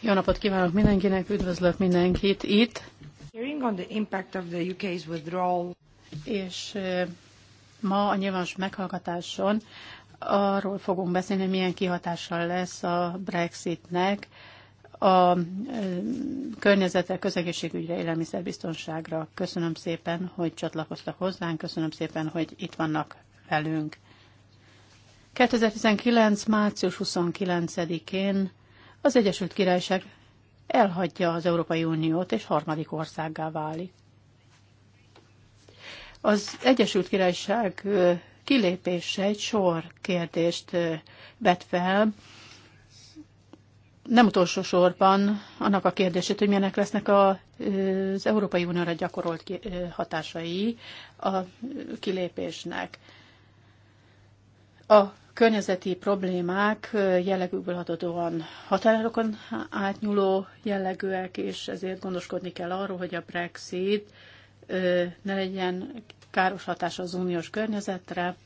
Jó napot kívánok mindenkinek, üdvözlök mindenkit itt. Hearing on the impact of the UK's withdrawal. És ma a nyilvános meghallgatáson arról fogunk beszélni, hogy milyen kihatással lesz a Brexitnek a környezetre, közegészségügyre, élelmiszerbiztonságra. Köszönöm szépen, hogy csatlakoztak hozzánk, köszönöm szépen, hogy itt vannak velünk. 2019. március 29-én az Egyesült Királyság elhagyja az Európai Uniót és harmadik országgá válik. Az Egyesült Királyság kilépése egy sor kérdést vet fel, nem utolsó sorban annak a kérdését, hogy milyenek lesznek az Európai Unióra gyakorolt hatásai a kilépésnek. A környezeti problémák jellegükből adódóan határokon átnyúló jellegűek, és ezért gondoskodni kell arról, hogy a Brexit ne legyen káros hatása az uniós környezetre.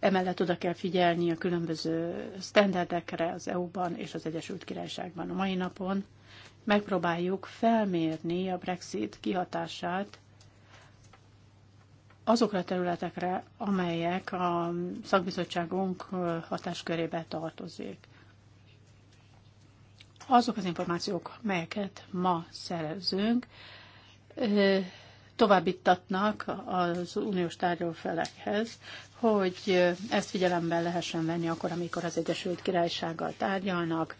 Emellett oda kell figyelni a különböző standardekre az EU-ban és az Egyesült Királyságban a mai napon. Megpróbáljuk felmérni a Brexit kihatását azokra a területekre, amelyek a szakbizottságunk hatáskörébe tartozik. Azok az információk, melyeket ma szerezünk, továbbítatnak az uniós tárgyalófelekhez, hogy ezt figyelembe lehessen venni akkor, amikor az Egyesült Királysággal tárgyalnak,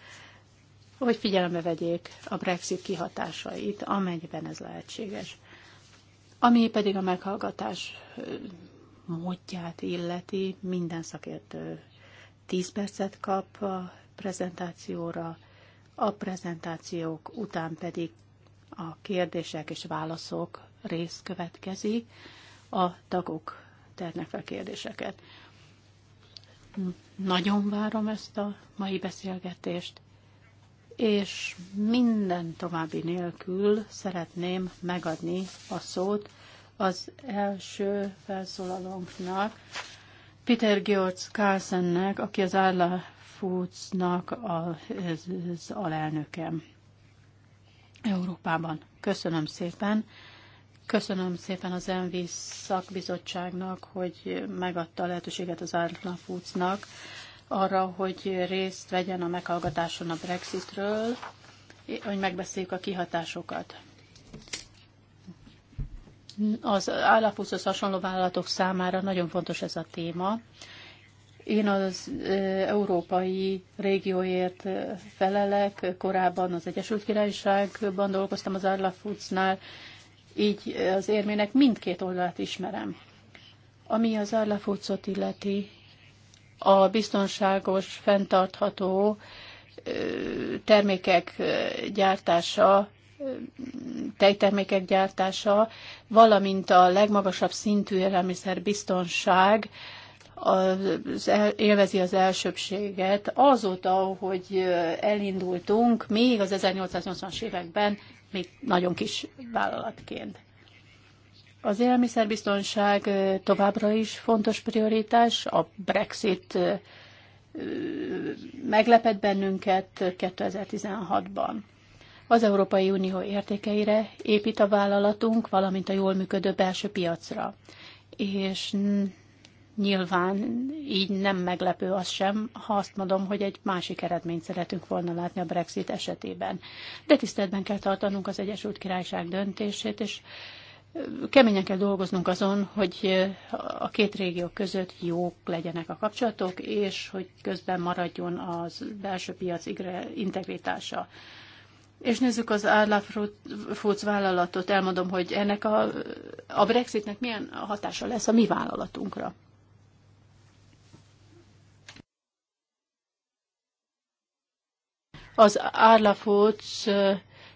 hogy figyelembe vegyék a Brexit kihatásait, amennyiben ez lehetséges. Ami pedig a meghallgatás módját illeti, minden szakértő 10 percet kap a prezentációra, a prezentációk után pedig a kérdések és válaszok rész következik, a tagok ternek fel kérdéseket. Nagyon várom ezt a mai beszélgetést, és minden további nélkül szeretném megadni a szót az első felszólalónknak, Peter Georg Carlsennek, aki az Adla Foodsnak az, az Európában. Köszönöm szépen. Köszönöm szépen az MV szakbizottságnak, hogy megadta a lehetőséget az Adla Foodsnak arra, hogy részt vegyen a meghallgatáson a Brexitről, hogy megbeszéljük a kihatásokat az állapúszhoz hasonló vállalatok számára nagyon fontos ez a téma. Én az európai régióért felelek, korábban az Egyesült Királyságban dolgoztam az Arla így az érmének mindkét oldalát ismerem. Ami az Arla illeti, a biztonságos, fenntartható termékek gyártása tejtermékek gyártása, valamint a legmagasabb szintű élelmiszerbiztonság az, élvezi az elsőbséget. Azóta, hogy elindultunk, még az 1880-as években, még nagyon kis vállalatként. Az élelmiszerbiztonság továbbra is fontos prioritás. A Brexit meglepett bennünket 2016-ban. Az Európai Unió értékeire épít a vállalatunk, valamint a jól működő belső piacra. És nyilván így nem meglepő az sem, ha azt mondom, hogy egy másik eredményt szeretünk volna látni a Brexit esetében. De tiszteletben kell tartanunk az Egyesült Királyság döntését, és keményen kell dolgoznunk azon, hogy a két régió között jók legyenek a kapcsolatok, és hogy közben maradjon az belső piac integritása. És nézzük az Adlafruits vállalatot, elmondom, hogy ennek a, a Brexitnek milyen hatása lesz a mi vállalatunkra. Az Adlafruits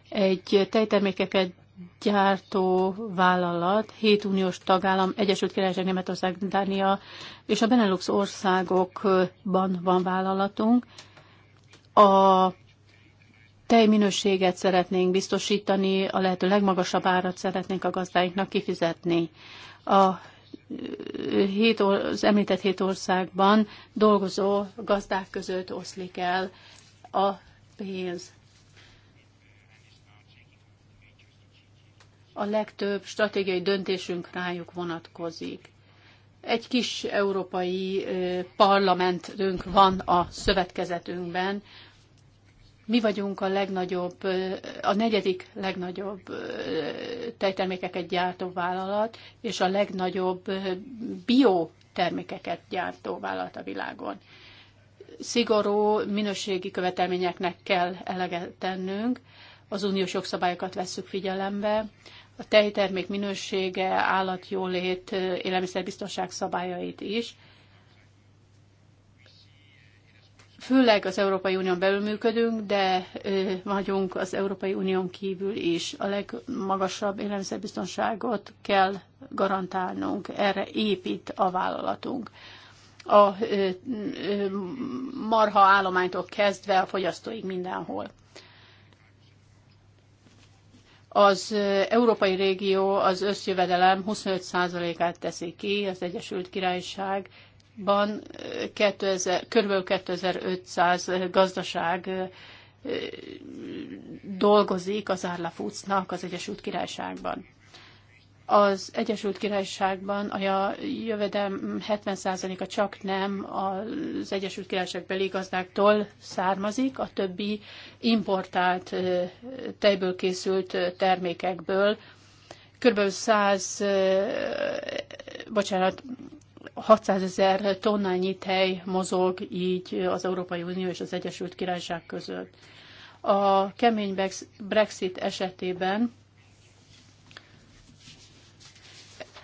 egy tejtermékeket gyártó vállalat, hét uniós tagállam, Egyesült Királyság, Németország, Dánia és a Benelux országokban van vállalatunk. A tejminőséget szeretnénk biztosítani, a lehető legmagasabb árat szeretnénk a gazdáinknak kifizetni. A hét, az említett hét országban dolgozó gazdák között oszlik el a pénz. A legtöbb stratégiai döntésünk rájuk vonatkozik. Egy kis európai parlamentünk van a szövetkezetünkben, mi vagyunk a legnagyobb, a negyedik legnagyobb tejtermékeket gyártó vállalat, és a legnagyobb bio termékeket gyártó vállalat a világon. Szigorú minőségi követelményeknek kell eleget tennünk, az uniós jogszabályokat vesszük figyelembe, a tejtermék minősége, állatjólét, élelmiszerbiztonság szabályait is, főleg az Európai Unión belül működünk, de vagyunk az Európai Unión kívül is. A legmagasabb élelmiszerbiztonságot kell garantálnunk, erre épít a vállalatunk. A marha állománytól kezdve a fogyasztóig mindenhol. Az európai régió az összjövedelem 25%-át teszi ki, az Egyesült Királyság Ban 2000, kb. 2500 gazdaság dolgozik az Árla Foodsnak az Egyesült Királyságban. Az Egyesült Királyságban a jövedelm 70%-a csak nem az Egyesült Királyság beli gazdáktól származik, a többi importált tejből készült termékekből. Körülbelül 100, bocsánat, 600 ezer tonnányi tej mozog így az Európai Unió és az Egyesült Királyság között. A kemény Brexit esetében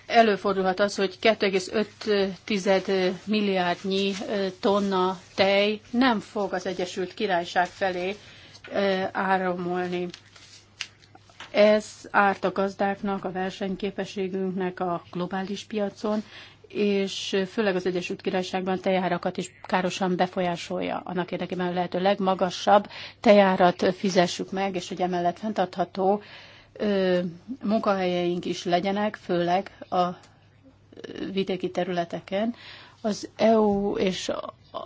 előfordulhat az, hogy 2,5 milliárdnyi tonna tej nem fog az Egyesült Királyság felé áramolni. Ez árt a gazdáknak, a versenyképességünknek a globális piacon, és főleg az Egyesült Királyságban tejárakat is károsan befolyásolja. Annak érdekében a lehető legmagasabb tejárat fizessük meg, és hogy emellett fenntartható ö, munkahelyeink is legyenek, főleg a vidéki területeken. Az EU és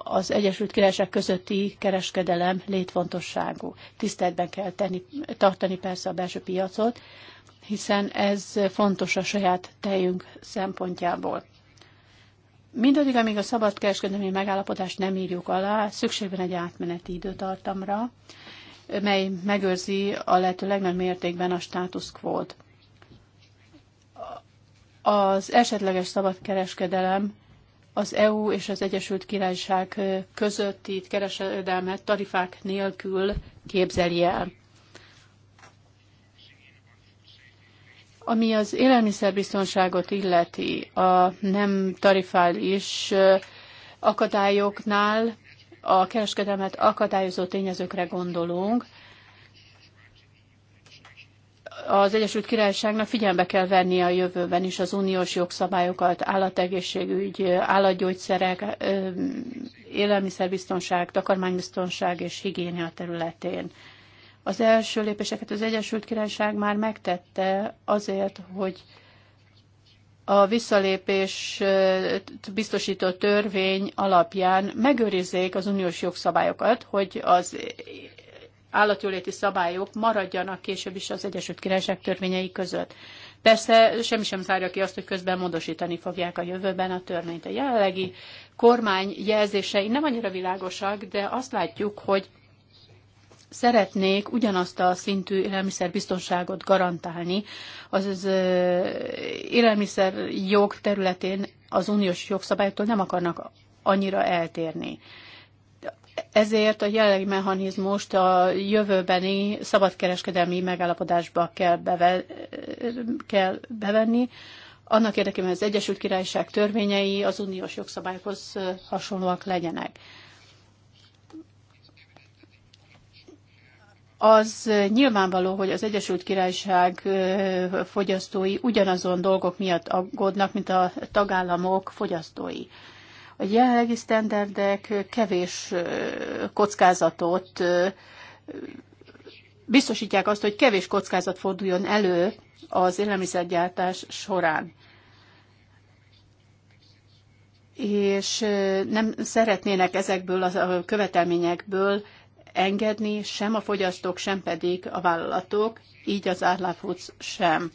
az Egyesült Királyság közötti kereskedelem létfontosságú. Tiszteletben kell tenni, tartani persze a belső piacot, hiszen ez fontos a saját tejünk szempontjából. Mindaddig, amíg a szabadkereskedelmi megállapodást nem írjuk alá, szükség van egy átmeneti időtartamra, mely megőrzi a lehető legnagyobb mértékben a status quo-t. Az esetleges szabadkereskedelem az EU és az Egyesült Királyság közötti kereskedelmet tarifák nélkül képzeli el. Ami az élelmiszerbiztonságot illeti, a nem tarifális akadályoknál a kereskedelmet akadályozó tényezőkre gondolunk, az Egyesült Királyságnak figyelme kell vennie a jövőben is az uniós jogszabályokat, állategészségügy, állatgyógyszerek, élelmiszerbiztonság, takarmánybiztonság és higiénia területén. Az első lépéseket az Egyesült Királyság már megtette azért, hogy a visszalépés biztosító törvény alapján megőrizzék az uniós jogszabályokat, hogy az állatjóléti szabályok maradjanak később is az Egyesült Királyság törvényei között. Persze semmi sem zárja ki azt, hogy közben módosítani fogják a jövőben a törvényt. A jelenlegi kormány jelzései nem annyira világosak, de azt látjuk, hogy szeretnék ugyanazt a szintű élelmiszerbiztonságot garantálni, Az az élelmiszer jog területén az uniós jogszabálytól nem akarnak annyira eltérni. Ezért a jelenlegi mechanizmust a jövőbeni szabadkereskedelmi megállapodásba kell, beve, kell bevenni, annak érdekében, hogy az Egyesült Királyság törvényei az uniós jogszabályhoz hasonlóak legyenek. az nyilvánvaló, hogy az Egyesült Királyság fogyasztói ugyanazon dolgok miatt aggódnak, mint a tagállamok fogyasztói. A jelenlegi sztenderdek kevés kockázatot biztosítják azt, hogy kevés kockázat forduljon elő az élelmiszergyártás során. És nem szeretnének ezekből a követelményekből engedni sem a fogyasztók, sem pedig a vállalatok, így az Árláfúc sem.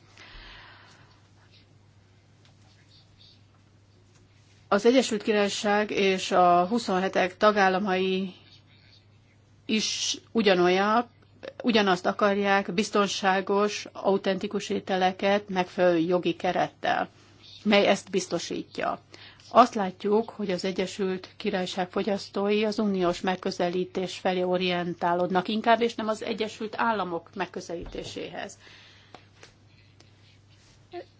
Az Egyesült Királyság és a 27 tagállamai is ugyanolyan, ugyanazt akarják, biztonságos, autentikus ételeket megfelelő jogi kerettel, mely ezt biztosítja. Azt látjuk, hogy az Egyesült Királyság fogyasztói az uniós megközelítés felé orientálódnak inkább, és nem az Egyesült Államok megközelítéséhez.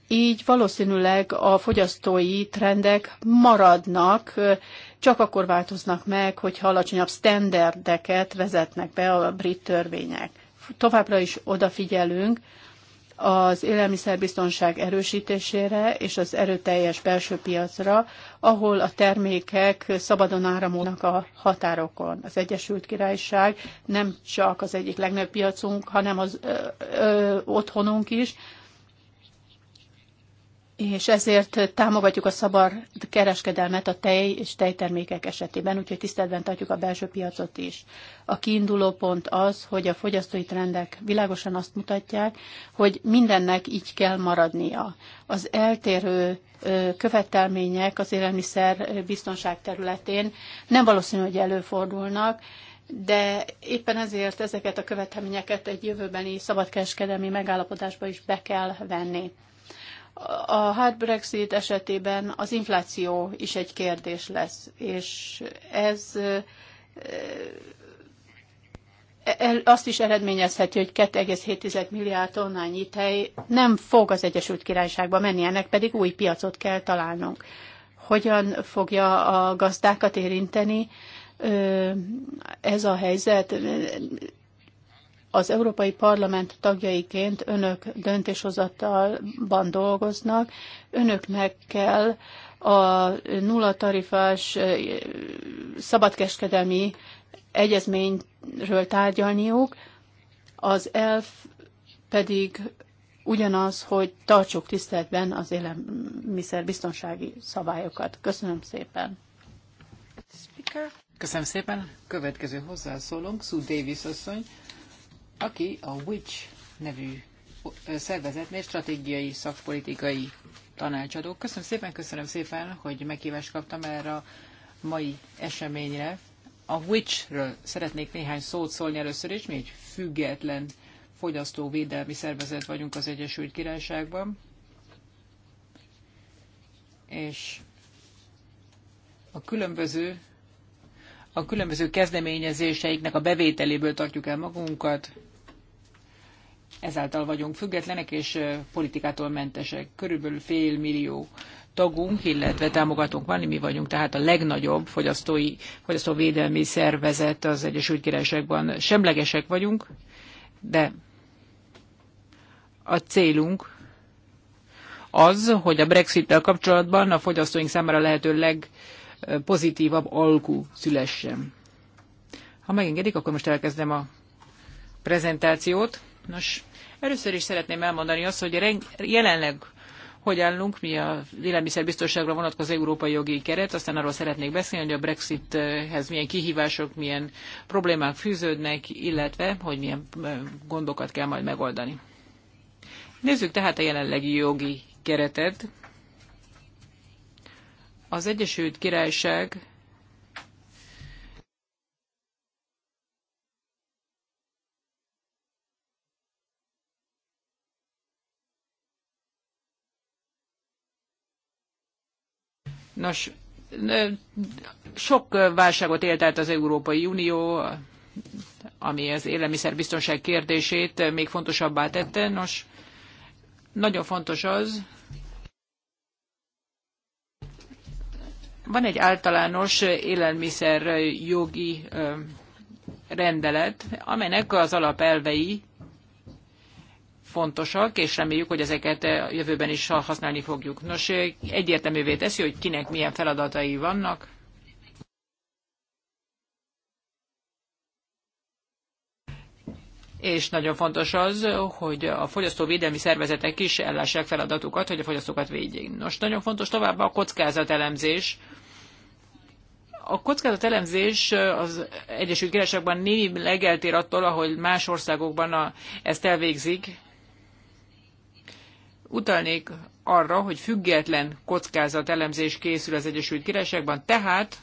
Így valószínűleg a fogyasztói trendek maradnak, csak akkor változnak meg, hogyha alacsonyabb sztenderdeket vezetnek be a brit törvények. Továbbra is odafigyelünk az élelmiszerbiztonság erősítésére és az erőteljes belső piacra, ahol a termékek szabadon áramolnak a határokon. Az Egyesült Királyság nem csak az egyik legnagyobb piacunk, hanem az ö, ö, otthonunk is, és ezért támogatjuk a szabad kereskedelmet a tej és tejtermékek esetében, úgyhogy tiszteletben tartjuk a belső piacot is. A kiinduló pont az, hogy a fogyasztói trendek világosan azt mutatják, hogy mindennek így kell maradnia. Az eltérő követelmények az élelmiszer biztonság területén nem valószínű, hogy előfordulnak, de éppen ezért ezeket a követelményeket egy jövőbeni szabadkereskedelmi megállapodásba is be kell venni. A hard Brexit esetében az infláció is egy kérdés lesz, és ez azt is eredményezheti, hogy 2,7 milliárd tonnányi tej nem fog az Egyesült Királyságba menni, ennek pedig új piacot kell találnunk. Hogyan fogja a gazdákat érinteni ez a helyzet? az Európai Parlament tagjaiként önök döntéshozatalban dolgoznak, önöknek kell a nulla tarifás szabadkeskedelmi egyezményről tárgyalniuk, az elf pedig ugyanaz, hogy tartsuk tiszteletben az élelmiszer biztonsági szabályokat. Köszönöm szépen. Speaker. Köszönöm szépen. Következő hozzászólunk, Sue Davis asszony, aki a WICH nevű szervezetnél stratégiai szakpolitikai tanácsadó. Köszönöm szépen, köszönöm szépen, hogy meghívást kaptam erre a mai eseményre. A WICH-ről szeretnék néhány szót szólni először is. Mi egy független fogyasztóvédelmi szervezet vagyunk az Egyesült Királyságban. És a különböző a különböző kezdeményezéseiknek a bevételéből tartjuk el magunkat, ezáltal vagyunk függetlenek és politikától mentesek. Körülbelül fél millió tagunk, illetve támogatónk van, mi vagyunk tehát a legnagyobb fogyasztói, fogyasztóvédelmi szervezet az Egyesült Királyságban. Semlegesek vagyunk, de a célunk az, hogy a Brexit-tel kapcsolatban a fogyasztóink számára lehető legpozitívabb alkú szülessen. Ha megengedik, akkor most elkezdem a prezentációt. Nos, először is szeretném elmondani azt, hogy jelenleg hogy állunk, mi a élelmiszerbiztonságra vonatkozó európai jogi keret, aztán arról szeretnék beszélni, hogy a Brexithez milyen kihívások, milyen problémák fűződnek, illetve hogy milyen gondokat kell majd megoldani. Nézzük tehát a jelenlegi jogi keretet. Az Egyesült Királyság Nos, sok válságot élt át az Európai Unió, ami az élelmiszerbiztonság kérdését még fontosabbá tette. Nos, nagyon fontos az, van egy általános élelmiszer jogi rendelet, amelynek az alapelvei fontosak, és reméljük, hogy ezeket a jövőben is használni fogjuk. Nos, egyértelművé teszi, hogy kinek milyen feladatai vannak. És nagyon fontos az, hogy a fogyasztóvédelmi szervezetek is ellássák feladatukat, hogy a fogyasztókat védjék. Nos, nagyon fontos továbbá a kockázatelemzés. A kockázatelemzés az Egyesült Királyságban némileg eltér attól, ahogy más országokban a, ezt elvégzik, Utalnék arra, hogy független elemzés készül az Egyesült Királyságban, tehát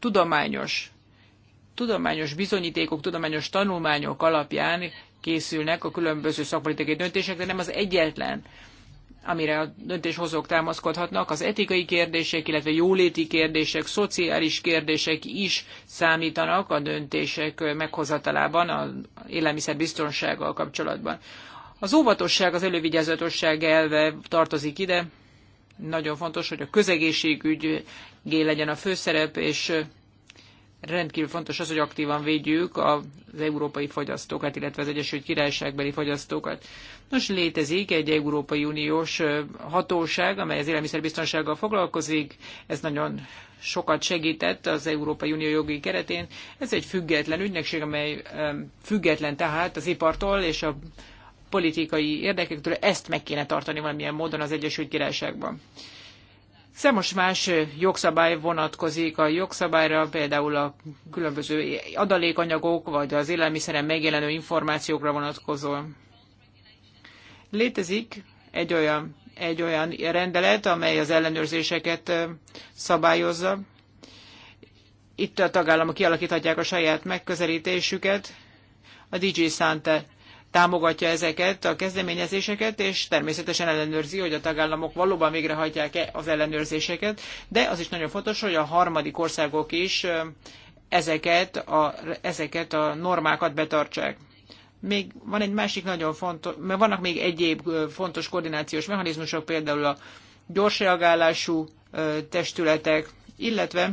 tudományos, tudományos bizonyítékok, tudományos tanulmányok alapján készülnek a különböző szakpolitikai döntések, de nem az egyetlen amire a döntéshozók támaszkodhatnak, az etikai kérdések, illetve jóléti kérdések, szociális kérdések is számítanak a döntések meghozatalában, az élelmiszerbiztonsággal kapcsolatban. Az óvatosság, az elővigyázatosság elve tartozik ide. Nagyon fontos, hogy a közegészségügy legyen a főszerep, és rendkívül fontos az, hogy aktívan védjük az európai fogyasztókat, illetve az Egyesült Királyságbeli fogyasztókat. Nos, létezik egy Európai Uniós hatóság, amely az élelmiszerbiztonsággal foglalkozik. Ez nagyon sokat segített az Európai Unió jogi keretén. Ez egy független ügynökség, amely független tehát az ipartól és a politikai érdekektől, ezt meg kéne tartani valamilyen módon az Egyesült Királyságban. Számos más jogszabály vonatkozik a jogszabályra, például a különböző adalékanyagok, vagy az élelmiszeren megjelenő információkra vonatkozó. Létezik egy olyan, egy olyan rendelet, amely az ellenőrzéseket szabályozza. Itt a tagállamok kialakíthatják a saját megközelítésüket. A DG Sante támogatja ezeket a kezdeményezéseket, és természetesen ellenőrzi, hogy a tagállamok valóban végrehajtják-e az ellenőrzéseket, de az is nagyon fontos, hogy a harmadik országok is ezeket a, ezeket a normákat betartsák. Még van egy másik nagyon fontos, mert vannak még egyéb fontos koordinációs mechanizmusok, például a gyors reagálású testületek, illetve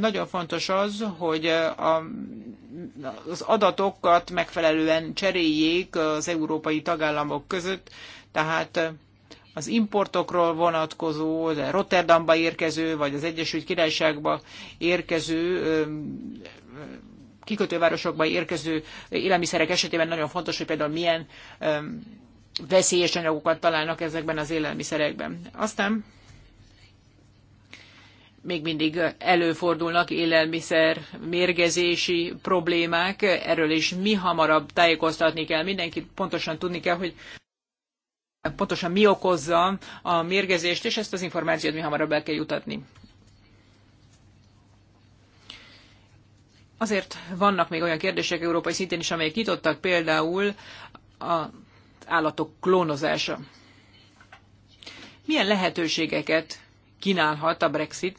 nagyon fontos az, hogy eh, a, az adatokat megfelelően cseréljék az európai tagállamok között, tehát eh, az importokról vonatkozó, de Rotterdamba érkező, vagy az Egyesült Királyságba érkező eh, kikötővárosokba érkező élelmiszerek esetében nagyon fontos, hogy például milyen veszélyes anyagokat találnak ezekben az élelmiszerekben. Aztán még mindig előfordulnak élelmiszer mérgezési problémák, erről is mi hamarabb tájékoztatni kell mindenkit, pontosan tudni kell, hogy pontosan mi okozza a mérgezést, és ezt az információt mi hamarabb el kell jutatni. Azért vannak még olyan kérdések európai szintén is, amelyek nyitottak, például az állatok klónozása. Milyen lehetőségeket kínálhat a Brexit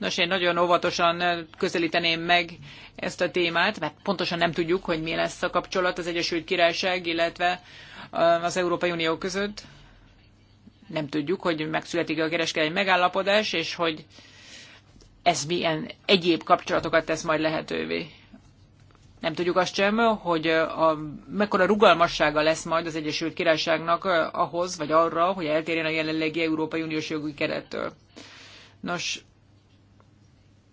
Nos, én nagyon óvatosan eh, közelíteném meg ezt a témát, mert pontosan nem tudjuk, hogy mi lesz a kapcsolat az Egyesült Királyság, illetve eh, az Európai Unió között. Nem tudjuk, hogy megszületik a kereskedelmi megállapodás, és hogy ez milyen egyéb kapcsolatokat tesz majd lehetővé. Nem tudjuk azt sem, hogy eh, a, mekkora rugalmassága lesz majd az Egyesült Királyságnak ahhoz, vagy arra, hogy eltérjen a jelenlegi Európai Uniós jogi kerettől. Nos,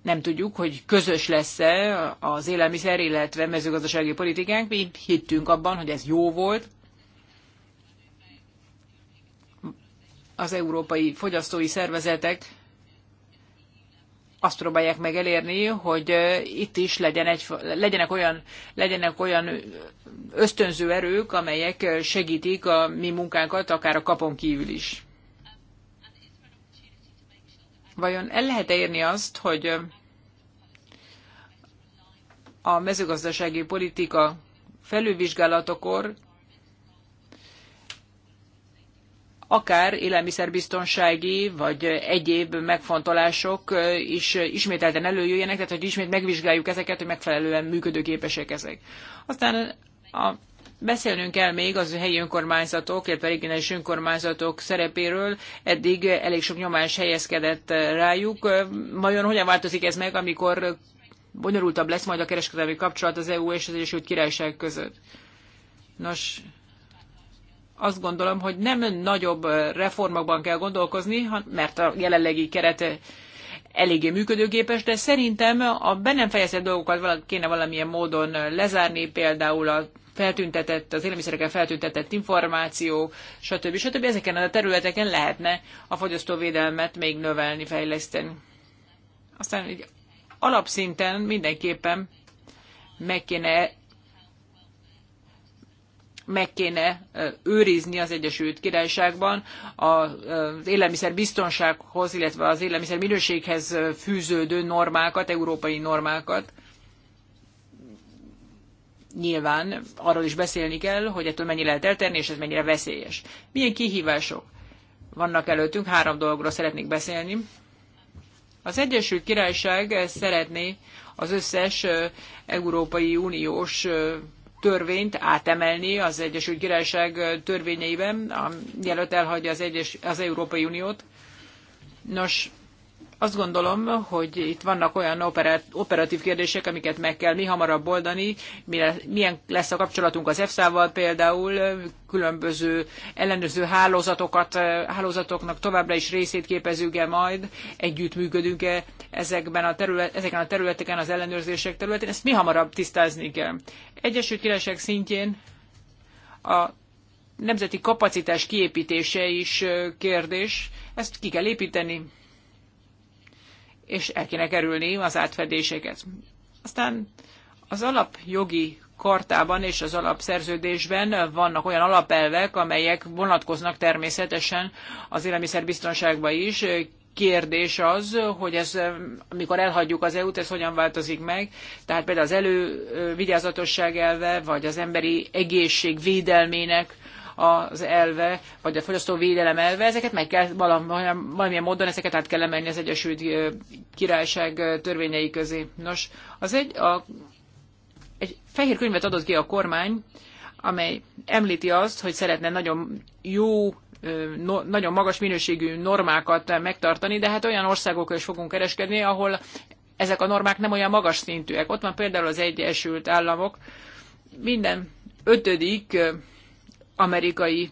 nem tudjuk, hogy közös lesz-e az élelmiszer, illetve mezőgazdasági politikánk. Mi hittünk abban, hogy ez jó volt. Az európai fogyasztói szervezetek azt próbálják meg elérni, hogy itt is legyen egy, legyenek, olyan, legyenek olyan ösztönző erők, amelyek segítik a mi munkánkat, akár a kapon kívül is. Vajon el lehet -e érni azt, hogy a mezőgazdasági politika felülvizsgálatokor akár élelmiszerbiztonsági vagy egyéb megfontolások is ismételten előjöjjenek, tehát hogy ismét megvizsgáljuk ezeket, hogy megfelelően működőképesek ezek. Aztán a Beszélnünk kell még az helyi önkormányzatok, illetve regionális önkormányzatok szerepéről. Eddig elég sok nyomás helyezkedett rájuk. Majon hogyan változik ez meg, amikor bonyolultabb lesz majd a kereskedelmi kapcsolat az EU és az Egyesült Királyság között? Nos, azt gondolom, hogy nem nagyobb reformokban kell gondolkozni, mert a jelenlegi keret eléggé működőképes, de szerintem a be nem fejezett dolgokat kéne valamilyen módon lezárni, például a feltüntetett, az élelmiszereken feltüntetett információ, stb. stb. Ezeken a területeken lehetne a fogyasztóvédelmet még növelni, fejleszteni. Aztán így alapszinten mindenképpen meg kéne meg kéne őrizni az Egyesült Királyságban az élelmiszer biztonsághoz, illetve az élelmiszer minőséghez fűződő normákat, európai normákat nyilván arról is beszélni kell, hogy ettől mennyi lehet elterni, és ez mennyire veszélyes. Milyen kihívások vannak előttünk? Három dologról szeretnék beszélni. Az Egyesült Királyság szeretné az összes Európai Uniós törvényt átemelni az Egyesült Királyság törvényeiben, mielőtt elhagyja az, egyes, az Európai Uniót. Nos, azt gondolom, hogy itt vannak olyan operát, operatív kérdések, amiket meg kell mi hamarabb oldani, milyen lesz a kapcsolatunk az EFSA-val például, különböző ellenőrző hálózatokat, hálózatoknak továbbra is részét képezünk-e majd, együttműködünk-e ezekben a terület, ezeken a területeken, az ellenőrzések területén, ezt mi hamarabb tisztázni kell. Egyesült Királyság szintjén a nemzeti kapacitás kiépítése is kérdés, ezt ki kell építeni, és el kéne kerülni az átfedéseket. Aztán az alapjogi kartában és az alapszerződésben vannak olyan alapelvek, amelyek vonatkoznak természetesen az élelmiszerbiztonságba is. Kérdés az, hogy ez, amikor elhagyjuk az EU-t, ez hogyan változik meg. Tehát például az elővigyázatosság elve, vagy az emberi egészség védelmének az elve, vagy a védelem elve, ezeket meg kell valamilyen, valamilyen módon, ezeket át kell emelni az Egyesült Királyság törvényei közé. Nos, az egy, a, egy fehér könyvet adott ki a kormány, amely említi azt, hogy szeretne nagyon jó no, nagyon magas minőségű normákat megtartani, de hát olyan országokkal is fogunk kereskedni, ahol ezek a normák nem olyan magas szintűek. Ott van például az Egyesült Államok, minden ötödik amerikai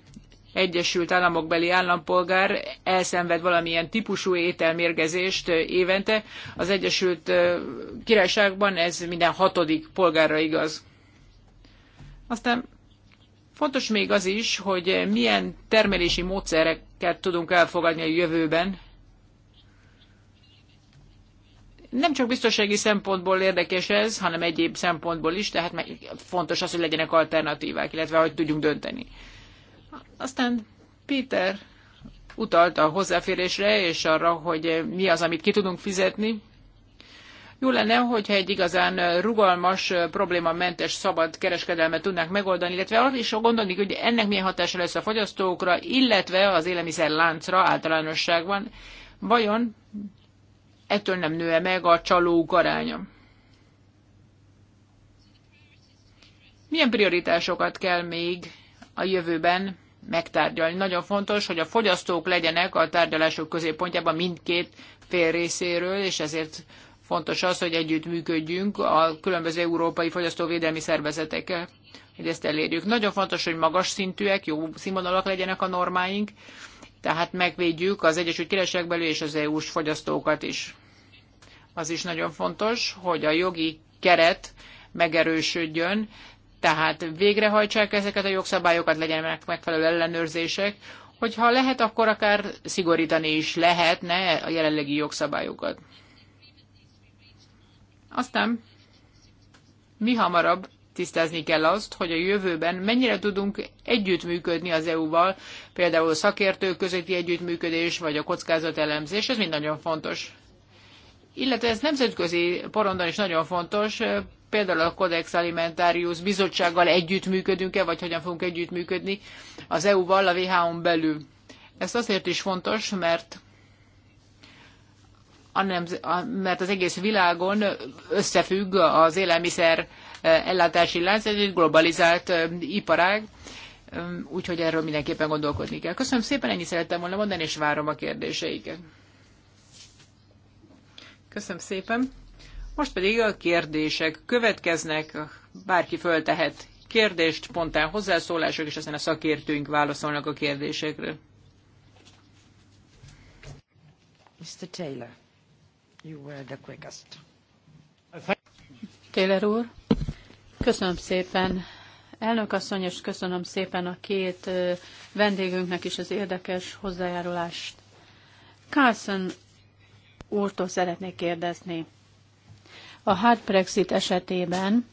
Egyesült Államokbeli állampolgár elszenved valamilyen típusú ételmérgezést eh, évente. Az Egyesült eh, Királyságban ez minden hatodik polgárra igaz. Aztán fontos még az is, hogy eh, milyen termelési módszereket tudunk elfogadni a jövőben. Nem csak biztonsági szempontból érdekes ez, hanem egyéb szempontból is, tehát fontos az, hogy legyenek alternatívák, illetve hogy tudjunk dönteni. Aztán Péter utalt a hozzáférésre, és arra, hogy mi az, amit ki tudunk fizetni. Jó lenne, hogyha egy igazán rugalmas, problémamentes, szabad kereskedelmet tudnák megoldani, illetve arra is gondolni, hogy ennek milyen hatása lesz a fogyasztókra, illetve az élelmiszer láncra általánosságban. Vajon ettől nem nő -e meg a csaló aránya. Milyen prioritásokat kell még a jövőben megtárgyalni? Nagyon fontos, hogy a fogyasztók legyenek a tárgyalások középpontjában mindkét fél részéről, és ezért fontos az, hogy együtt működjünk a különböző európai fogyasztóvédelmi szervezetekkel, hogy ezt elérjük. Nagyon fontos, hogy magas szintűek, jó színvonalak legyenek a normáink, tehát megvédjük az Egyesült Királyságbeli és az EU-s fogyasztókat is. Az is nagyon fontos, hogy a jogi keret megerősödjön, tehát végrehajtsák ezeket a jogszabályokat, legyenek megfelelő ellenőrzések, hogyha lehet, akkor akár szigorítani is lehetne a jelenlegi jogszabályokat. Aztán mi hamarabb tisztázni kell azt, hogy a jövőben mennyire tudunk együttműködni az EU-val, például a szakértők közötti együttműködés, vagy a kockázatelemzés, ez mind nagyon fontos. Illetve ez nemzetközi porondon is nagyon fontos, például a Codex Alimentarius bizottsággal együttműködünk-e, vagy hogyan fogunk együttműködni az EU-val a WHO-n belül. Ez azért is fontos, mert a nemz- a, mert az egész világon összefügg az élelmiszer Eh, ellátási lánc, ez egy globalizált eh, iparág, eh, úgyhogy erről mindenképpen gondolkodni kell. Köszönöm szépen, ennyi szerettem volna mondani, és várom a kérdéseiket. Köszönöm szépen. Most pedig a kérdések következnek, bárki föltehet kérdést, spontán hozzászólások, és aztán a szakértőink válaszolnak a kérdésekre. Mr. Taylor, you were the quickest. Taylor úr. Köszönöm szépen, elnök asszony, és köszönöm szépen a két vendégünknek is az érdekes hozzájárulást. Carlson úrtól szeretnék kérdezni. A hard Brexit esetében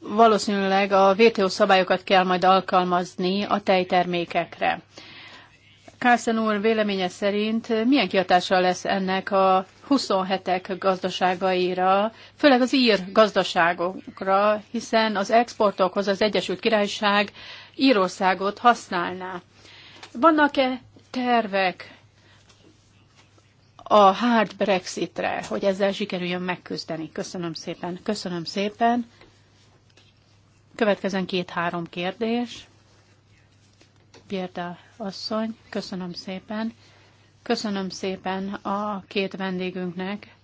valószínűleg a VTO szabályokat kell majd alkalmazni a tejtermékekre. Carlson úr véleménye szerint milyen kihatással lesz ennek a 27-ek gazdaságaira, főleg az ír gazdaságokra, hiszen az exportokhoz az Egyesült Királyság Írországot használná. Vannak-e tervek a hard Brexitre, hogy ezzel sikerüljön megküzdeni? Köszönöm szépen. Köszönöm szépen. Következzen két-három kérdés. Bérda asszony, köszönöm szépen. Köszönöm szépen a két vendégünknek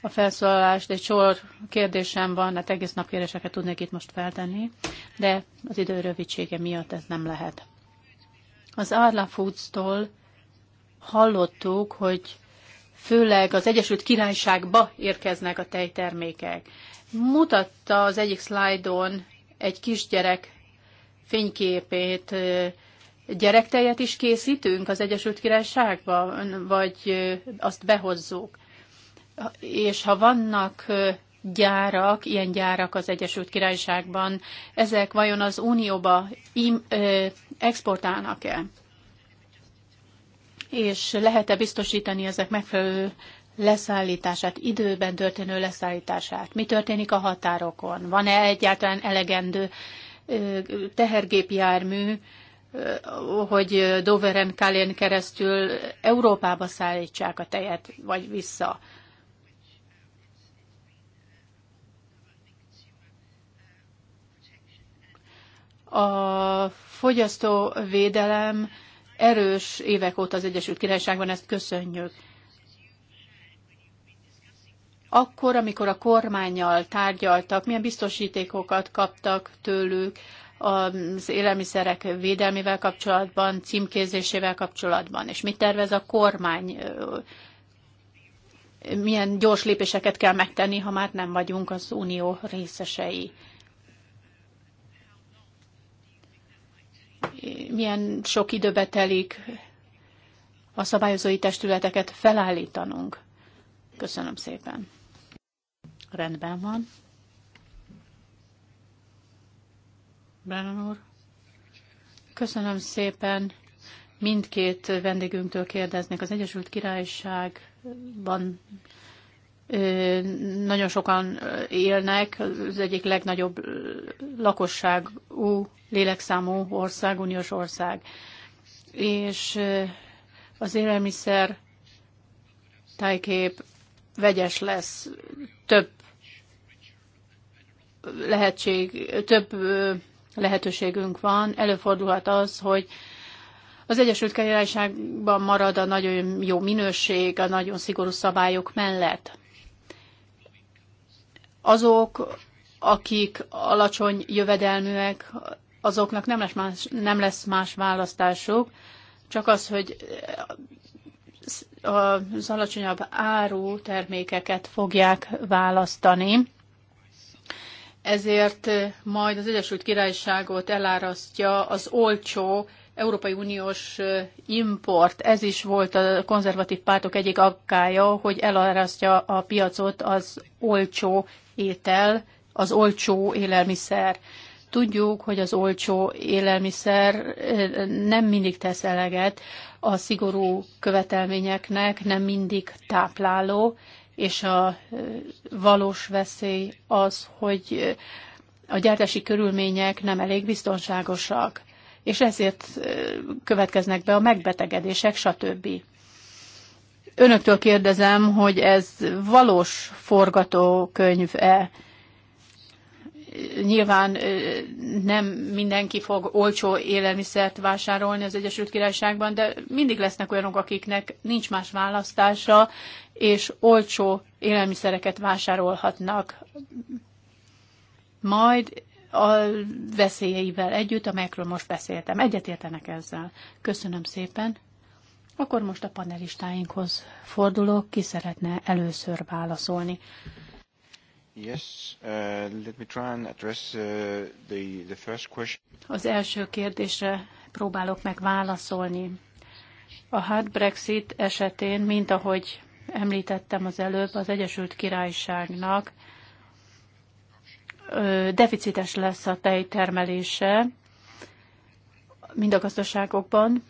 a felszólalást. Egy sor kérdésem van, hát egész nap kérdéseket tudnék itt most feltenni, de az idő rövidsége miatt ez nem lehet. Az Arla Foods-tól hallottuk, hogy főleg az Egyesült Királyságba érkeznek a tejtermékek. Mutatta az egyik szlájdon egy kisgyerek fényképét, gyerektejet is készítünk az Egyesült Királyságban, vagy azt behozzuk. És ha vannak gyárak, ilyen gyárak az Egyesült Királyságban, ezek vajon az Unióba exportálnak-e? És lehet-e biztosítani ezek megfelelő leszállítását, időben történő leszállítását? Mi történik a határokon? Van-e egyáltalán elegendő tehergépjármű, hogy Doveren Kalén keresztül Európába szállítsák a tejet, vagy vissza. A fogyasztóvédelem erős évek óta az Egyesült Királyságban, ezt köszönjük. Akkor, amikor a kormányjal tárgyaltak, milyen biztosítékokat kaptak tőlük, az élelmiszerek védelmével kapcsolatban, címkézésével kapcsolatban, és mit tervez a kormány, milyen gyors lépéseket kell megtenni, ha már nem vagyunk az unió részesei. Milyen sok időbe telik a szabályozói testületeket felállítanunk. Köszönöm szépen. Rendben van. Brennan úr. Köszönöm szépen. Mindkét vendégünktől kérdeznék. Az Egyesült Királyságban nagyon sokan élnek, az egyik legnagyobb lakosságú, lélekszámú ország, uniós ország. És az élelmiszer tájkép vegyes lesz, több lehetség, több lehetőségünk van. Előfordulhat az, hogy az Egyesült Királyságban marad a nagyon jó minőség, a nagyon szigorú szabályok mellett. Azok, akik alacsony jövedelműek, azoknak nem lesz más, nem lesz más választásuk, csak az, hogy az alacsonyabb áru termékeket fogják választani ezért eh, majd az Egyesült Királyságot elárasztja az olcsó Európai Uniós eh, import. Ez is volt a konzervatív pártok egyik aggája, hogy elárasztja a piacot az olcsó étel, az olcsó élelmiszer. Tudjuk, hogy az olcsó élelmiszer eh, nem mindig tesz eleget a szigorú követelményeknek, nem mindig tápláló, és a valós veszély az, hogy a gyártási körülmények nem elég biztonságosak, és ezért következnek be a megbetegedések, stb. Önöktől kérdezem, hogy ez valós forgatókönyv-e? Nyilván nem mindenki fog olcsó élelmiszert vásárolni az Egyesült Királyságban, de mindig lesznek olyanok, akiknek nincs más választása, és olcsó élelmiszereket vásárolhatnak, majd a veszélyeivel együtt, amelyekről most beszéltem. Egyetértenek ezzel. Köszönöm szépen. Akkor most a panelistáinkhoz fordulok, ki szeretne először válaszolni. Yes, uh, let me try and address uh, the, the first question. Az első kérdésre próbálok meg válaszolni. A hard Brexit esetén, mint ahogy említettem az előbb, az Egyesült Királyságnak deficites lesz a tejtermelése mind a gazdaságokban,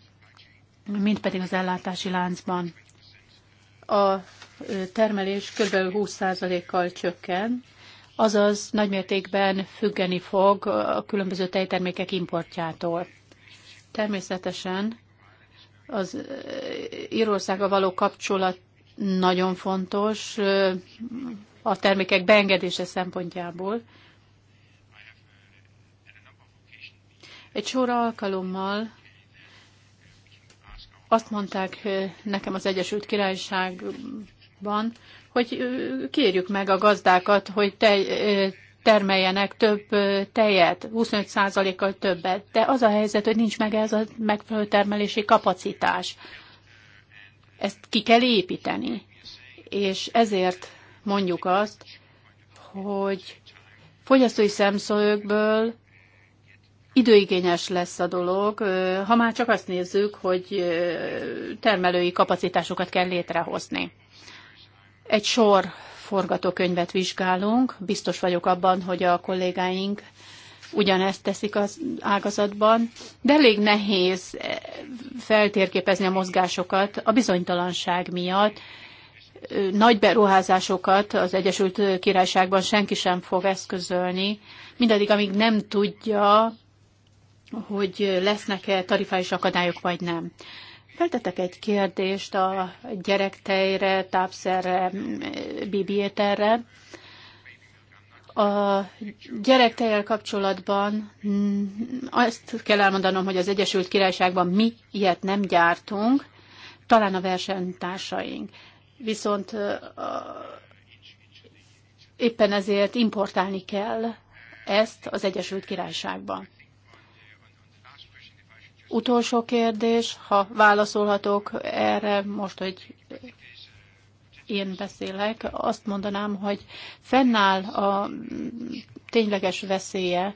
mind pedig az ellátási láncban. A termelés kb. 20%-kal csökken, azaz nagymértékben függeni fog a különböző tejtermékek importjától. Természetesen az Írországa való kapcsolat nagyon fontos a termékek beengedése szempontjából. Egy sor alkalommal azt mondták nekem az Egyesült Királyságban, hogy kérjük meg a gazdákat, hogy te, termeljenek több tejet, 25%-kal többet. De az a helyzet, hogy nincs meg ez a megfelelő termelési kapacitás. Ezt ki kell építeni. És ezért mondjuk azt, hogy fogyasztói szemszögből időigényes lesz a dolog, ha már csak azt nézzük, hogy termelői kapacitásokat kell létrehozni. Egy sor forgatókönyvet vizsgálunk, biztos vagyok abban, hogy a kollégáink ugyanezt teszik az ágazatban, de elég nehéz eh, feltérképezni a mozgásokat a bizonytalanság miatt. Nagy beruházásokat az Egyesült Királyságban senki sem fog eszközölni, mindaddig, amíg nem tudja, hogy lesznek-e tarifális akadályok, vagy nem. Feltetek egy kérdést a gyerektejre, tápszerre, mm, eh, bibiéterre. A gyerektejjel kapcsolatban mm, azt kell elmondanom, hogy az Egyesült Királyságban mi ilyet nem gyártunk, talán a versenytársaink. Viszont éppen ezért importálni kell ezt az Egyesült Királyságban. Utolsó kérdés, ha válaszolhatok erre most, hogy én beszélek, azt mondanám, hogy fennáll a tényleges veszélye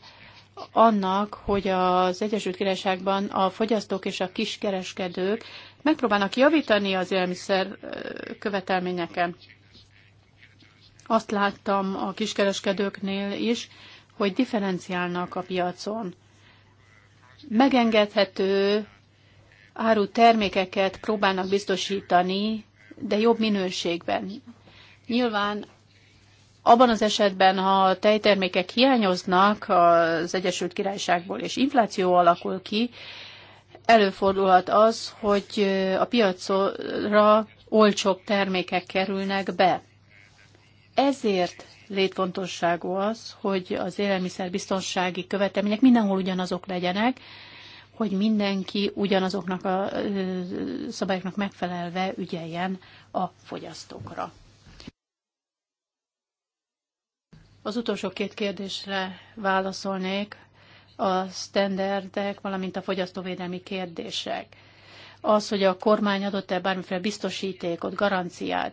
annak, hogy az Egyesült Királyságban a fogyasztók és a kiskereskedők megpróbálnak javítani az élmiszer követelményeken. Azt láttam a kiskereskedőknél is, hogy differenciálnak a piacon. Megengedhető áru termékeket próbálnak biztosítani de jobb minőségben. Nyilván abban az esetben, ha a tejtermékek hiányoznak az Egyesült Királyságból és infláció alakul ki, előfordulhat az, hogy a piacra olcsóbb termékek kerülnek be. Ezért létfontosságú az, hogy az élelmiszerbiztonsági követelmények mindenhol ugyanazok legyenek, hogy mindenki ugyanazoknak a szabályoknak megfelelve ügyeljen a fogyasztókra. Az utolsó két kérdésre válaszolnék, a standardek, valamint a fogyasztóvédelmi kérdések. Az, hogy a kormány adott-e bármiféle biztosítékot, garanciát,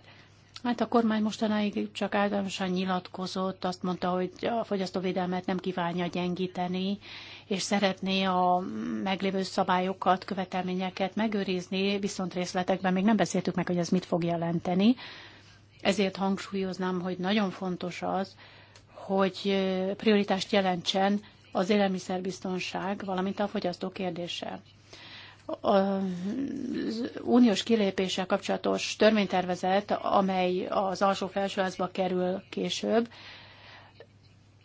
Hát a kormány mostanáig csak általánosan nyilatkozott, azt mondta, hogy a fogyasztóvédelmet nem kívánja gyengíteni, és szeretné a meglévő szabályokat, követelményeket megőrizni, viszont részletekben még nem beszéltük meg, hogy ez mit fog jelenteni. Ezért hangsúlyoznám, hogy nagyon fontos az, hogy prioritást jelentsen az élelmiszerbiztonság, valamint a fogyasztó kérdése az uniós kilépéssel kapcsolatos törvénytervezet, amely az alsó felsőházba kerül később,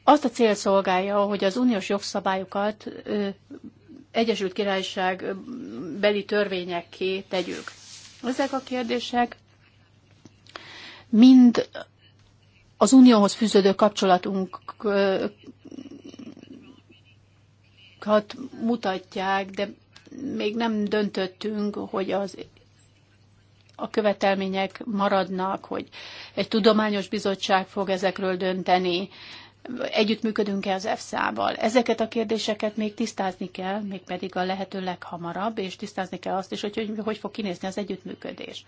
azt a cél szolgálja, hogy az uniós jogszabályokat Egyesült Királyság beli törvényekké tegyük. Ezek a kérdések mind az unióhoz fűződő kapcsolatunkat mutatják, de még nem döntöttünk, hogy az a követelmények maradnak, hogy egy tudományos bizottság fog ezekről dönteni, együttműködünk-e az EFSA-val. Ezeket a kérdéseket még tisztázni kell, még pedig a lehető leghamarabb, és tisztázni kell azt is, hogy hogy, hogy fog kinézni az együttműködés.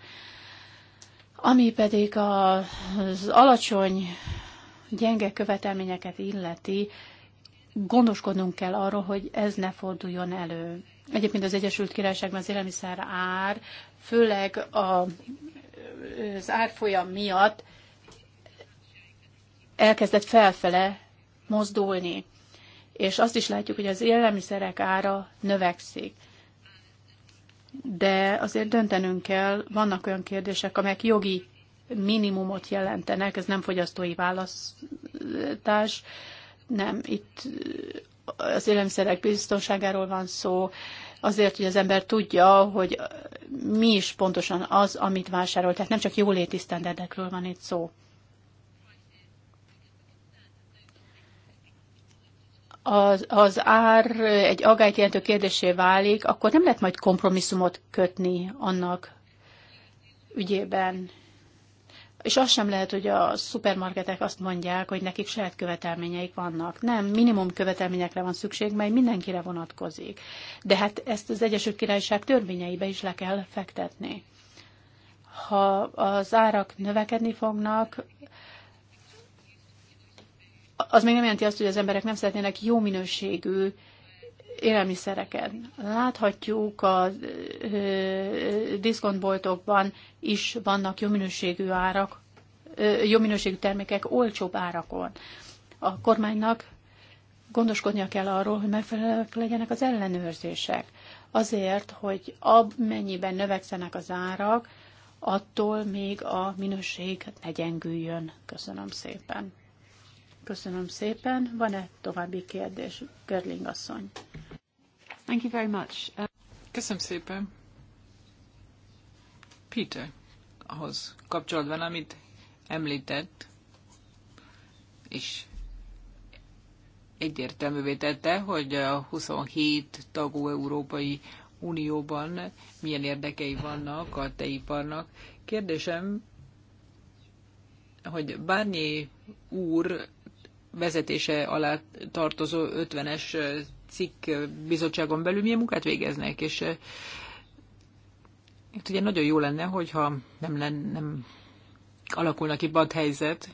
Ami pedig az alacsony, gyenge követelményeket illeti, gondoskodnunk kell arról, hogy ez ne forduljon elő. Egyébként az Egyesült Királyságban az élelmiszer ár, főleg a, az árfolyam miatt elkezdett felfele mozdulni. És azt is látjuk, hogy az élelmiszerek ára növekszik. De azért döntenünk kell, vannak olyan kérdések, amelyek jogi minimumot jelentenek, ez nem fogyasztói választás, nem, itt az élelmiszerek biztonságáról van szó, azért, hogy az ember tudja, hogy mi is pontosan az, amit vásárol. Tehát nem csak jóléti sztenderdekről van itt szó. az, az ár egy agályt jelentő kérdésé válik, akkor nem lehet majd kompromisszumot kötni annak ügyében. És az sem lehet, hogy a szupermarketek azt mondják, hogy nekik saját követelményeik vannak. Nem, minimum követelményekre van szükség, mely mindenkire vonatkozik. De hát ezt az Egyesült Királyság törvényeibe is le kell fektetni. Ha az árak növekedni fognak, az még nem jelenti azt, hogy az emberek nem szeretnének jó minőségű élelmiszereket. Láthatjuk a diszkontboltokban is vannak jó minőségű árak, jó minőségű termékek olcsóbb árakon. A kormánynak gondoskodnia kell arról, hogy megfelelőek legyenek az ellenőrzések. Azért, hogy amennyiben növekszenek az árak, attól még a minőség ne gyengüljön. Köszönöm szépen. Köszönöm szépen. Van-e további kérdés, Görling asszony? Thank you very much. Uh, Köszönöm szépen. Peter, ahhoz kapcsolatban, amit említett, és egyértelművé tette, hogy a 27 tagú Európai Unióban milyen érdekei vannak a teiparnak. Kérdésem, hogy Bárnyi úr vezetése alá tartozó 50-es cikk bizottságon belül milyen munkát végeznek, és itt ugye nagyon jó lenne, hogyha nem, lenne, nem alakulna ki helyzet.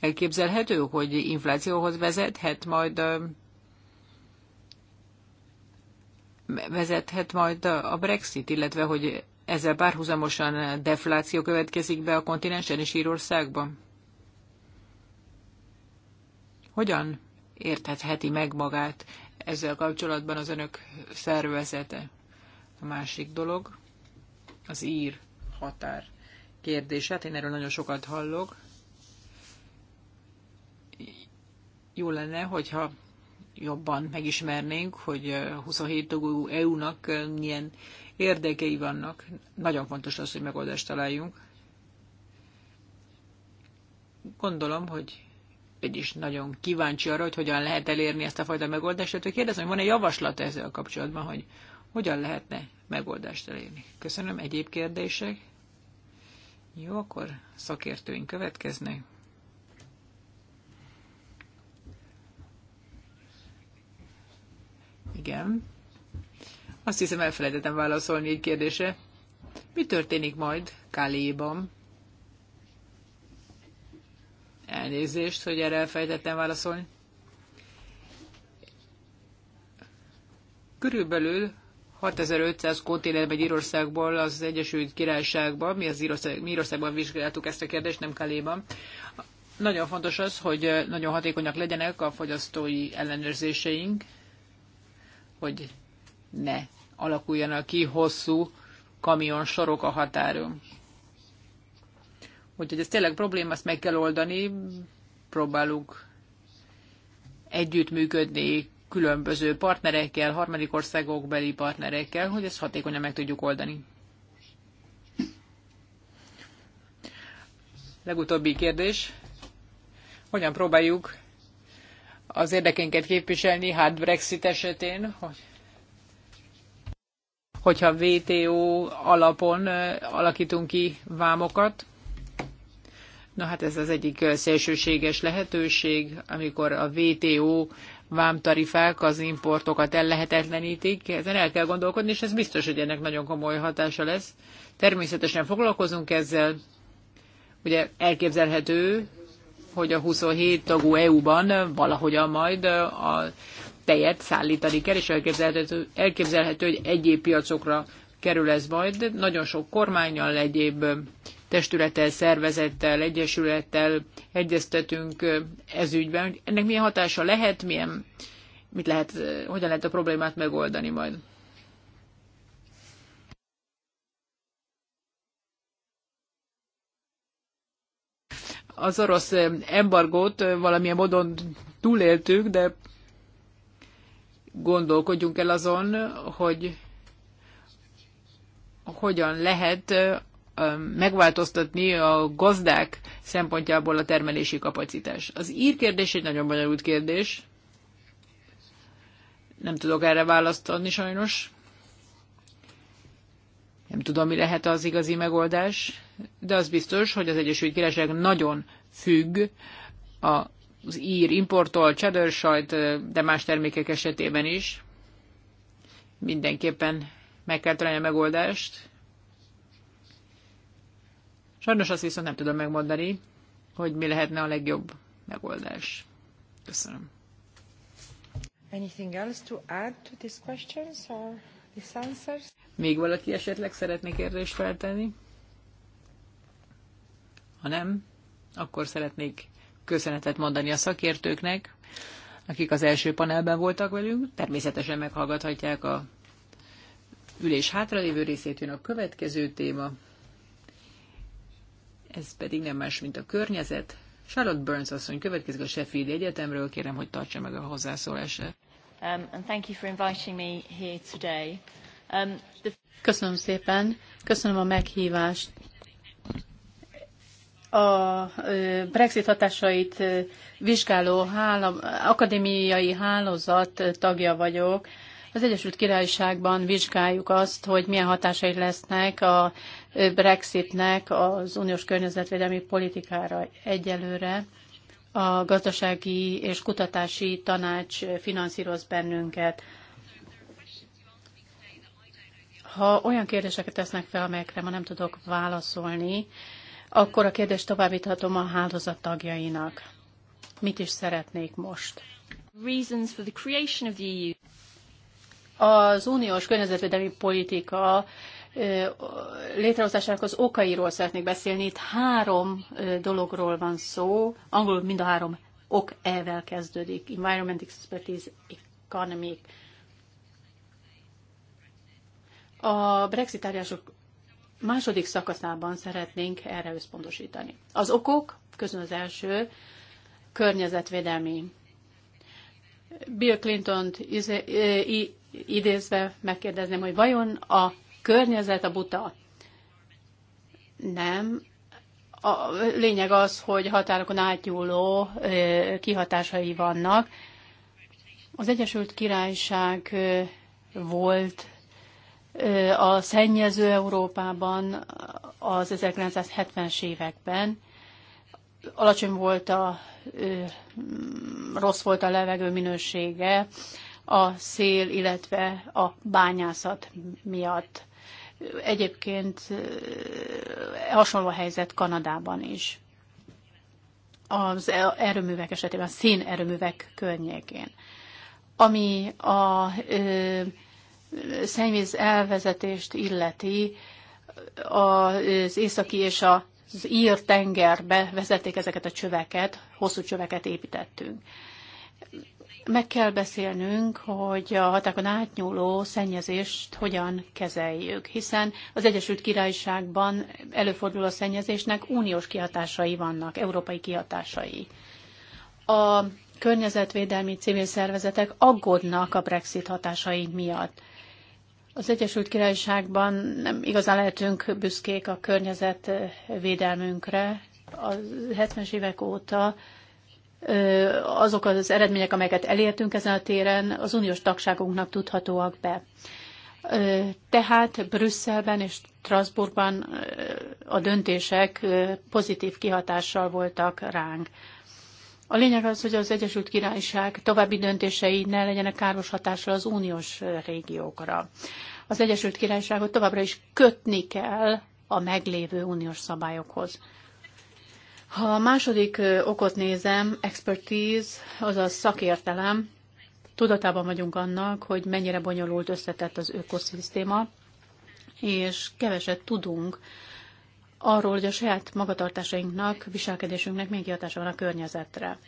Elképzelhető, hogy inflációhoz vezethet majd vezethet majd a Brexit, illetve hogy ezzel párhuzamosan defláció következik be a kontinensen és Írországban? Hogyan értetheti meg magát ezzel kapcsolatban az önök szervezete? A másik dolog az ír határ Kérdése, hát én erről nagyon sokat hallok. Jó lenne, hogyha jobban megismernénk, hogy 27 tagú EU-nak milyen érdekei vannak. Nagyon fontos az, hogy megoldást találjunk. Gondolom, hogy is nagyon kíváncsi arra, hogy hogyan lehet elérni ezt a fajta megoldást, illetve kérdezem, hogy van-e javaslat ezzel kapcsolatban, hogy hogyan lehetne megoldást elérni. Köszönöm, egyéb kérdések? Jó, akkor szakértőink következnek. Igen. Azt hiszem elfelejtettem válaszolni egy kérdése. Mi történik majd Káléban? Elnézést, hogy erre elfejtettem válaszolni. Körülbelül 6500 konténer megy Írországból az Egyesült királyságban, mi az Írország, mi Írországban vizsgáltuk ezt a kérdést, nem Kaléban. Nagyon fontos az, hogy nagyon hatékonyak legyenek a fogyasztói ellenőrzéseink, hogy ne alakuljanak ki hosszú kamionsorok a határon. Úgyhogy ez tényleg probléma, azt meg kell oldani, próbálunk együttműködni különböző partnerekkel, harmadik országok beli partnerekkel, hogy ezt hatékonyan meg tudjuk oldani. Legutóbbi kérdés. Hogyan próbáljuk az érdekeinket képviselni, hát Brexit esetén, hogy hogyha WTO alapon alakítunk ki vámokat, Na hát ez az egyik szélsőséges lehetőség, amikor a WTO vámtarifák az importokat ellehetetlenítik. Ezen el kell gondolkodni, és ez biztos, hogy ennek nagyon komoly hatása lesz. Természetesen foglalkozunk ezzel. Ugye elképzelhető, hogy a 27 tagú EU-ban valahogyan majd a tejet szállítani kell, és elképzelhető, elképzelhető hogy egyéb piacokra kerül ez majd. Nagyon sok kormányjal, egyéb testülettel, szervezettel, egyesülettel egyeztetünk ez ügyben. Ennek milyen hatása lehet, milyen, mit lehet, hogyan lehet a problémát megoldani majd. az orosz embargót valamilyen módon túléltük, de gondolkodjunk el azon, hogy hogyan lehet megváltoztatni a gazdák szempontjából a termelési kapacitás. Az ír kérdés egy nagyon bonyolult kérdés. Nem tudok erre választ adni sajnos. Nem tudom, mi lehet az igazi megoldás, de az biztos, hogy az Egyesült Királyság nagyon függ az ír importtól, cheddar sajt, de más termékek esetében is. Mindenképpen meg kell találni a megoldást Sajnos azt viszont nem tudom megmondani, hogy mi lehetne a legjobb megoldás. Köszönöm. Anything else to add to these questions or these answers? Még valaki esetleg szeretné kérdést feltenni? Ha nem, akkor szeretnék köszönetet mondani a szakértőknek, akik az első panelben voltak velünk. Természetesen meghallgathatják a ülés hátralévő részét, jön a következő téma ez pedig nem más, mint a környezet. Charlotte Burns asszony következik a Sheffield Egyetemről, kérem, hogy tartsa meg a hozzászólását. Um, and thank you for inviting me here today. Um, the... Köszönöm szépen, köszönöm a meghívást. A Brexit hatásait vizsgáló hála, akadémiai hálózat tagja vagyok. Az Egyesült Királyságban vizsgáljuk azt, hogy milyen hatásai lesznek a Brexitnek az uniós környezetvédelmi politikára egyelőre. A gazdasági és kutatási tanács finanszíroz bennünket. Ha olyan kérdéseket tesznek fel, amelyekre ma nem tudok válaszolni, akkor a kérdést továbbíthatom a hálózat tagjainak. Mit is szeretnék most? E az uniós környezetvédelmi politika létrehozásának az okairól szeretnék beszélni. Itt három dologról van szó, angolul mind a három ok elvel kezdődik. Environment Expertise economy. A Brexit tárgyások második szakaszában szeretnénk erre összpontosítani. Az okok közül az első környezetvédelmi. Bill Clinton-t idézve megkérdezném, hogy vajon a környezet a buta. Nem. A lényeg az, hogy határokon átnyúló kihatásai vannak. Az Egyesült Királyság volt a szennyező Európában az 1970-es években. Alacsony volt a, rossz volt a levegő minősége a szél, illetve a bányászat miatt. Egyébként eh, hasonló a helyzet Kanadában is. Az e- erőművek esetében, szín erőművek környékén. Ami a ö, szennyvíz elvezetést illeti, az északi és az ír tengerbe vezették ezeket a csöveket, hosszú csöveket építettünk. Meg kell beszélnünk, hogy a hatákon átnyúló szennyezést hogyan kezeljük, hiszen az Egyesült Királyságban előforduló szennyezésnek uniós kihatásai vannak, európai kihatásai. A környezetvédelmi civil szervezetek aggódnak a Brexit hatásai miatt. Az Egyesült Királyságban nem igazán lehetünk büszkék a környezetvédelmünkre. A 70-es évek óta azok az eredmények, amelyeket elértünk ezen a téren, az uniós tagságunknak tudhatóak be. Tehát Brüsszelben és Strasbourgban a döntések pozitív kihatással voltak ránk. A lényeg az, hogy az Egyesült Királyság további döntései ne legyenek káros hatással az uniós régiókra. Az Egyesült Királyságot továbbra is kötni kell a meglévő uniós szabályokhoz. Ha a második okot nézem, expertise, azaz szakértelem, tudatában vagyunk annak, hogy mennyire bonyolult összetett az ökoszisztéma, és keveset tudunk arról, hogy a saját magatartásainknak, viselkedésünknek még hatása van a környezetre.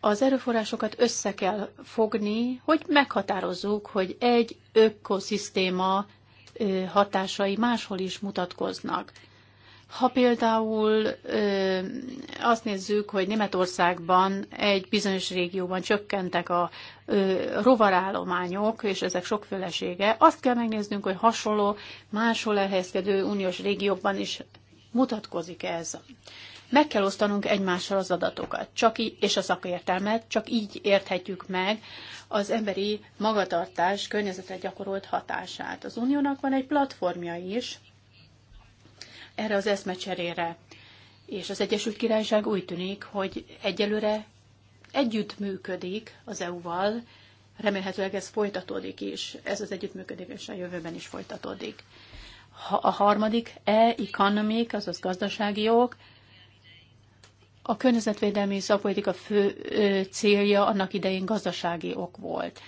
Az erőforrásokat össze kell fogni, hogy meghatározzuk, hogy egy ökoszisztéma hatásai máshol is mutatkoznak. Ha például ö, azt nézzük, hogy Németországban egy bizonyos régióban csökkentek a ö, rovarállományok, és ezek sokfélesége, azt kell megnéznünk, hogy hasonló, máshol elhelyezkedő uniós régiókban is mutatkozik ez. Meg kell osztanunk egymással az adatokat csak így, és a szakértelmet, csak így érthetjük meg az emberi magatartás környezetre gyakorolt hatását. Az uniónak van egy platformja is, erre az eszmecserére. És az Egyesült Királyság úgy tűnik, hogy egyelőre együtt működik az EU-val, remélhetőleg ez folytatódik is, ez az együttműködés a jövőben is folytatódik. A harmadik E, economic, azaz gazdasági jog, a környezetvédelmi szakpolitika fő célja annak idején gazdasági ok volt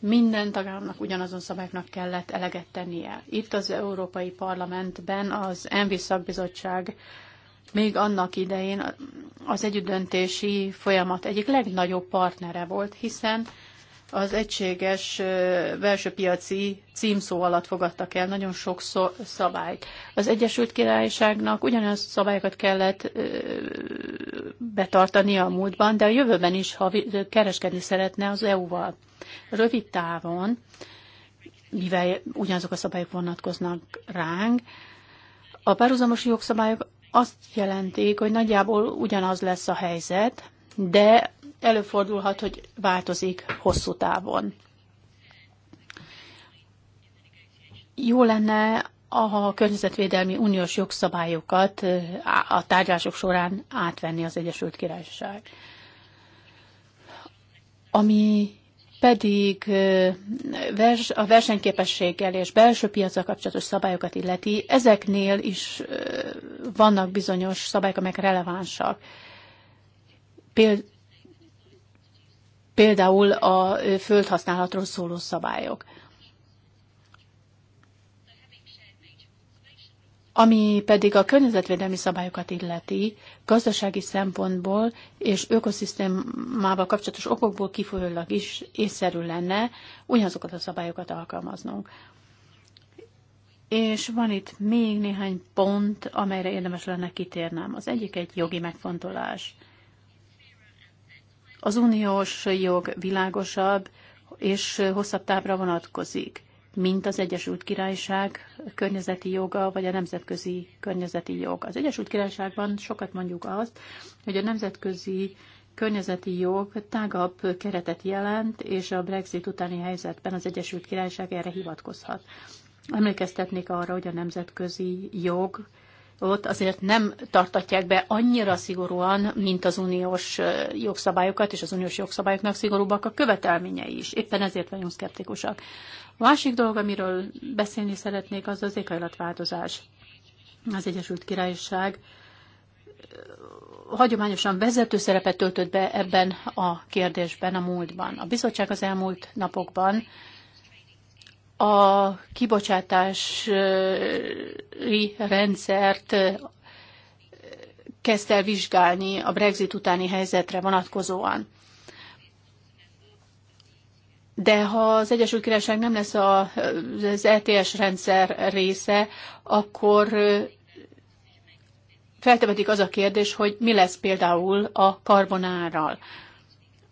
minden tagállamnak ugyanazon szabályoknak kellett eleget tennie. Itt az Európai Parlamentben az ENVI szakbizottság még annak idején az együttdöntési folyamat egyik legnagyobb partnere volt, hiszen az egységes belső piaci címszó alatt fogadtak el nagyon sok szabályt. Az Egyesült Királyságnak ugyanaz szabályokat kellett betartani a múltban, de a jövőben is, ha kereskedni szeretne az EU-val. Rövid távon, mivel ugyanazok a szabályok vonatkoznak ránk, a párhuzamos jogszabályok azt jelentik, hogy nagyjából ugyanaz lesz a helyzet, de előfordulhat, hogy változik hosszú távon. Jó lenne a környezetvédelmi uniós jogszabályokat eh, a tárgyalások során átvenni az Egyesült Királyság. Ami pedig eh, a versenyképességgel és belső piacra kapcsolatos szabályokat illeti, ezeknél is eh, vannak bizonyos szabályok, amelyek relevánsak. Például például a földhasználatról szóló szabályok. Ami pedig a környezetvédelmi szabályokat illeti, gazdasági szempontból és ökoszisztémával kapcsolatos okokból kifolyólag is észszerű lenne ugyanazokat a szabályokat alkalmaznunk. És van itt még néhány pont, amelyre érdemes lenne kitérnem. Az egyik egy jogi megfontolás. Az uniós jog világosabb és hosszabb távra vonatkozik, mint az Egyesült Királyság környezeti joga, vagy a nemzetközi környezeti jog. Az Egyesült Királyságban sokat mondjuk azt, hogy a nemzetközi környezeti jog tágabb keretet jelent, és a Brexit utáni helyzetben az Egyesült Királyság erre hivatkozhat. Emlékeztetnék arra, hogy a nemzetközi jog ott azért nem tartatják be annyira szigorúan, mint az uniós jogszabályokat, és az uniós jogszabályoknak szigorúbbak a követelményei is. Éppen ezért vagyunk szkeptikusak. A másik dolog, amiről beszélni szeretnék, az az éghajlatváltozás. Az Egyesült Királyság hagyományosan vezető szerepet töltött be ebben a kérdésben a múltban. A bizottság az elmúlt napokban a kibocsátási rendszert kezdte el vizsgálni a Brexit utáni helyzetre vonatkozóan. De ha az Egyesült Királyság nem lesz az ETS rendszer része, akkor feltemetik az a kérdés, hogy mi lesz például a karbonárral.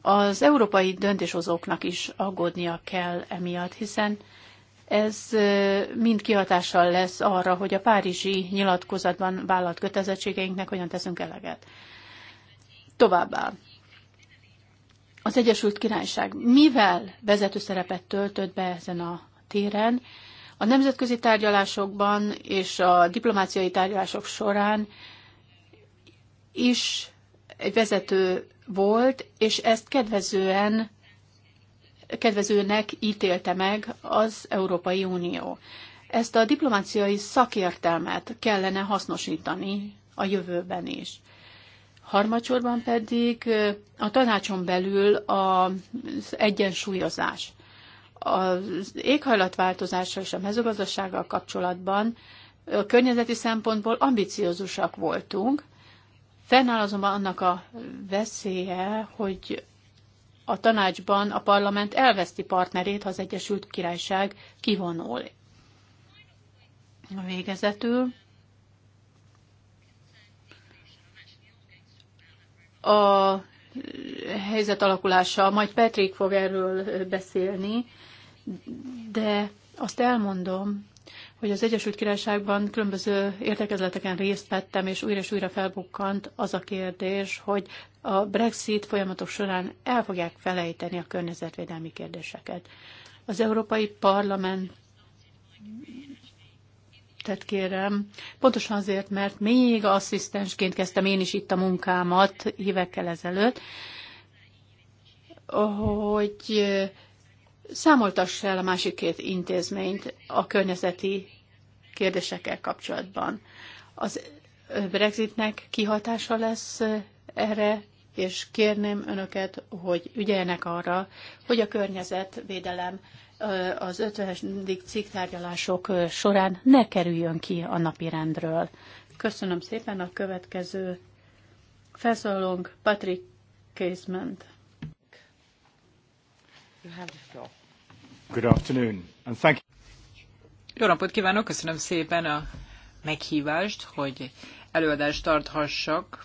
Az európai döntéshozóknak is aggódnia kell emiatt, hiszen ez mind kihatással lesz arra, hogy a Párizsi nyilatkozatban vállalt kötelezettségeinknek hogyan teszünk eleget. Továbbá, az Egyesült Királyság mivel vezető szerepet töltött be ezen a téren, a nemzetközi tárgyalásokban és a diplomáciai tárgyalások során is egy vezető volt, és ezt kedvezően kedvezőnek ítélte meg az Európai Unió. Ezt a diplomáciai szakértelmet kellene hasznosítani a jövőben is. Harmadsorban pedig a tanácson belül az egyensúlyozás. Az éghajlatváltozással és a mezőgazdasággal kapcsolatban a környezeti szempontból ambiciózusak voltunk, fennáll azonban annak a veszélye, hogy a tanácsban a parlament elveszti partnerét, ha az Egyesült Királyság kivonul. Végezetül a helyzet alakulása, majd Petrik fog erről beszélni, de azt elmondom, hogy az Egyesült Királyságban különböző értekezleteken részt vettem, és újra és újra felbukkant az a kérdés, hogy a Brexit folyamatok során el fogják felejteni a környezetvédelmi kérdéseket. Az Európai Parlament tehát kérem, pontosan azért, mert még asszisztensként kezdtem én is itt a munkámat évekkel ezelőtt, hogy számoltass el a másik két intézményt a környezeti kérdésekkel kapcsolatban. Az Brexitnek kihatása lesz erre, és kérném önöket, hogy ügyeljenek arra, hogy a környezetvédelem az 50. cikk tárgyalások során ne kerüljön ki a napi rendről. Köszönöm szépen a következő felszólalónk Patrick Casement. You have the floor. Good afternoon, and thank Jó napot kívánok, köszönöm szépen a meghívást, hogy előadást tarthassak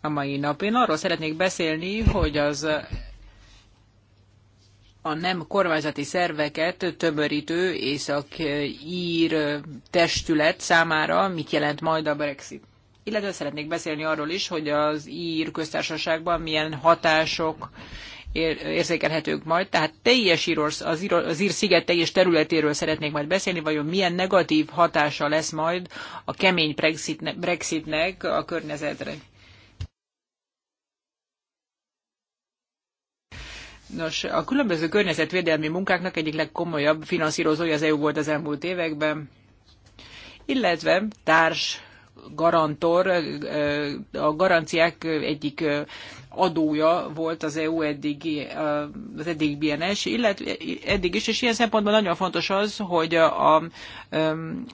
a mai nap. Én arról szeretnék beszélni, hogy az a nem kormányzati szerveket tömörítő észak-ír testület számára mit jelent majd a Brexit. Illetve szeretnék beszélni arról is, hogy az ír köztársaságban milyen hatások érzékelhetők majd. Tehát teljes Írorsz, az, Ír, az Ír sziget teljes területéről szeretnék majd beszélni, vajon milyen negatív hatása lesz majd a kemény Brexitne, Brexitnek a környezetre. Nos, a különböző környezetvédelmi munkáknak egyik legkomolyabb finanszírozója az EU volt az elmúlt években, illetve társ garantor, a garanciák egyik adója volt az EU eddig, az eddig BNS, illetve eddig is, és ilyen szempontból nagyon fontos az, hogy a, a, a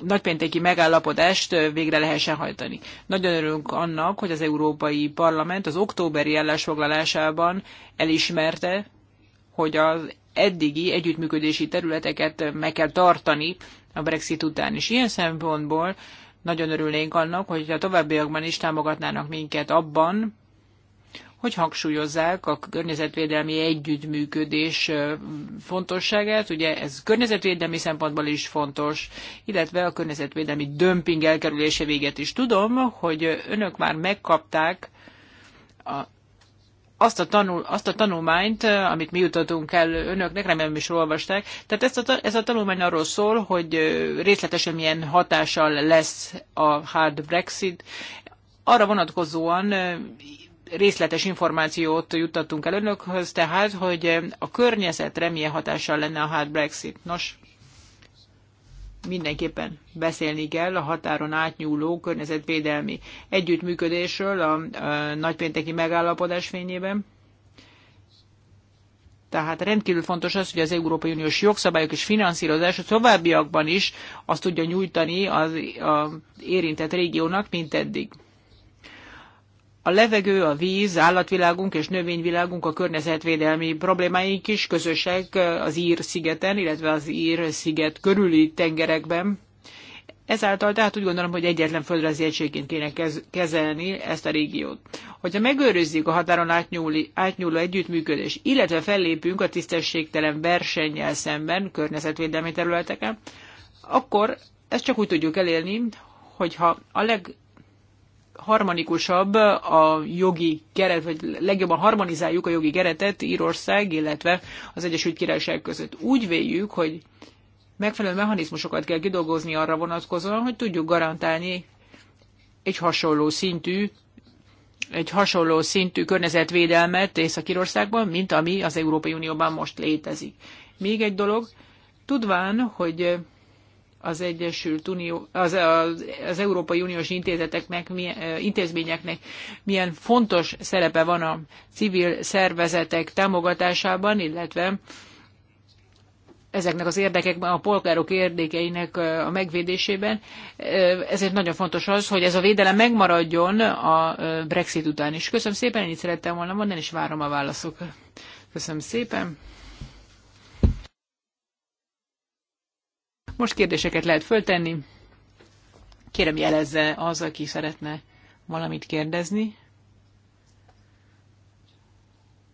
nagypénteki megállapodást végre lehessen hajtani. Nagyon örülünk annak, hogy az Európai Parlament az októberi ellásfoglalásában elismerte, hogy az eddigi együttműködési területeket meg kell tartani a Brexit után és Ilyen szempontból nagyon örülnénk annak, hogy a továbbiakban is támogatnának minket abban, hogy hangsúlyozzák a környezetvédelmi együttműködés fontosságát. Ugye ez környezetvédelmi szempontból is fontos, illetve a környezetvédelmi dömping elkerülése véget is. Tudom, hogy önök már megkapták a azt a, tanul, azt a tanulmányt, amit mi jutatunk el önöknek, remélem is olvasták. Tehát ez a, ez a tanulmány arról szól, hogy részletesen milyen hatással lesz a hard Brexit. Arra vonatkozóan részletes információt juttattunk el önökhöz, tehát, hogy a környezetre milyen hatással lenne a hard Brexit. Nos, mindenképpen beszélni kell a határon átnyúló környezetvédelmi együttműködésről a, a nagypénteki megállapodás fényében. Tehát rendkívül fontos az, hogy az Európai Uniós jogszabályok és finanszírozás a továbbiakban is azt tudja nyújtani az, az érintett régiónak, mint eddig. A levegő, a víz, állatvilágunk és növényvilágunk, a környezetvédelmi problémáink is közösek eh, az Ír-szigeten, illetve az Ír-sziget körüli tengerekben. Ezáltal tehát úgy gondolom, hogy egyetlen földrajzi egységként kéne kezelni ezt a régiót. Hogyha megőrizzük a határon átnyúli, átnyúló együttműködés, illetve fellépünk a tisztességtelen versennyel szemben környezetvédelmi területeken, akkor ezt csak úgy tudjuk elérni, hogyha a leg harmonikusabb a jogi keret, vagy legjobban harmonizáljuk a jogi keretet Írország, illetve az Egyesült Királyság között. Úgy véljük, hogy megfelelő mechanizmusokat kell kidolgozni arra vonatkozóan, hogy tudjuk garantálni egy hasonló szintű egy hasonló szintű környezetvédelmet Észak-Írországban, mint ami az Európai Unióban most létezik. Még egy dolog, tudván, hogy az Egyesült Unió, az, az, az Európai Uniós intézeteknek, eh, intézményeknek milyen fontos szerepe van a civil szervezetek támogatásában, illetve ezeknek az érdekekben, a polgárok érdekeinek eh, a megvédésében. Eh, ezért nagyon fontos az, hogy ez a védelem megmaradjon a Brexit után is. Köszönöm szépen, ennyit szerettem volna mondani, és várom a válaszokat. Köszönöm szépen. Most kérdéseket lehet föltenni. Kérem jelezze az, aki szeretne valamit kérdezni.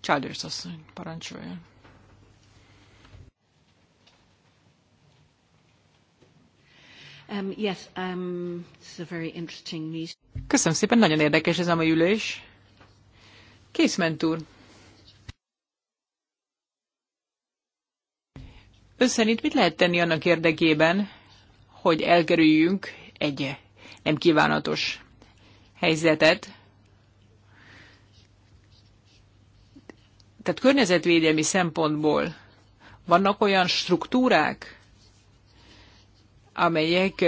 Childers asszony, parancsoljon. Um, yes, um, this is a very interesting news. Köszönöm szépen, nagyon érdekes ez a mai ülés. Készment úr, Ön szerint mit lehet tenni annak érdekében, hogy elkerüljünk egy nem kívánatos helyzetet? Tehát környezetvédelmi szempontból vannak olyan struktúrák, amelyek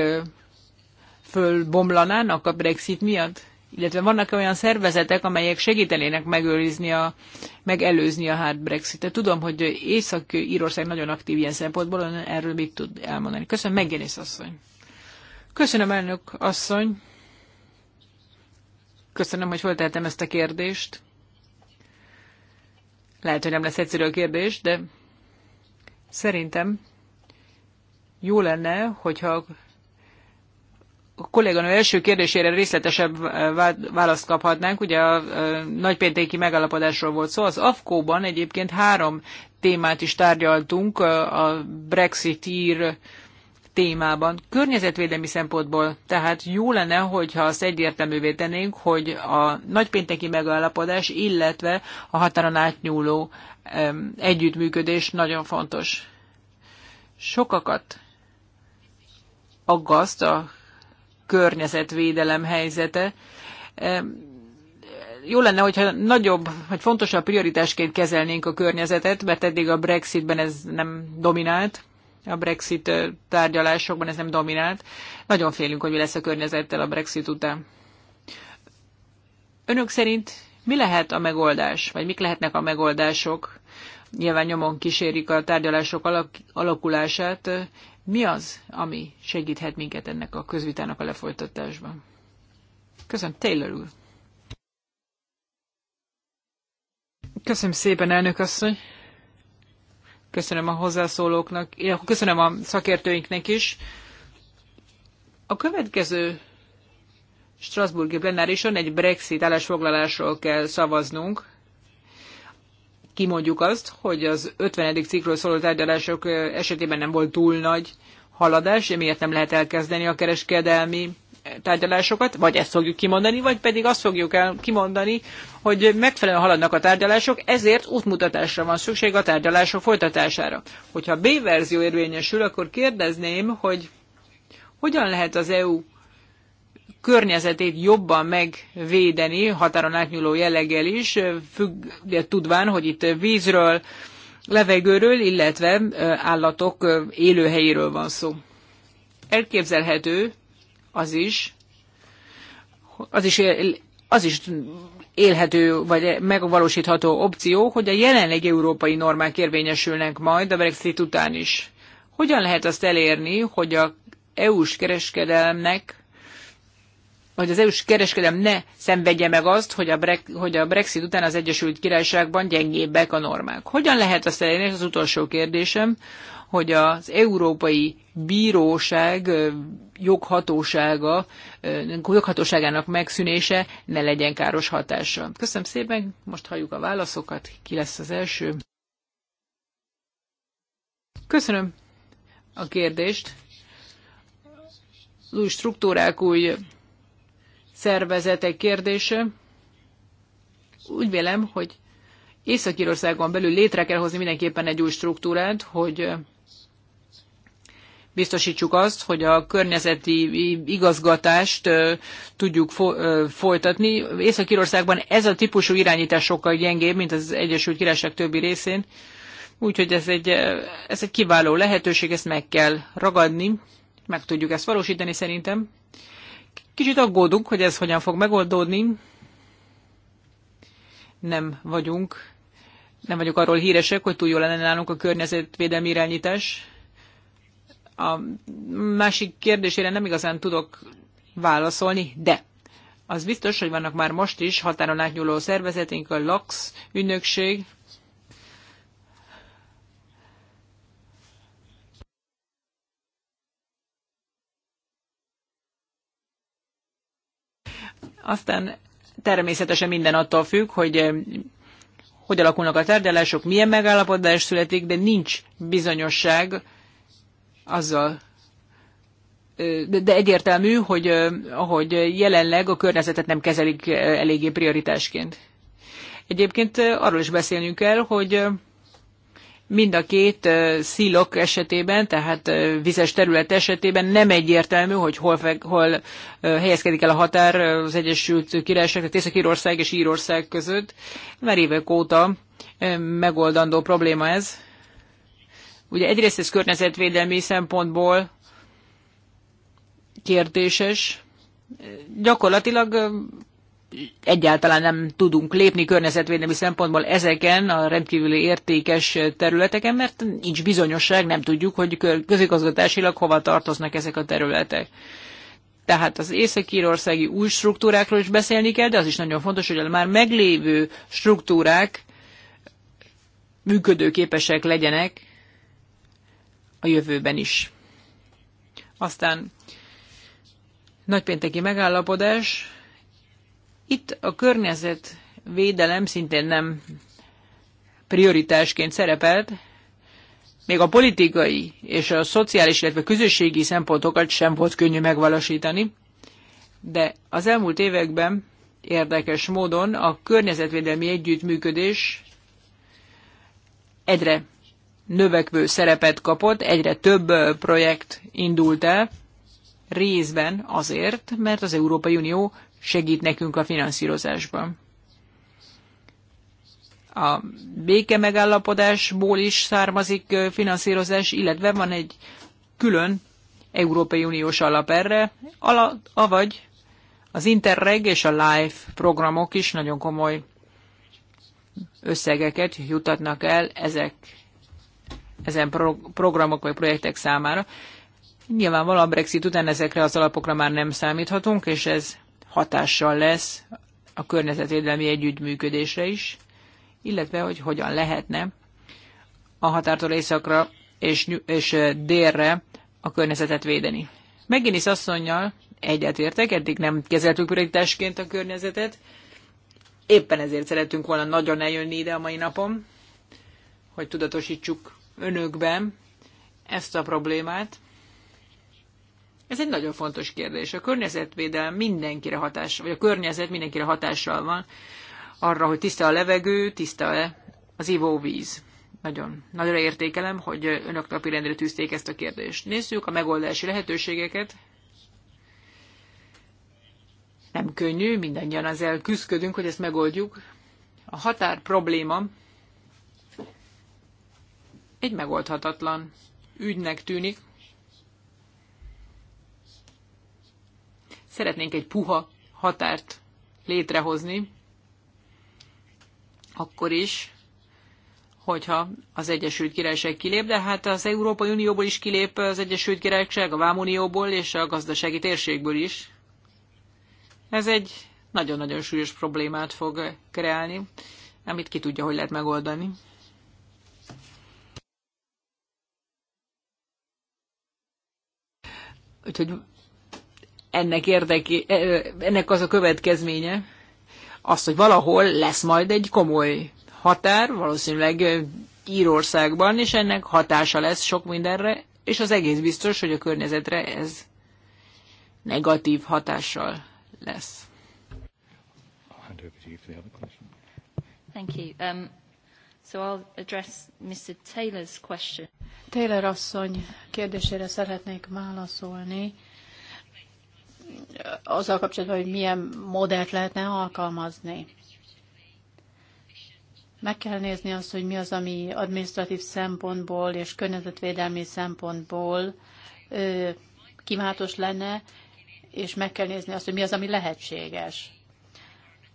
fölbomlanának a Brexit miatt? illetve vannak -e olyan szervezetek, amelyek segítenének megőrizni a, megelőzni a hard Brexitet. Tudom, hogy Észak-Írország nagyon aktív ilyen szempontból, erről mit tud elmondani. Köszönöm, megjelenész asszony. Köszönöm, elnök asszony. Köszönöm, hogy felteltem ezt a kérdést. Lehet, hogy nem lesz egyszerű a kérdés, de szerintem jó lenne, hogyha kolléganő első kérdésére részletesebb eh, választ kaphatnánk. Ugye a eh, nagypénteki megállapodásról volt szó. Az AFKO-ban egyébként három témát is tárgyaltunk eh, a Brexit ír témában. Környezetvédelmi szempontból tehát jó lenne, hogyha azt egyértelművé tennénk, hogy a nagypénteki megállapodás, illetve a határon átnyúló együttműködés nagyon fontos. Sokakat aggaszt a környezetvédelem helyzete. Jó lenne, hogyha nagyobb, vagy fontosabb prioritásként kezelnénk a környezetet, mert eddig a Brexitben ez nem dominált, a Brexit tárgyalásokban ez nem dominált. Nagyon félünk, hogy mi lesz a környezettel a Brexit után. Önök szerint mi lehet a megoldás, vagy mik lehetnek a megoldások? Nyilván nyomon kísérik a tárgyalások alakulását mi az, ami segíthet minket ennek a közvitának a lefolytatásban. Köszönöm, Taylor úr! Köszönöm szépen, elnök asszony! Köszönöm a hozzászólóknak, köszönöm a szakértőinknek is. A következő Strasburgi plenárison egy Brexit állásfoglalásról kell szavaznunk kimondjuk azt, hogy az 50. cikkről szóló tárgyalások esetében nem volt túl nagy haladás, emiatt nem lehet elkezdeni a kereskedelmi tárgyalásokat, vagy ezt fogjuk kimondani, vagy pedig azt fogjuk el kimondani, hogy megfelelően haladnak a tárgyalások, ezért útmutatásra van szükség a tárgyalások folytatására. Hogyha B verzió érvényesül, akkor kérdezném, hogy hogyan lehet az EU környezetét jobban megvédeni, határon átnyúló jelleggel is, függ, tudván, hogy itt vízről, levegőről, illetve állatok élőhelyéről van szó. Elképzelhető az is, az is, az is élhető vagy megvalósítható opció, hogy a jelenleg európai normák érvényesülnek majd a Brexit után is. Hogyan lehet azt elérni, hogy a EU-s kereskedelmnek hogy az EU-s kereskedelem ne szenvedje meg azt, hogy a, Brek, hogy a Brexit után az Egyesült Királyságban gyengébbek a normák. Hogyan lehet azt elérni, Ez az utolsó kérdésem, hogy az Európai Bíróság joghatósága, joghatóságának megszűnése ne legyen káros hatása. Köszönöm szépen, most halljuk a válaszokat, ki lesz az első. Köszönöm a kérdést. Az új struktúrák, új szervezetek kérdése. Úgy vélem, hogy Észak-Írországon belül létre kell hozni mindenképpen egy új struktúrát, hogy biztosítsuk azt, hogy a környezeti igazgatást tudjuk folytatni. Észak-Írországban ez a típusú irányítás sokkal gyengébb, mint az Egyesült Királyság többi részén, úgyhogy ez egy, ez egy kiváló lehetőség, ezt meg kell ragadni, meg tudjuk ezt valósítani szerintem. Kicsit aggódunk, hogy ez hogyan fog megoldódni. Nem vagyunk, nem vagyunk arról híresek, hogy túl jól lenne nálunk a környezetvédelmi irányítás. A másik kérdésére nem igazán tudok válaszolni, de az biztos, hogy vannak már most is határon átnyúló szervezeténk, a LAX ügynökség, Aztán természetesen minden attól függ, hogy eh, hogy alakulnak a tárgyalások, milyen megállapodás születik, de nincs bizonyosság azzal, eh, de egyértelmű, hogy, eh, hogy jelenleg a környezetet nem kezelik eléggé prioritásként. Egyébként arról is beszélnünk kell, hogy mind a két szilok esetében, tehát vizes terület esetében nem egyértelmű, hogy hol, hol helyezkedik el a határ az Egyesült Királyság, tehát Észak-Írország és Írország között. Már évek óta megoldandó probléma ez. Ugye egyrészt ez környezetvédelmi szempontból kérdéses. Gyakorlatilag egyáltalán nem tudunk lépni környezetvédelmi szempontból ezeken a rendkívüli értékes területeken, mert nincs bizonyosság, nem tudjuk, hogy közigazgatásilag hova tartoznak ezek a területek. Tehát az észak-írországi új struktúrákról is beszélni kell, de az is nagyon fontos, hogy a már meglévő struktúrák működőképesek legyenek a jövőben is. Aztán nagypénteki megállapodás, itt a környezetvédelem szintén nem prioritásként szerepelt, még a politikai és a szociális, illetve közösségi szempontokat sem volt könnyű megvalósítani, de az elmúlt években érdekes módon a környezetvédelmi együttműködés egyre növekvő szerepet kapott, egyre több projekt indult el, részben azért, mert az Európai Unió segít nekünk a finanszírozásban. A béke megállapodásból is származik finanszírozás, illetve van egy külön Európai Uniós alap erre, ala, avagy az Interreg és a LIFE programok is nagyon komoly összegeket jutatnak el ezek, ezen pro- programok vagy projektek számára. Nyilvánvalóan Brexit után ezekre az alapokra már nem számíthatunk, és ez hatással lesz a környezetvédelmi együttműködésre is, illetve hogy hogyan lehetne a határtól északra és, és délre a környezetet védeni. Megginis asszonynal egyetértek, eddig nem kezeltük prioritásként a környezetet, éppen ezért szeretünk volna nagyon eljönni ide a mai napon, hogy tudatosítsuk önökben ezt a problémát, ez egy nagyon fontos kérdés. A környezetvédelem mindenkire hatás, vagy a környezet mindenkire hatással van arra, hogy tiszta a levegő, tiszta-e az ivóvíz. Nagyon, nagyon értékelem, hogy önök napirendre tűzték ezt a kérdést. Nézzük a megoldási lehetőségeket. Nem könnyű, mindannyian ezzel küzdködünk, hogy ezt megoldjuk. A határ probléma egy megoldhatatlan ügynek tűnik, Szeretnénk egy puha határt létrehozni, akkor is, hogyha az Egyesült Királyság kilép, de hát az Európai Unióból is kilép az Egyesült Királyság, a Vámunióból és a gazdasági térségből is. Ez egy nagyon-nagyon súlyos problémát fog kreálni, amit ki tudja, hogy lehet megoldani. Úgyhogy ennek, érdeki, ennek az a következménye, az, hogy valahol lesz majd egy komoly határ, valószínűleg Írországban, és ennek hatása lesz sok mindenre, és az egész biztos, hogy a környezetre ez negatív hatással lesz. Thank you. Um, so I'll address Mr. Taylor's question. Taylor asszony kérdésére szeretnék válaszolni azzal kapcsolatban, hogy milyen modellt lehetne alkalmazni. Meg kell nézni azt, hogy mi az, ami administratív szempontból és környezetvédelmi szempontból ö, lenne, és meg kell nézni azt, hogy mi az, ami lehetséges.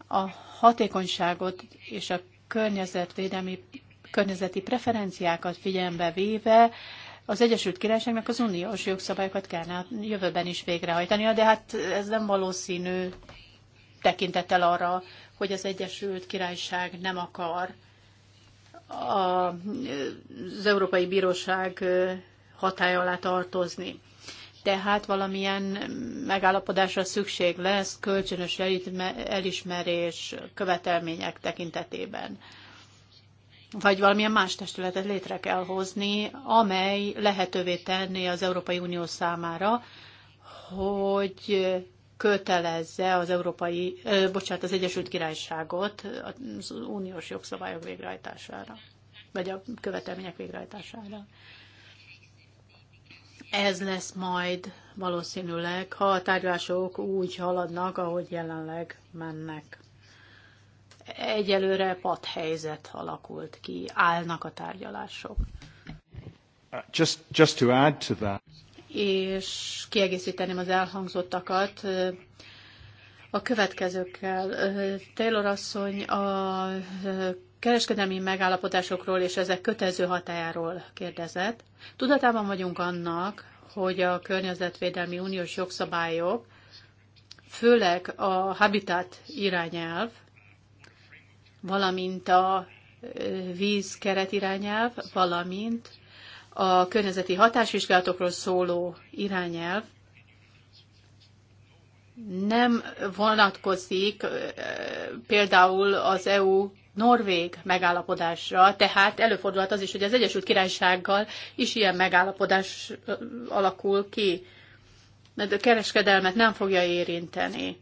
A hatékonyságot és a környezetvédelmi, környezeti preferenciákat figyelembe véve az Egyesült Királyságnak az uniós jogszabályokat kellene a jövőben is végrehajtania, de hát ez nem valószínű tekintettel arra, hogy az Egyesült Királyság nem akar a, az Európai Bíróság hatája alá tartozni. Tehát valamilyen megállapodásra szükség lesz kölcsönös elismerés követelmények tekintetében vagy valamilyen más testületet létre kell hozni, amely lehetővé tenné az Európai Unió számára, hogy kötelezze az európai, ö, bocsánat, az Egyesült Királyságot az uniós jogszabályok végrehajtására, vagy a követelmények végrehajtására. Ez lesz majd valószínűleg, ha a tárgyalások úgy haladnak, ahogy jelenleg mennek egyelőre helyzet alakult ki, állnak a tárgyalások. Just, just to add to that. És kiegészíteném az elhangzottakat a következőkkel. Taylor asszony a kereskedelmi megállapodásokról és ezek kötező hatájáról kérdezett. Tudatában vagyunk annak, hogy a környezetvédelmi uniós jogszabályok, főleg a habitat irányelv, valamint a víz keretirányelv, valamint a környezeti hatásvizsgálatokról szóló irányelv nem vonatkozik például az EU norvég megállapodásra, tehát előfordulhat az is, hogy az Egyesült Királysággal is ilyen megállapodás alakul ki, mert a kereskedelmet nem fogja érinteni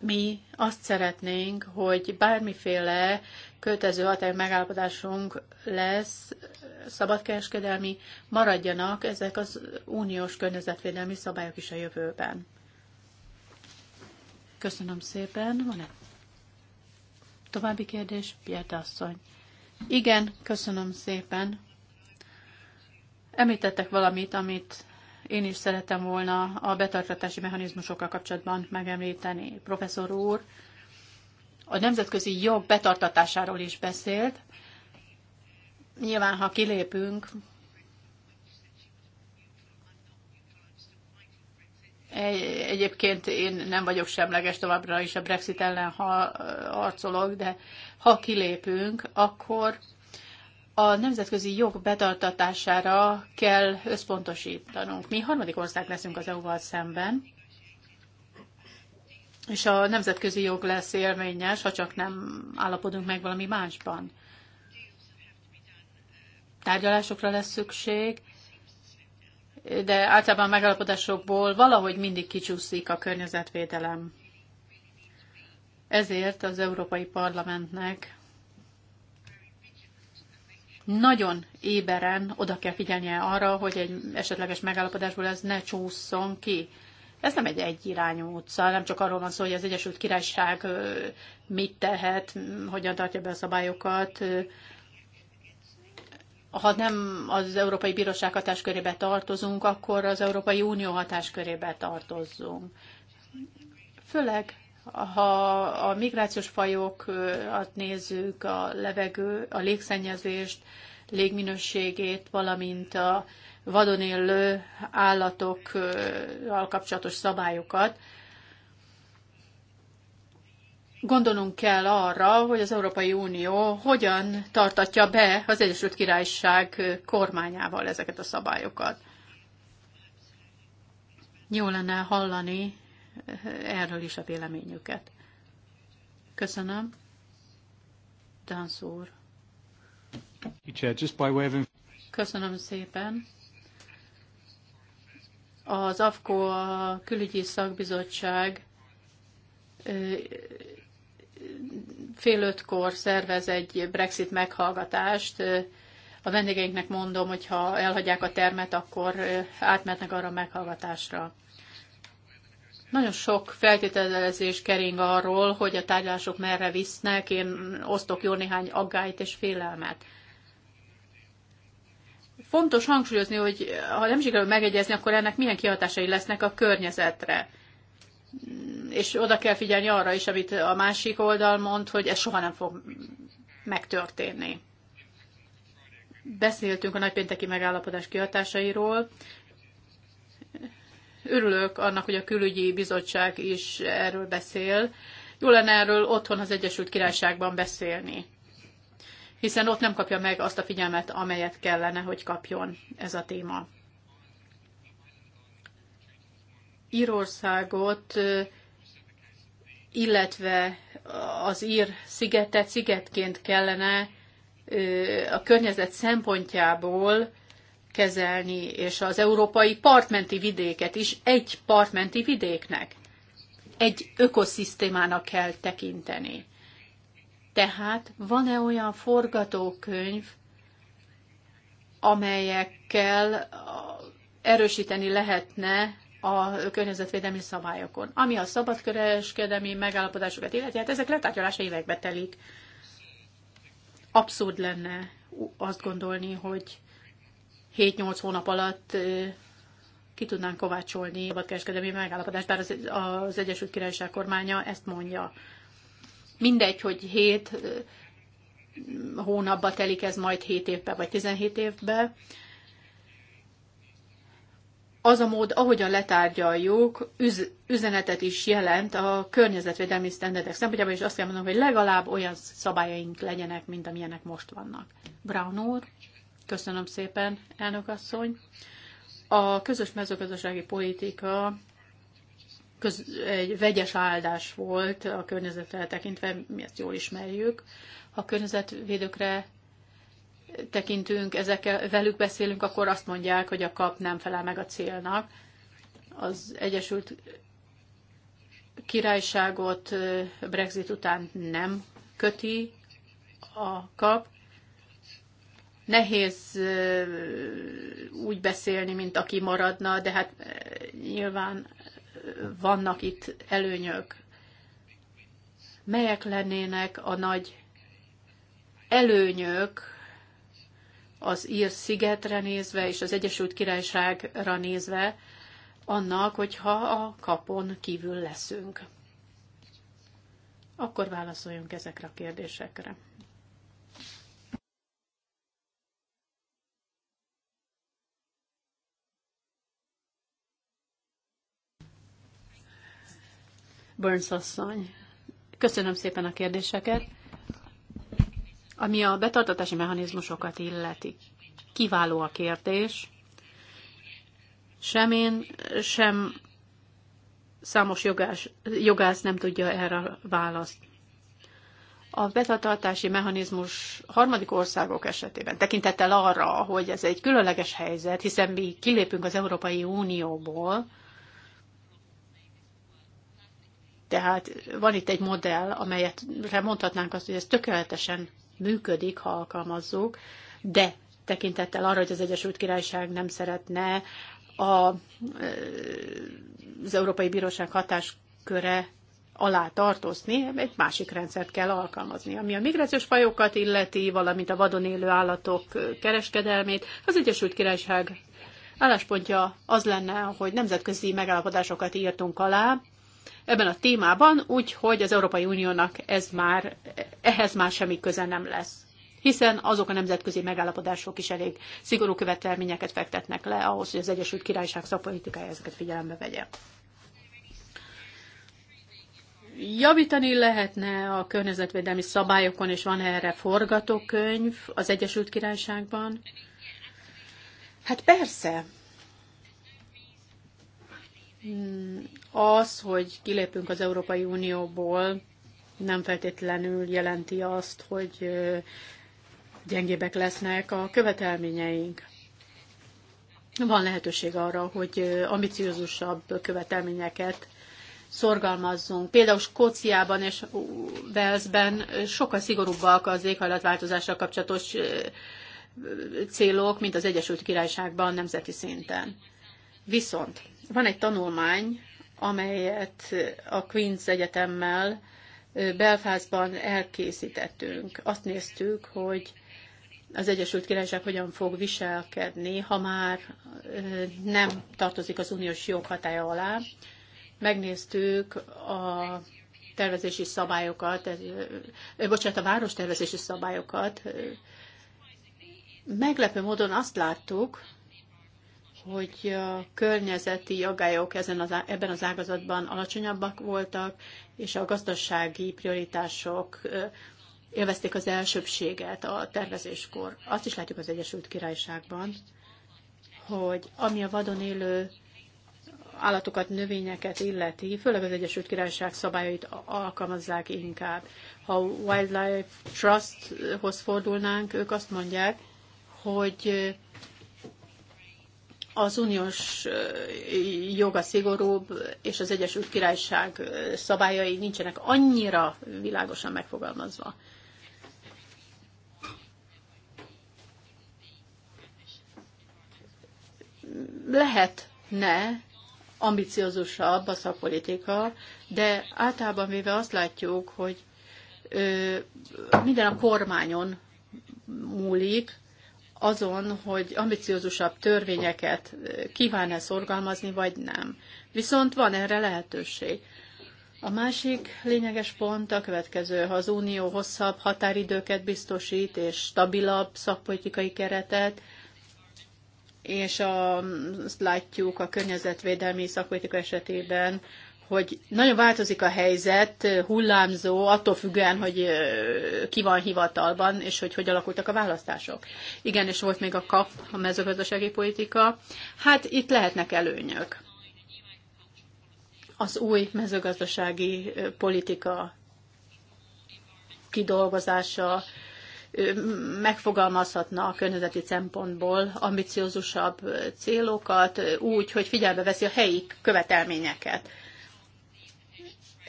mi azt szeretnénk, hogy bármiféle kötező hatály megállapodásunk lesz, szabadkereskedelmi, maradjanak ezek az uniós környezetvédelmi szabályok is a jövőben. Köszönöm szépen. Van-e további kérdés? Pierre asszony. Igen, köszönöm szépen. Említettek valamit, amit én is szeretem volna a betartatási mechanizmusokkal kapcsolatban megemlíteni. Professzor úr a nemzetközi jog betartatásáról is beszélt. Nyilván, ha kilépünk Egyébként én nem vagyok semleges továbbra is a Brexit ellen ha harcolok, de ha kilépünk, akkor a nemzetközi jog betartatására kell összpontosítanunk. Mi harmadik ország leszünk az EU-val szemben, és a nemzetközi jog lesz élményes, ha csak nem állapodunk meg valami másban. Tárgyalásokra lesz szükség, de általában megállapodásokból valahogy mindig kicsúszik a környezetvédelem. Ezért az Európai Parlamentnek nagyon éberen oda kell figyelnie arra, hogy egy esetleges megállapodásból ez ne csúszson ki. Ez nem egy egyirányú utca, nem csak arról van szó, hogy az Egyesült Királyság mit tehet, hogyan tartja be a szabályokat, ha nem az Európai Bíróság hatáskörébe tartozunk, akkor az Európai Unió hatáskörébe tartozzunk. Főleg ha a migrációs fajokat nézzük, a levegő, a légszennyezést, légminőségét, valamint a vadon élő állatokkal kapcsolatos szabályokat, gondolnunk kell arra, hogy az Európai Unió hogyan tartatja be az Egyesült Királyság kormányával ezeket a szabályokat. Jó lenne hallani erről is a véleményüket. Köszönöm. Dánsz Köszönöm szépen. Az AFKO, a külügyi szakbizottság fél ötkor szervez egy Brexit meghallgatást. A vendégeinknek mondom, hogy ha elhagyják a termet, akkor átmennek arra a meghallgatásra. Nagyon sok feltételezés kering arról, hogy a tárgyalások merre visznek. Én osztok jó néhány aggályt és félelmet. Fontos hangsúlyozni, hogy ha nem sikerül megegyezni, akkor ennek milyen kihatásai lesznek a környezetre. És oda kell figyelni arra is, amit a másik oldal mond, hogy ez soha nem fog megtörténni. Beszéltünk a nagypénteki megállapodás kihatásairól. Örülök annak, hogy a külügyi bizottság is erről beszél. Jó lenne erről otthon az Egyesült Királyságban beszélni, hiszen ott nem kapja meg azt a figyelmet, amelyet kellene, hogy kapjon ez a téma. Írországot, illetve az ír szigetet szigetként kellene a környezet szempontjából kezelni, és az európai partmenti vidéket is egy partmenti vidéknek, egy ökoszisztémának kell tekinteni. Tehát van-e olyan forgatókönyv, amelyekkel erősíteni lehetne a környezetvédelmi szabályokon. Ami a szabadkereskedelmi megállapodásokat illeti, hát ezek letárgyalása évekbe telik. Abszurd lenne azt gondolni, hogy 7-8 hónap alatt ki tudnánk kovácsolni a kereskedelmi megállapodást, bár az, az Egyesült Királyság kormánya ezt mondja. Mindegy, hogy 7 hónapba telik ez majd 7 évbe, vagy 17 évbe. Az a mód, ahogyan letárgyaljuk, üz, üzenetet is jelent a környezetvédelmi sztenderdek szempontjából, és azt kell mondanom, hogy legalább olyan szabályaink legyenek, mint amilyenek most vannak. Brown úr? Köszönöm szépen, elnök asszony. A közös mezőgazdasági politika köz, egy vegyes áldás volt a környezetre tekintve, mi ezt jól ismerjük. Ha környezetvédőkre tekintünk, ezekkel velük beszélünk, akkor azt mondják, hogy a kap nem felel meg a célnak. Az Egyesült Királyságot Brexit után nem köti a kap, Nehéz úgy beszélni, mint aki maradna, de hát nyilván vannak itt előnyök. Melyek lennének a nagy előnyök az ír szigetre nézve és az Egyesült Királyságra nézve annak, hogyha a kapon kívül leszünk? Akkor válaszoljunk ezekre a kérdésekre. Burns asszony. Köszönöm szépen a kérdéseket. Ami a betartatási mechanizmusokat illeti, kiváló a kérdés. Sem én, sem számos jogás, jogász nem tudja erre a választ. A betartatási mechanizmus harmadik országok esetében tekintettel arra, hogy ez egy különleges helyzet, hiszen mi kilépünk az Európai Unióból, Tehát van itt egy modell, amelyet mondhatnánk azt, hogy ez tökéletesen működik, ha alkalmazzuk, de tekintettel arra, hogy az Egyesült Királyság nem szeretne a, az Európai Bíróság hatásköre alá tartozni, egy másik rendszert kell alkalmazni. Ami a migrációs fajokat illeti, valamint a vadon élő állatok kereskedelmét, az Egyesült Királyság álláspontja az lenne, hogy nemzetközi megállapodásokat írtunk alá, ebben a témában, úgyhogy az Európai Uniónak ez már, ehhez már semmi köze nem lesz. Hiszen azok a nemzetközi megállapodások is elég szigorú követelményeket fektetnek le ahhoz, hogy az Egyesült Királyság szakpolitikája ezeket figyelembe vegye. Javítani lehetne a környezetvédelmi szabályokon, és van erre forgatókönyv az Egyesült Királyságban? Hát persze, Hmm, az, hogy kilépünk az Európai Unióból, nem feltétlenül jelenti azt, hogy gyengébbek lesznek a követelményeink. Van lehetőség arra, hogy ambiciózusabb követelményeket szorgalmazzunk. Például Skóciában és Velszben sokkal szigorúbbak az éghajlatváltozásra kapcsolatos célok, mint az Egyesült Királyságban nemzeti szinten. Viszont van egy tanulmány, amelyet a Queen's Egyetemmel Belfázban elkészítettünk. Azt néztük, hogy az Egyesült Királyság hogyan fog viselkedni, ha már nem tartozik az uniós jog hatája alá. Megnéztük a tervezési szabályokat, bocsánat, a város tervezési szabályokat. Meglepő módon azt láttuk, hogy a környezeti aggályok ezen az, ebben az ágazatban alacsonyabbak voltak, és a gazdasági prioritások élvezték az elsőbséget a tervezéskor. Azt is látjuk az Egyesült Királyságban, hogy ami a vadon élő állatokat, növényeket illeti, főleg az Egyesült Királyság szabályait alkalmazzák inkább. Ha a Wildlife Trusthoz fordulnánk, ők azt mondják, hogy az uniós joga szigorúbb, és az Egyesült Királyság szabályai nincsenek annyira világosan megfogalmazva. Lehetne ambiciózusabb a szakpolitika, de általában véve azt látjuk, hogy minden a kormányon múlik, azon, hogy ambiciózusabb törvényeket eh, kíván-e szorgalmazni, vagy nem. Viszont van erre lehetőség. A másik lényeges pont a következő. Ha az Unió hosszabb határidőket biztosít, és stabilabb szakpolitikai keretet, és a, azt látjuk a környezetvédelmi szakpolitika esetében, hogy nagyon változik a helyzet, hullámzó, attól függően, hogy ki van hivatalban, és hogy hogy alakultak a választások. Igen, és volt még a KAP, a mezőgazdasági politika. Hát itt lehetnek előnyök. Az új mezőgazdasági politika kidolgozása megfogalmazhatna a környezeti szempontból ambiciózusabb célokat, úgy, hogy figyelbe veszi a helyi követelményeket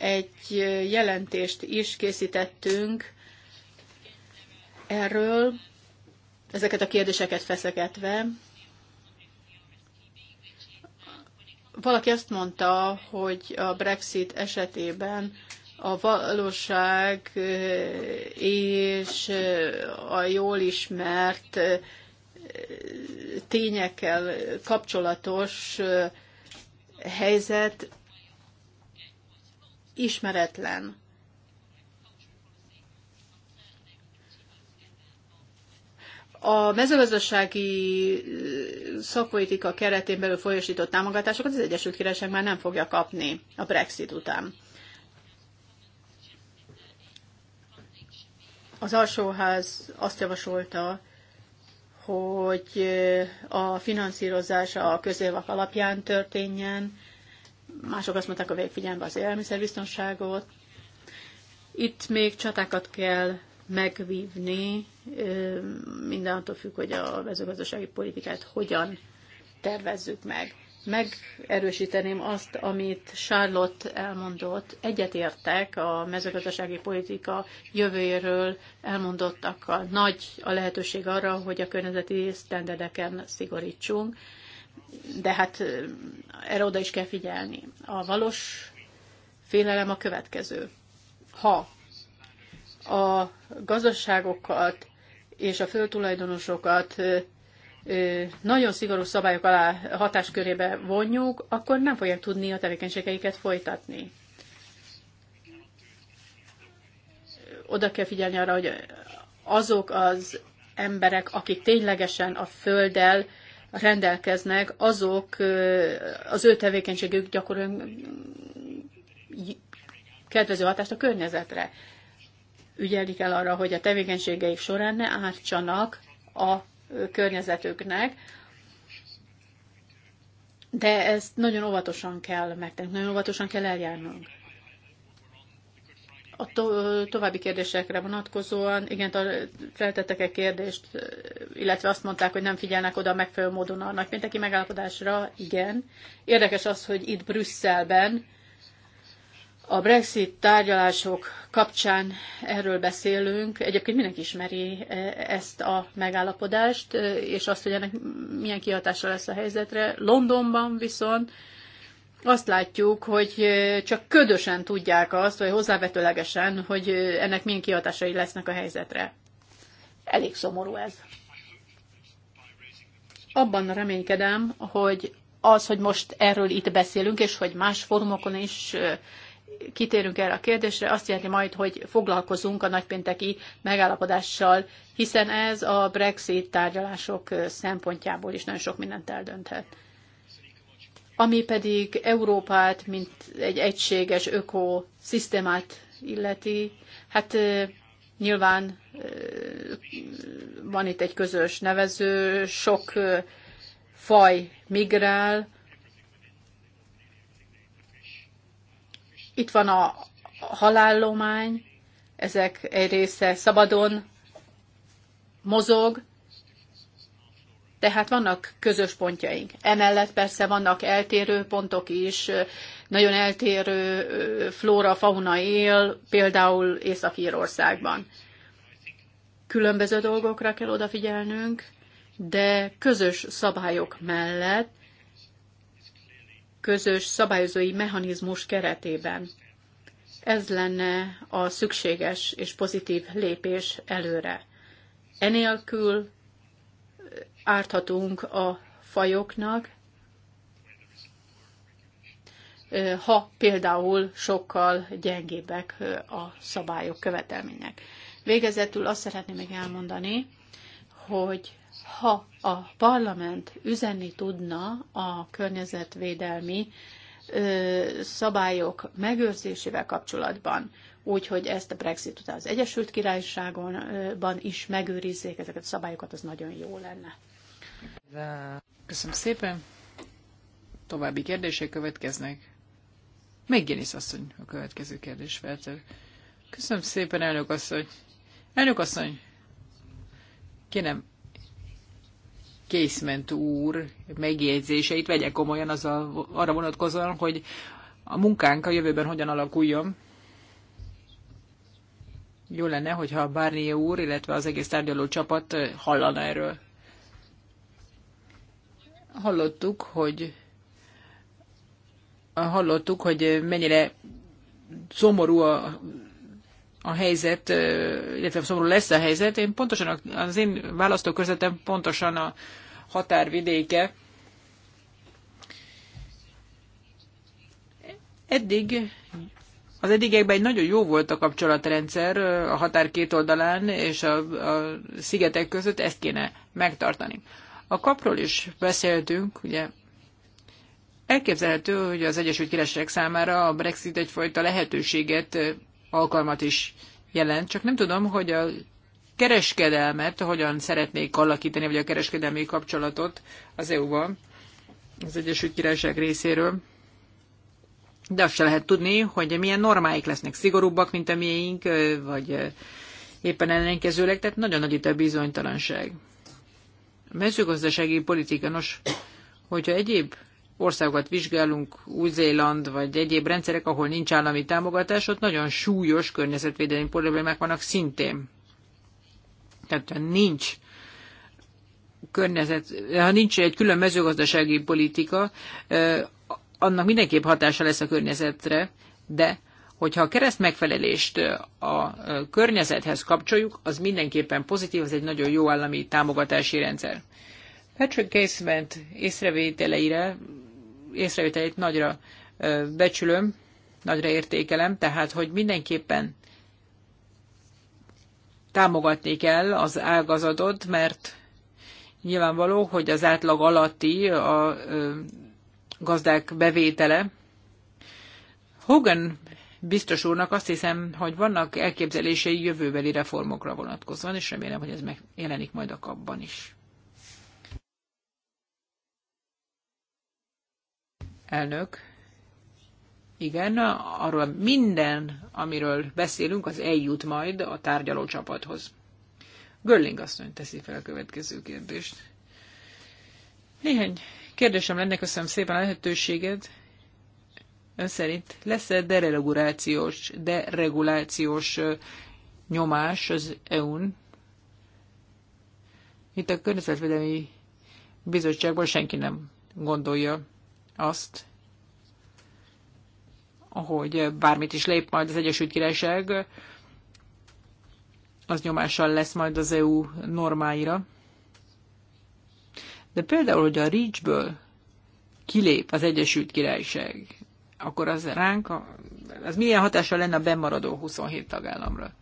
egy jelentést is készítettünk erről, ezeket a kérdéseket feszegetve. Valaki azt mondta, hogy a Brexit esetében a valóság és a jól ismert tényekkel kapcsolatos helyzet ismeretlen. A mezőgazdasági szakpolitika keretén belül folyosított támogatásokat az Egyesült Királyság már nem fogja kapni a Brexit után. Az alsóház azt javasolta, hogy a finanszírozás a közévak alapján történjen, mások azt mondták, hogy figyelme az élelmiszerbiztonságot. Itt még csatákat kell megvívni, minden attól függ, hogy a mezőgazdasági politikát hogyan tervezzük meg. Megerősíteném azt, amit Charlotte elmondott. Egyetértek a mezőgazdasági politika jövőjéről elmondottakkal. Nagy a lehetőség arra, hogy a környezeti sztenderdeken szigorítsunk de hát erre oda is kell figyelni. A valós félelem a következő. Ha a gazdaságokat és a földtulajdonosokat nagyon szigorú szabályok alá hatáskörébe vonjuk, akkor nem fogják tudni a tevékenységeiket folytatni. Oda kell figyelni arra, hogy azok az emberek, akik ténylegesen a földdel rendelkeznek, azok az ő tevékenységük gyakorlóan kedvező hatást a környezetre. Ügyelik el arra, hogy a tevékenységeik során ne ártsanak a környezetüknek, de ezt nagyon óvatosan kell megtenni, nagyon óvatosan kell eljárnunk. A to- további kérdésekre vonatkozóan, igen, feltettek egy kérdést, illetve azt mondták, hogy nem figyelnek oda megfelelő módon a nagypénteki megállapodásra, igen. Érdekes az, hogy itt Brüsszelben a Brexit tárgyalások kapcsán erről beszélünk. Egyébként mindenki ismeri e, ezt a megállapodást, e, és azt, hogy ennek milyen kihatása lesz a helyzetre. Londonban viszont azt látjuk, hogy csak ködösen tudják azt, vagy hozzávetőlegesen, hogy ennek milyen kihatásai lesznek a helyzetre. Elég szomorú ez. Abban reménykedem, hogy az, hogy most erről itt beszélünk, és hogy más fórumokon is kitérünk erre a kérdésre, azt jelenti majd, hogy foglalkozunk a nagypénteki megállapodással, hiszen ez a Brexit tárgyalások szempontjából is nagyon sok mindent eldönthet. Ami pedig Európát, mint egy egységes ökoszisztémát illeti, hát nyilván van itt egy közös nevező, sok faj migrál. Itt van a halállomány, ezek egy része szabadon mozog, tehát vannak közös pontjaink. Emellett persze vannak eltérő pontok is, nagyon eltérő flóra-fauna él, például Észak-Írországban. Különböző dolgokra kell odafigyelnünk, de közös szabályok mellett, közös szabályozói mechanizmus keretében. Ez lenne a szükséges és pozitív lépés előre. Enélkül árthatunk a fajoknak, ha például sokkal gyengébbek a szabályok, követelmények. Végezetül azt szeretném még elmondani, hogy ha a parlament üzenni tudna a környezetvédelmi szabályok megőrzésével kapcsolatban, úgyhogy ezt a Brexit után az Egyesült Királyságonban is megőrizzék ezeket a szabályokat, az nagyon jó lenne. Köszönöm szépen. További kérdések következnek. Megjelenis asszony a következő kérdés feltel. Köszönöm szépen, elnök asszony. Elnök asszony, kérem, Készment úr megjegyzéseit vegye komolyan az a, arra vonatkozóan, hogy a munkánk a jövőben hogyan alakuljon. Jó lenne, hogyha Barnier úr, illetve az egész tárgyaló csapat hallana erről. Hallottuk, hogy hallottuk, hogy mennyire szomorú a, a helyzet, illetve szomorú lesz a helyzet. Én pontosan az én választókörzetem pontosan a határvidéke. Eddig az eddigekben egy nagyon jó volt a kapcsolatrendszer a határ két oldalán és a, a szigetek között, ezt kéne megtartani. A kapról is beszéltünk, ugye elképzelhető, hogy az Egyesült Királyság számára a Brexit egyfajta lehetőséget, alkalmat is jelent, csak nem tudom, hogy a kereskedelmet hogyan szeretnék alakítani, vagy a kereskedelmi kapcsolatot az eu ban az Egyesült Királyság részéről. De azt se lehet tudni, hogy milyen normáik lesznek, szigorúbbak, mint a miénk, vagy éppen ellenkezőleg, tehát nagyon nagy itt a bizonytalanság. A mezőgazdasági politika, nos, hogyha egyéb országokat vizsgálunk, Új-Zéland vagy egyéb rendszerek, ahol nincs állami támogatás, ott nagyon súlyos környezetvédelmi problémák vannak szintén. Tehát ha nincs környezet, ha nincs egy külön mezőgazdasági politika, eh, annak mindenképp hatása lesz a környezetre, de hogyha a kereszt megfelelést a környezethez kapcsoljuk, az mindenképpen pozitív, ez egy nagyon jó állami támogatási rendszer. Patrick Casement észrevételeire, észrevételeit nagyra becsülöm, nagyra értékelem, tehát hogy mindenképpen támogatni kell az ágazatot, mert nyilvánvaló, hogy az átlag alatti a gazdák bevétele. Hogan biztos úrnak azt hiszem, hogy vannak elképzelései jövőbeli reformokra vonatkozóan, és remélem, hogy ez megjelenik majd a kapban is. Elnök. Igen, arról minden, amiről beszélünk, az eljut majd a tárgyaló csapathoz. Görling asszony teszi fel a következő kérdést. Néhány kérdésem lenne, köszönöm szépen a lehetőséget ön szerint lesz-e deregulációs, deregulációs nyomás az EU-n? Itt a Környezetvédelmi Bizottságban senki nem gondolja azt, hogy bármit is lép majd az Egyesült Királyság, az nyomással lesz majd az EU normáira. De például, hogy a REACH-ből kilép az Egyesült Királyság, akkor az ránk, az milyen hatással lenne a bemaradó 27 tagállamra?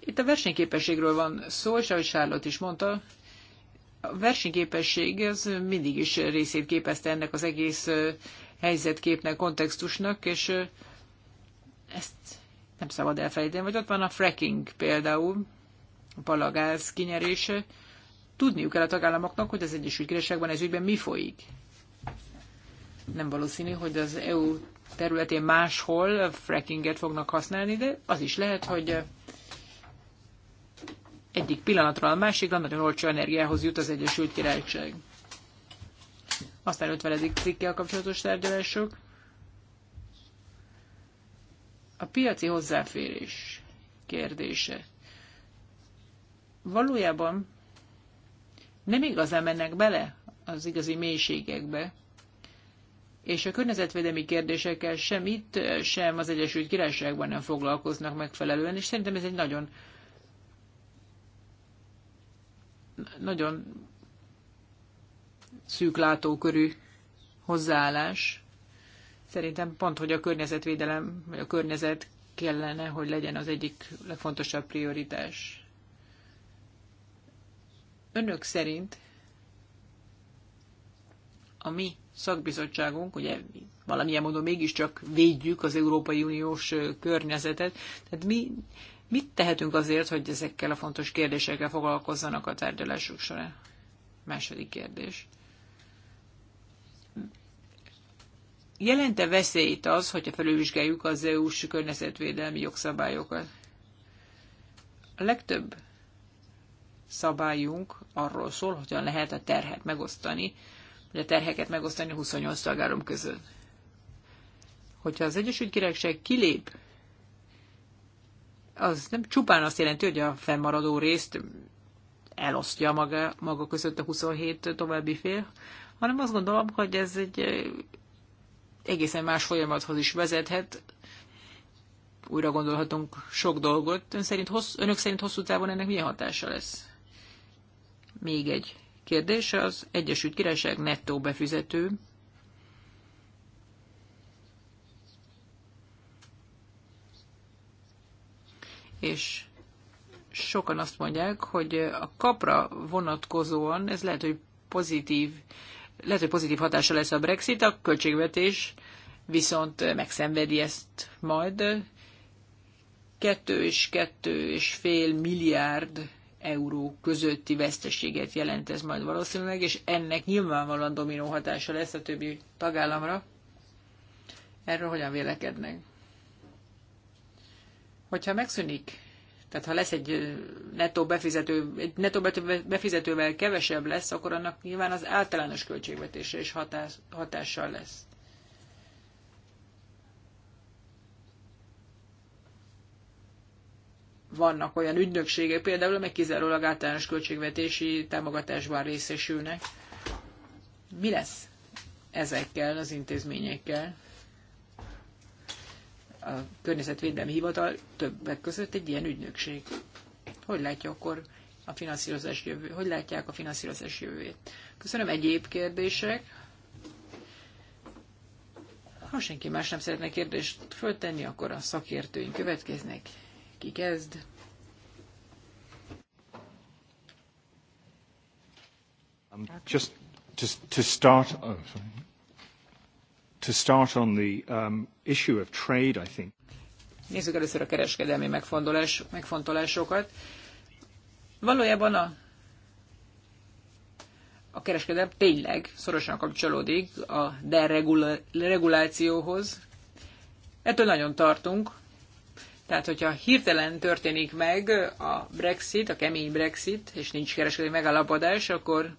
Itt a versenyképességről van szó, és ahogy Sárlott is mondta, a versenyképesség az mindig is részét képezte ennek az egész helyzetképnek, kontextusnak, és ezt nem szabad elfelejteni. Vagy ott van a fracking például, a palagáz kinyerése tudniuk kell a tagállamoknak, hogy az Egyesült Királyságban ez ügyben mi folyik. Nem valószínű, hogy az EU területén máshol frackinget fognak használni, de az is lehet, hogy egyik pillanatról a másikra nagyon olcsó energiához jut az Egyesült Királyság. Aztán 50. cikkel kapcsolatos tárgyalások. A piaci hozzáférés kérdése. Valójában nem igazán mennek bele az igazi mélységekbe. És a környezetvédelmi kérdésekkel sem itt, sem az Egyesült Királyságban nem foglalkoznak megfelelően, és szerintem ez egy nagyon nagyon szűk látókörű hozzáállás. Szerintem pont, hogy a környezetvédelem, vagy a környezet kellene, hogy legyen az egyik legfontosabb prioritás. Önök szerint a mi szakbizottságunk, ugye valamilyen módon mégiscsak védjük az Európai Uniós környezetet, tehát mi mit tehetünk azért, hogy ezekkel a fontos kérdésekkel foglalkozzanak a tárgyalások során? Második kérdés. Jelente veszélyt az, hogyha felülvizsgáljuk az EU-s környezetvédelmi jogszabályokat? A legtöbb szabályunk arról szól, hogyan lehet a terhet megosztani, vagy a terheket megosztani 28 tagállam között. Hogyha az Egyesült Királyság kilép, az nem csupán azt jelenti, hogy a fennmaradó részt elosztja maga, maga között a 27 további fél, hanem azt gondolom, hogy ez egy eh, egészen más folyamathoz is vezethet. Újra gondolhatunk sok dolgot. Ön szerint hossz, önök szerint hosszú távon ennek milyen hatása lesz? még egy kérdés, az Egyesült Királyság nettó befizető. És sokan azt mondják, hogy a kapra vonatkozóan ez lehet, hogy pozitív, lehet, hogy pozitív hatása lesz a Brexit, a költségvetés viszont megszenvedi ezt majd. Kettő és kettő és fél milliárd euró közötti veszteséget jelent ez majd valószínűleg, és ennek nyilvánvalóan dominó hatása lesz a többi tagállamra. Erről hogyan vélekednek? Hogyha megszűnik, tehát ha lesz egy nettó, befizető, egy nettó befizetővel kevesebb lesz, akkor annak nyilván az általános költségvetésre is hatás, hatással lesz. vannak olyan ügynökségek például, amelyek kizárólag általános költségvetési támogatásban részesülnek. Mi lesz ezekkel az intézményekkel? A Környezetvédelmi Hivatal többek között egy ilyen ügynökség. Hogy látja akkor a finanszírozás jövő, hogy látják a finanszírozás jövőjét? Köszönöm egyéb kérdések. Ha senki más nem szeretne kérdést föltenni, akkor a szakértőink következnek. Ki kezd? Um, just to, to start, oh, to start on the um, issue of trade, I think. Nézzük először a kereskedelmi megfontolás, megfontolásokat. Valójában a, a kereskedelem tényleg szorosan kapcsolódik a deregulációhoz. Ettől nagyon tartunk, tehát, hogyha hirtelen történik meg a Brexit, a kemény Brexit, és nincs kereskedelmi megállapodás, akkor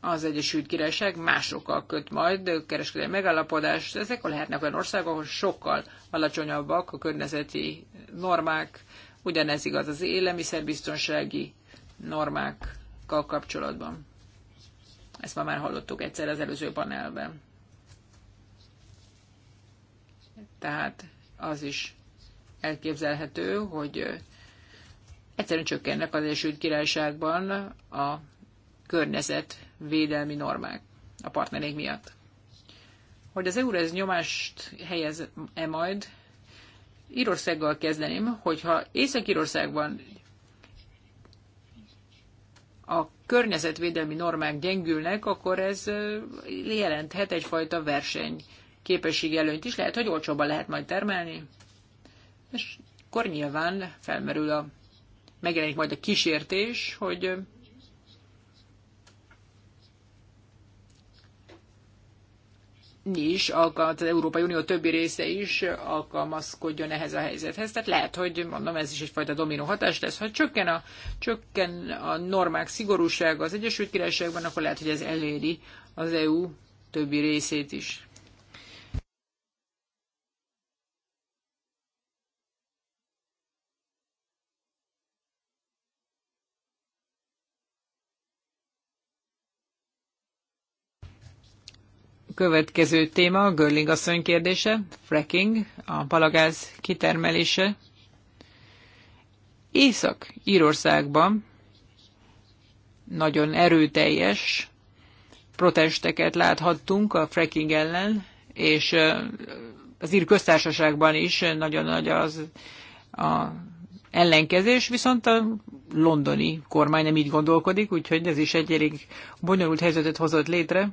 az Egyesült Királyság másokkal köt majd kereskedelmi megállapodást. Ezek lehetnek olyan országok, ahol sokkal alacsonyabbak a környezeti normák, ugyanez igaz az élelmiszerbiztonsági normákkal kapcsolatban. Ezt ma már hallottuk egyszer az előző panelben. Tehát az is elképzelhető, hogy egyszerűen csökkennek az Egyesült Királyságban a környezetvédelmi normák a partnerék miatt. Hogy az EU ez nyomást helyez-e majd, Írországgal kezdeném, hogyha Észak-Írországban a környezetvédelmi normák gyengülnek, akkor ez jelenthet egyfajta verseny képességi előnyt is, lehet, hogy olcsóban lehet majd termelni, és akkor nyilván felmerül a, megjelenik majd a kísértés, hogy mi is, az Európai Unió többi része is alkalmazkodjon ehhez a helyzethez. Tehát lehet, hogy mondom, ez is egyfajta dominó hatás lesz. Ha csökken a, csökken a normák szigorúsága az Egyesült Királyságban, akkor lehet, hogy ez eléri az EU többi részét is. Következő téma, Görling asszony kérdése, fracking, a palagáz kitermelése. Észak-Írországban nagyon erőteljes protesteket láthattunk a fracking ellen, és az ír köztársaságban is nagyon nagy az a ellenkezés, viszont a londoni kormány nem így gondolkodik, úgyhogy ez is egy elég bonyolult helyzetet hozott létre.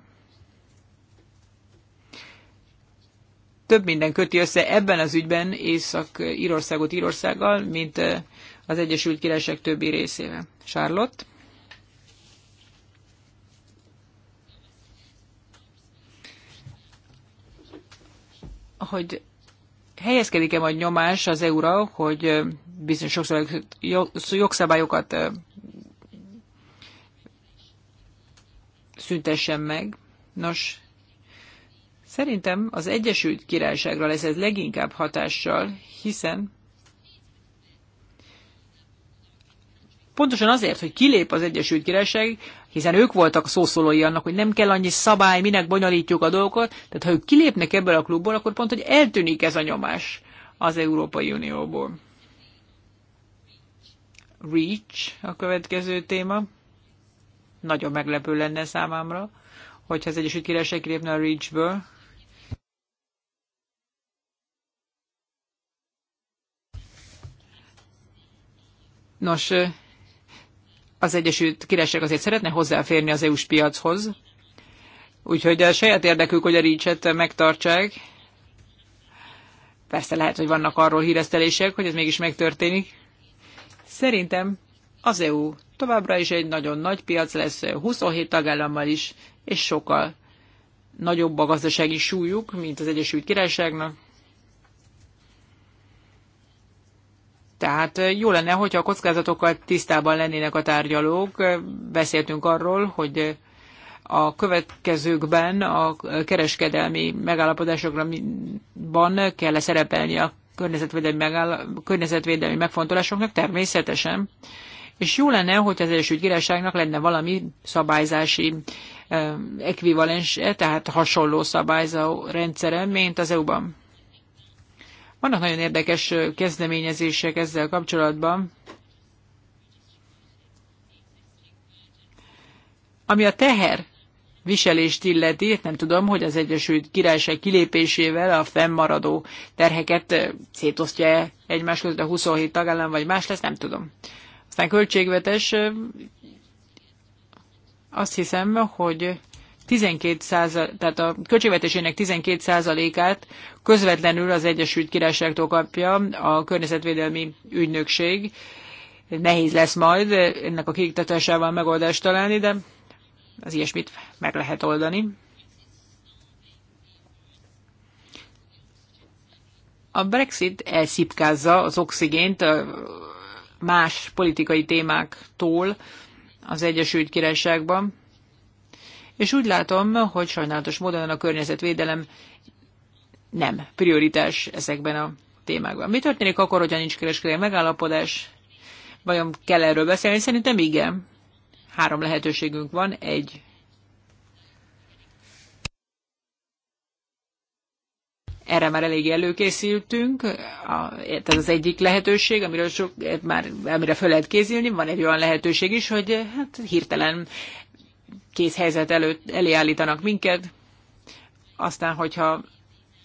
több minden köti össze ebben az ügyben Észak-Írországot Írországgal, mint az Egyesült Királyság többi részével. Charlotte? Hogy helyezkedik-e majd nyomás az EU-ra, hogy bizonyos jogszabályokat szüntessen meg. Nos, Szerintem az Egyesült Királyságra lesz ez leginkább hatással, hiszen pontosan azért, hogy kilép az Egyesült Királyság, hiszen ők voltak a szószólói annak, hogy nem kell annyi szabály, minek bonyolítjuk a dolgokat, tehát ha ők kilépnek ebből a klubból, akkor pont, hogy eltűnik ez a nyomás az Európai Unióból. Reach a következő téma. Nagyon meglepő lenne számámra, hogyha az Egyesült Királyság kilépne a Reachből. Nos, az Egyesült Királyság azért szeretne hozzáférni az EU-s piachoz, úgyhogy a saját érdekük, hogy a reach megtartsák. Persze lehet, hogy vannak arról híresztelések, hogy ez mégis megtörténik. Szerintem az EU továbbra is egy nagyon nagy piac lesz, 27 tagállammal is, és sokkal nagyobb a gazdasági súlyuk, mint az Egyesült Királyságnak. Tehát jó lenne, hogyha a kockázatokkal tisztában lennének a tárgyalók. Beszéltünk arról, hogy a következőkben a kereskedelmi megállapodásokban kell -e szerepelni a környezetvédelmi, megáll- környezetvédelmi megfontolásoknak természetesen. És jó lenne, hogy az Egyesült Királyságnak lenne valami szabályzási ekvivalens, tehát hasonló szabályzó rendszere, mint az EU-ban. Vannak nagyon érdekes kezdeményezések ezzel kapcsolatban. Ami a teher viselést illeti, nem tudom, hogy az Egyesült Királyság kilépésével a fennmaradó terheket szétosztja -e egymás között a 27 tagállam, vagy más lesz, nem tudom. Aztán költségvetes, azt hiszem, hogy 12 tehát a költségvetésének 12 százalékát közvetlenül az Egyesült Királyságtól kapja a környezetvédelmi ügynökség. Nehéz lesz majd ennek a kiiktatásával megoldást találni, de az ilyesmit meg lehet oldani. A Brexit elszipkázza az oxigént más politikai témáktól az Egyesült Királyságban és úgy látom, hogy sajnálatos módon a környezetvédelem nem prioritás ezekben a témákban. Mi történik akkor, hogyha nincs kereskedelmi megállapodás? Vajon kell erről beszélni? Szerintem igen. Három lehetőségünk van. Egy. Erre már elég előkészültünk. A, ez az egyik lehetőség, amiről sok, már, amire föl lehet készülni. Van egy olyan lehetőség is, hogy hát hirtelen helyzet előtt elé állítanak minket, aztán, hogyha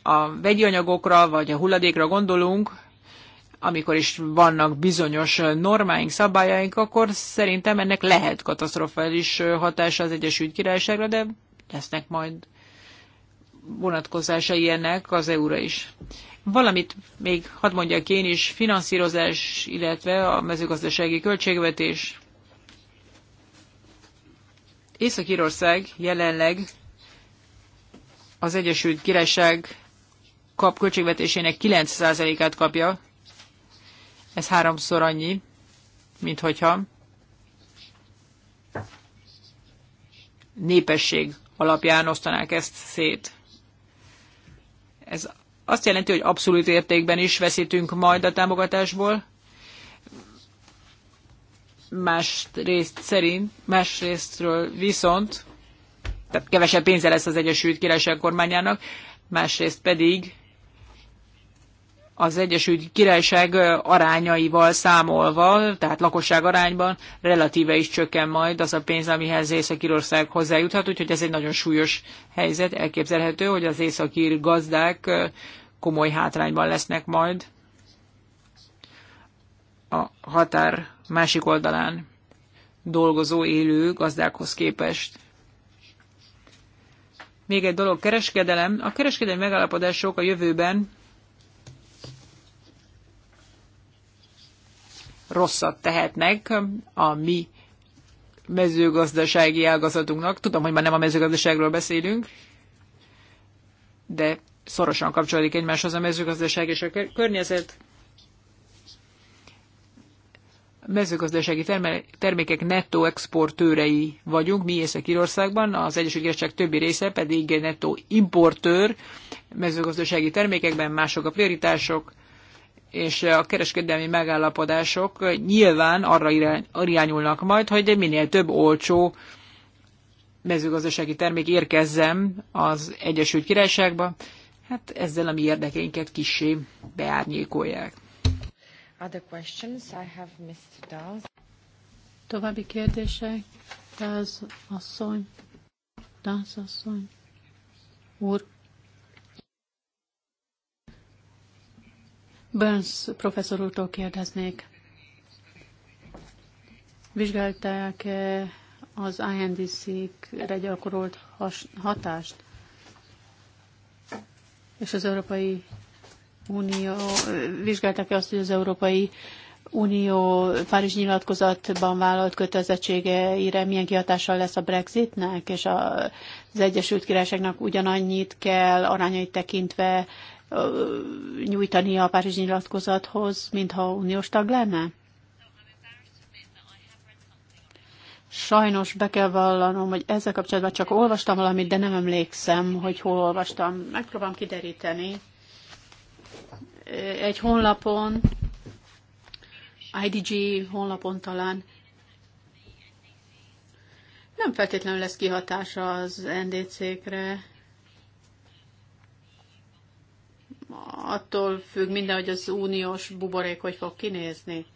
a vegyi anyagokra vagy a hulladékra gondolunk, amikor is vannak bizonyos normáink, szabályaink, akkor szerintem ennek lehet katasztrofális hatása az Egyesült Királyságra, de lesznek majd vonatkozása ilyennek az EU-ra is. Valamit még hadd mondjak én is, finanszírozás, illetve a mezőgazdasági költségvetés. Észak-Írország jelenleg az Egyesült Királyság kap költségvetésének 9%-át kapja. Ez háromszor annyi, mint hogyha népesség alapján osztanák ezt szét. Ez azt jelenti, hogy abszolút értékben is veszítünk majd a támogatásból, másrészt szerint, másrésztről viszont, tehát kevesebb pénze lesz az Egyesült Királyság kormányának, másrészt pedig az Egyesült Királyság arányaival számolva, tehát lakosság arányban relatíve is csökken majd az a pénz, amihez Észak-Írország hozzájuthat, úgyhogy ez egy nagyon súlyos helyzet. Elképzelhető, hogy az északír gazdák komoly hátrányban lesznek majd a határ másik oldalán dolgozó, élő gazdákhoz képest. Még egy dolog, kereskedelem. A kereskedelmi megállapodások a jövőben rosszat tehetnek a mi mezőgazdasági ágazatunknak. Tudom, hogy már nem a mezőgazdaságról beszélünk, de szorosan kapcsolódik egymáshoz a mezőgazdaság és a környezet mezőgazdasági termékek nettó exportőrei vagyunk, mi Észak-Írországban, az Egyesült Királyság többi része pedig nettó importőr mezőgazdasági termékekben, mások a prioritások, és a kereskedelmi megállapodások nyilván arra irányulnak majd, hogy minél több olcsó mezőgazdasági termék érkezzen az Egyesült Királyságba, hát ezzel a mi érdekeinket kissé beárnyékolják. Other questions? I have Mr. Dawes. További kérdések? Dawes asszony. Dawes asszony. Úr. Burns professzor úrtól kérdeznék. Vizsgálták -e az indc kre gyakorolt hatást, és az Európai Unió, vizsgálták -e azt, hogy az Európai Unió Párizs nyilatkozatban vállalt kötelezettségeire milyen kihatással lesz a Brexitnek, és az Egyesült Királyságnak ugyanannyit kell arányait tekintve nyújtani a Párizs nyilatkozathoz, mintha uniós tag lenne? Sajnos be kell vallanom, hogy ezzel kapcsolatban csak olvastam valamit, de nem emlékszem, hogy hol olvastam. Megpróbálom kideríteni egy honlapon, IDG honlapon talán, nem feltétlenül lesz kihatása az NDC-kre. Attól függ minden, hogy az uniós buborék hogy fog kinézni.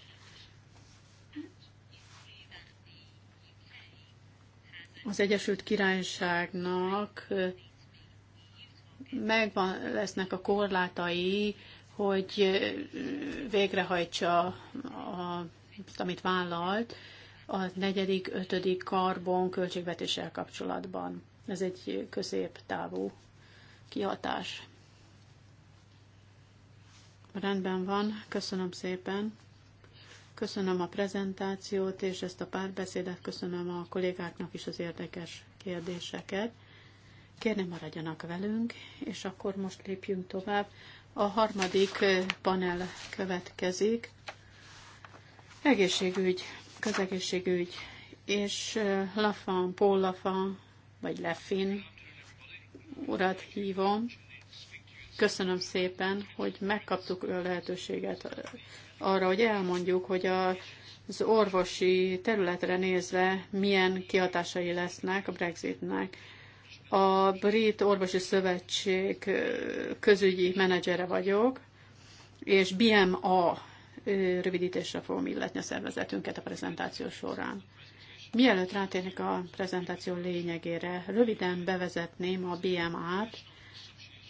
Az Egyesült Királyságnak megvan lesznek a korlátai hogy végrehajtsa, a, amit vállalt a negyedik, ötödik karbon költségvetéssel kapcsolatban. Ez egy középtávú kihatás. Rendben van, köszönöm szépen. Köszönöm a prezentációt és ezt a párbeszédet, köszönöm a kollégáknak is az érdekes kérdéseket. Kérném maradjanak velünk, és akkor most lépjünk tovább. A harmadik panel következik. Egészségügy, közegészségügy és Lafan, Paul Lafan, vagy Lefin urat hívom. Köszönöm szépen, hogy megkaptuk a lehetőséget arra, hogy elmondjuk, hogy a, az orvosi területre nézve milyen kihatásai lesznek a Brexitnek. A Brit Orvosi Szövetség közügyi menedzsere vagyok, és BMA rövidítésre fogom illetni a szervezetünket a prezentáció során. Mielőtt rátérnék a prezentáció lényegére, röviden bevezetném a BMA-t.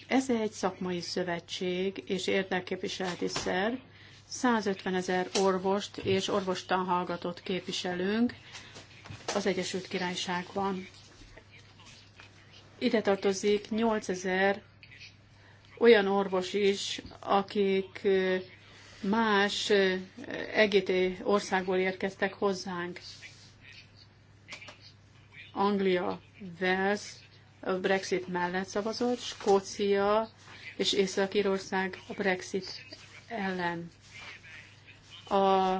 Ez egy szakmai szövetség és érdekképviseleti szerv. 150 ezer orvost és orvostan hallgatót képviselünk az Egyesült Királyságban. Ide tartozik 8000 olyan orvos is, akik más EGT országból érkeztek hozzánk. Anglia, Wales, a Brexit mellett szavazott, Skócia és Észak-Írország a Brexit ellen. A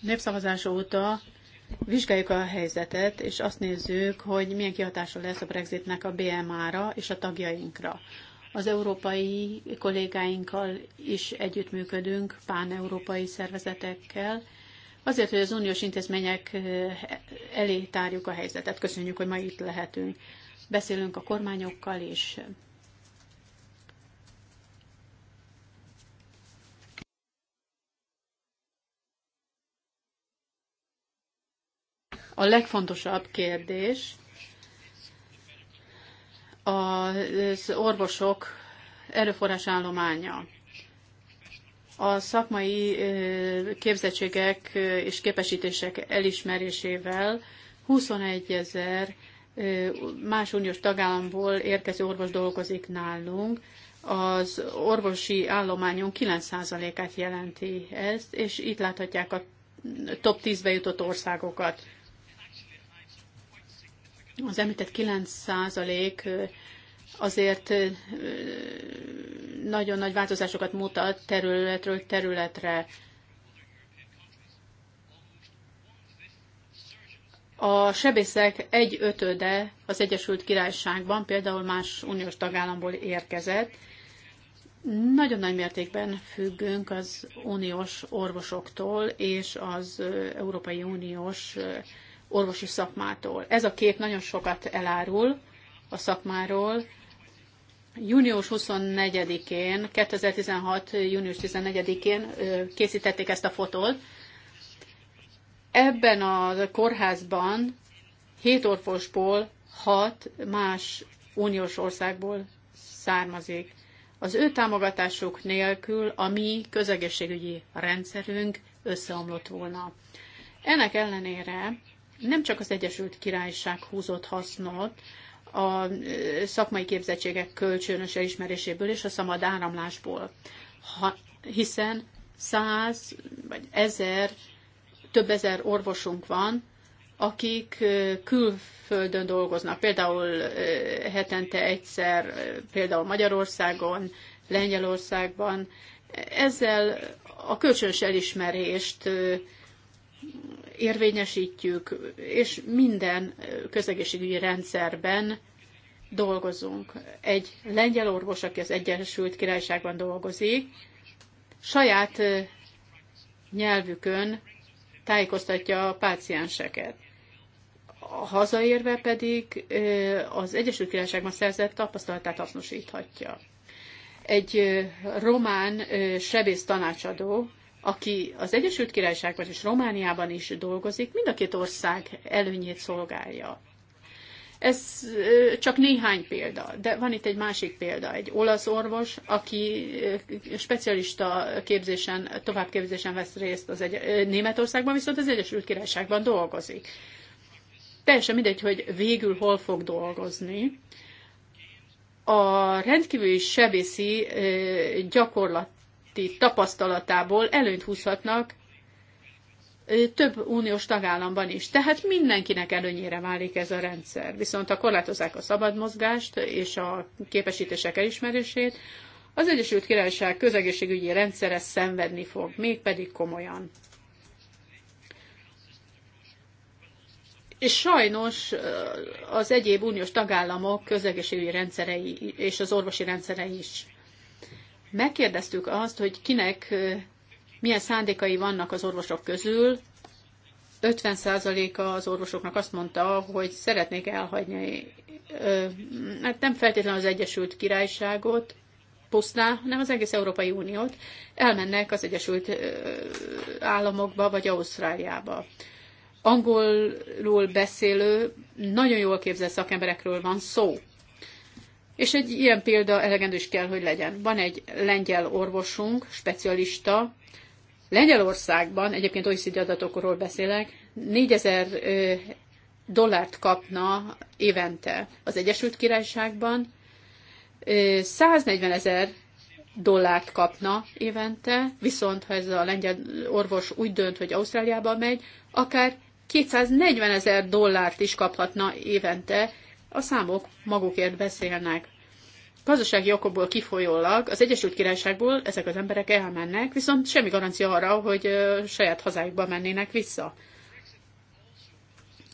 népszavazás óta vizsgáljuk a helyzetet, és azt nézzük, hogy milyen kihatása lesz a Brexitnek a BMA-ra és a tagjainkra. Az európai kollégáinkkal is együttműködünk, pán-európai szervezetekkel, azért, hogy az uniós intézmények eh, elé tárjuk a helyzetet. Köszönjük, hogy ma itt lehetünk. Beszélünk a kormányokkal is, a legfontosabb kérdés az orvosok erőforrás állománya. A szakmai képzettségek és képesítések elismerésével 21 ezer más uniós tagállamból érkező orvos dolgozik nálunk. Az orvosi állományon 9%-át jelenti ezt, és itt láthatják a top 10-be jutott országokat. Az említett 9% azért nagyon nagy változásokat mutat területről területre. A sebészek egy ötöde az Egyesült Királyságban, például más uniós tagállamból érkezett. Nagyon nagy mértékben függünk az uniós orvosoktól és az Európai Uniós orvosi szakmától. Ez a kép nagyon sokat elárul a szakmáról. Június 24-én, 2016. június 14-én készítették ezt a fotót. Ebben a kórházban hét orvosból hat más uniós országból származik. Az ő támogatásuk nélkül a mi közegészségügyi rendszerünk összeomlott volna. Ennek ellenére nem csak az Egyesült Királyság húzott hasznot a szakmai képzettségek kölcsönös elismeréséből és a szabad áramlásból, ha, hiszen száz vagy ezer, több ezer orvosunk van, akik külföldön dolgoznak, például hetente egyszer, például Magyarországon, Lengyelországban. Ezzel a kölcsönös elismerést érvényesítjük, és minden közegészségügyi rendszerben dolgozunk. Egy lengyel orvos, aki az Egyesült Királyságban dolgozik, saját nyelvükön tájékoztatja a pácienseket. Hazaérve pedig az Egyesült Királyságban szerzett tapasztalatát hasznosíthatja. Egy román sebész tanácsadó aki az Egyesült Királyságban és Romániában is dolgozik, mind a két ország előnyét szolgálja. Ez csak néhány példa, de van itt egy másik példa, egy olasz orvos, aki specialista képzésen, továbbképzésen vesz részt az egy, Németországban, viszont az Egyesült Királyságban dolgozik. Teljesen mindegy, hogy végül hol fog dolgozni. A rendkívüli sebészi gyakorlat tapasztalatából előnyt húzhatnak több uniós tagállamban is. Tehát mindenkinek előnyére válik ez a rendszer. Viszont ha korlátozzák a szabad mozgást és a képesítések elismerését, az Egyesült Királyság közegészségügyi rendszere szenvedni fog, mégpedig komolyan. És sajnos az egyéb uniós tagállamok közegészségügyi rendszerei és az orvosi rendszerei is Megkérdeztük azt, hogy kinek milyen szándékai vannak az orvosok közül. 50%-a az orvosoknak azt mondta, hogy szeretnék elhagyni, hát nem feltétlenül az Egyesült Királyságot, pusztán, hanem az egész Európai Uniót, elmennek az Egyesült Államokba vagy Ausztráliába. Angolul beszélő, nagyon jól képzett szakemberekről van szó. És egy ilyen példa elegendő is kell, hogy legyen. Van egy lengyel orvosunk, specialista, Lengyelországban, egyébként OECD adatokról beszélek, 4000 dollárt kapna évente. Az Egyesült Királyságban 140 ezer dollárt kapna évente, viszont ha ez a lengyel orvos úgy dönt, hogy Ausztráliába megy, akár 240 ezer dollárt is kaphatna évente. A számok magukért beszélnek gazdasági okokból kifolyólag az Egyesült Királyságból ezek az emberek elmennek, viszont semmi garancia arra, hogy saját hazájukba mennének vissza.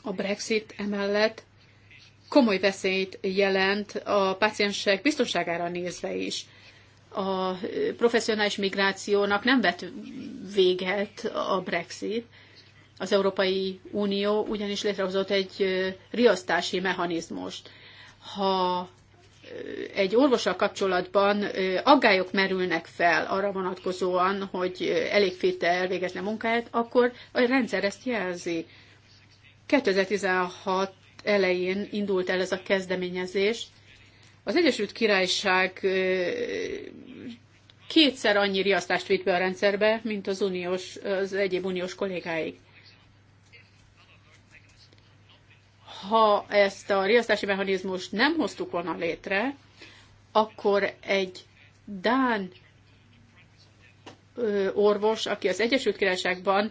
A Brexit emellett komoly veszélyt jelent a páciensek biztonságára nézve is. A professzionális migrációnak nem vett véget a Brexit. Az Európai Unió ugyanis létrehozott egy riasztási mechanizmust. Ha egy orvosa kapcsolatban aggályok merülnek fel arra vonatkozóan, hogy elég fitte elvégezni a munkáját, akkor a rendszer ezt jelzi. 2016 elején indult el ez a kezdeményezés. Az Egyesült Királyság kétszer annyi riasztást vitt be a rendszerbe, mint az, uniós, az egyéb uniós kollégáik. Ha ezt a riasztási mechanizmust nem hoztuk volna létre, akkor egy Dán orvos, aki az Egyesült Királyságban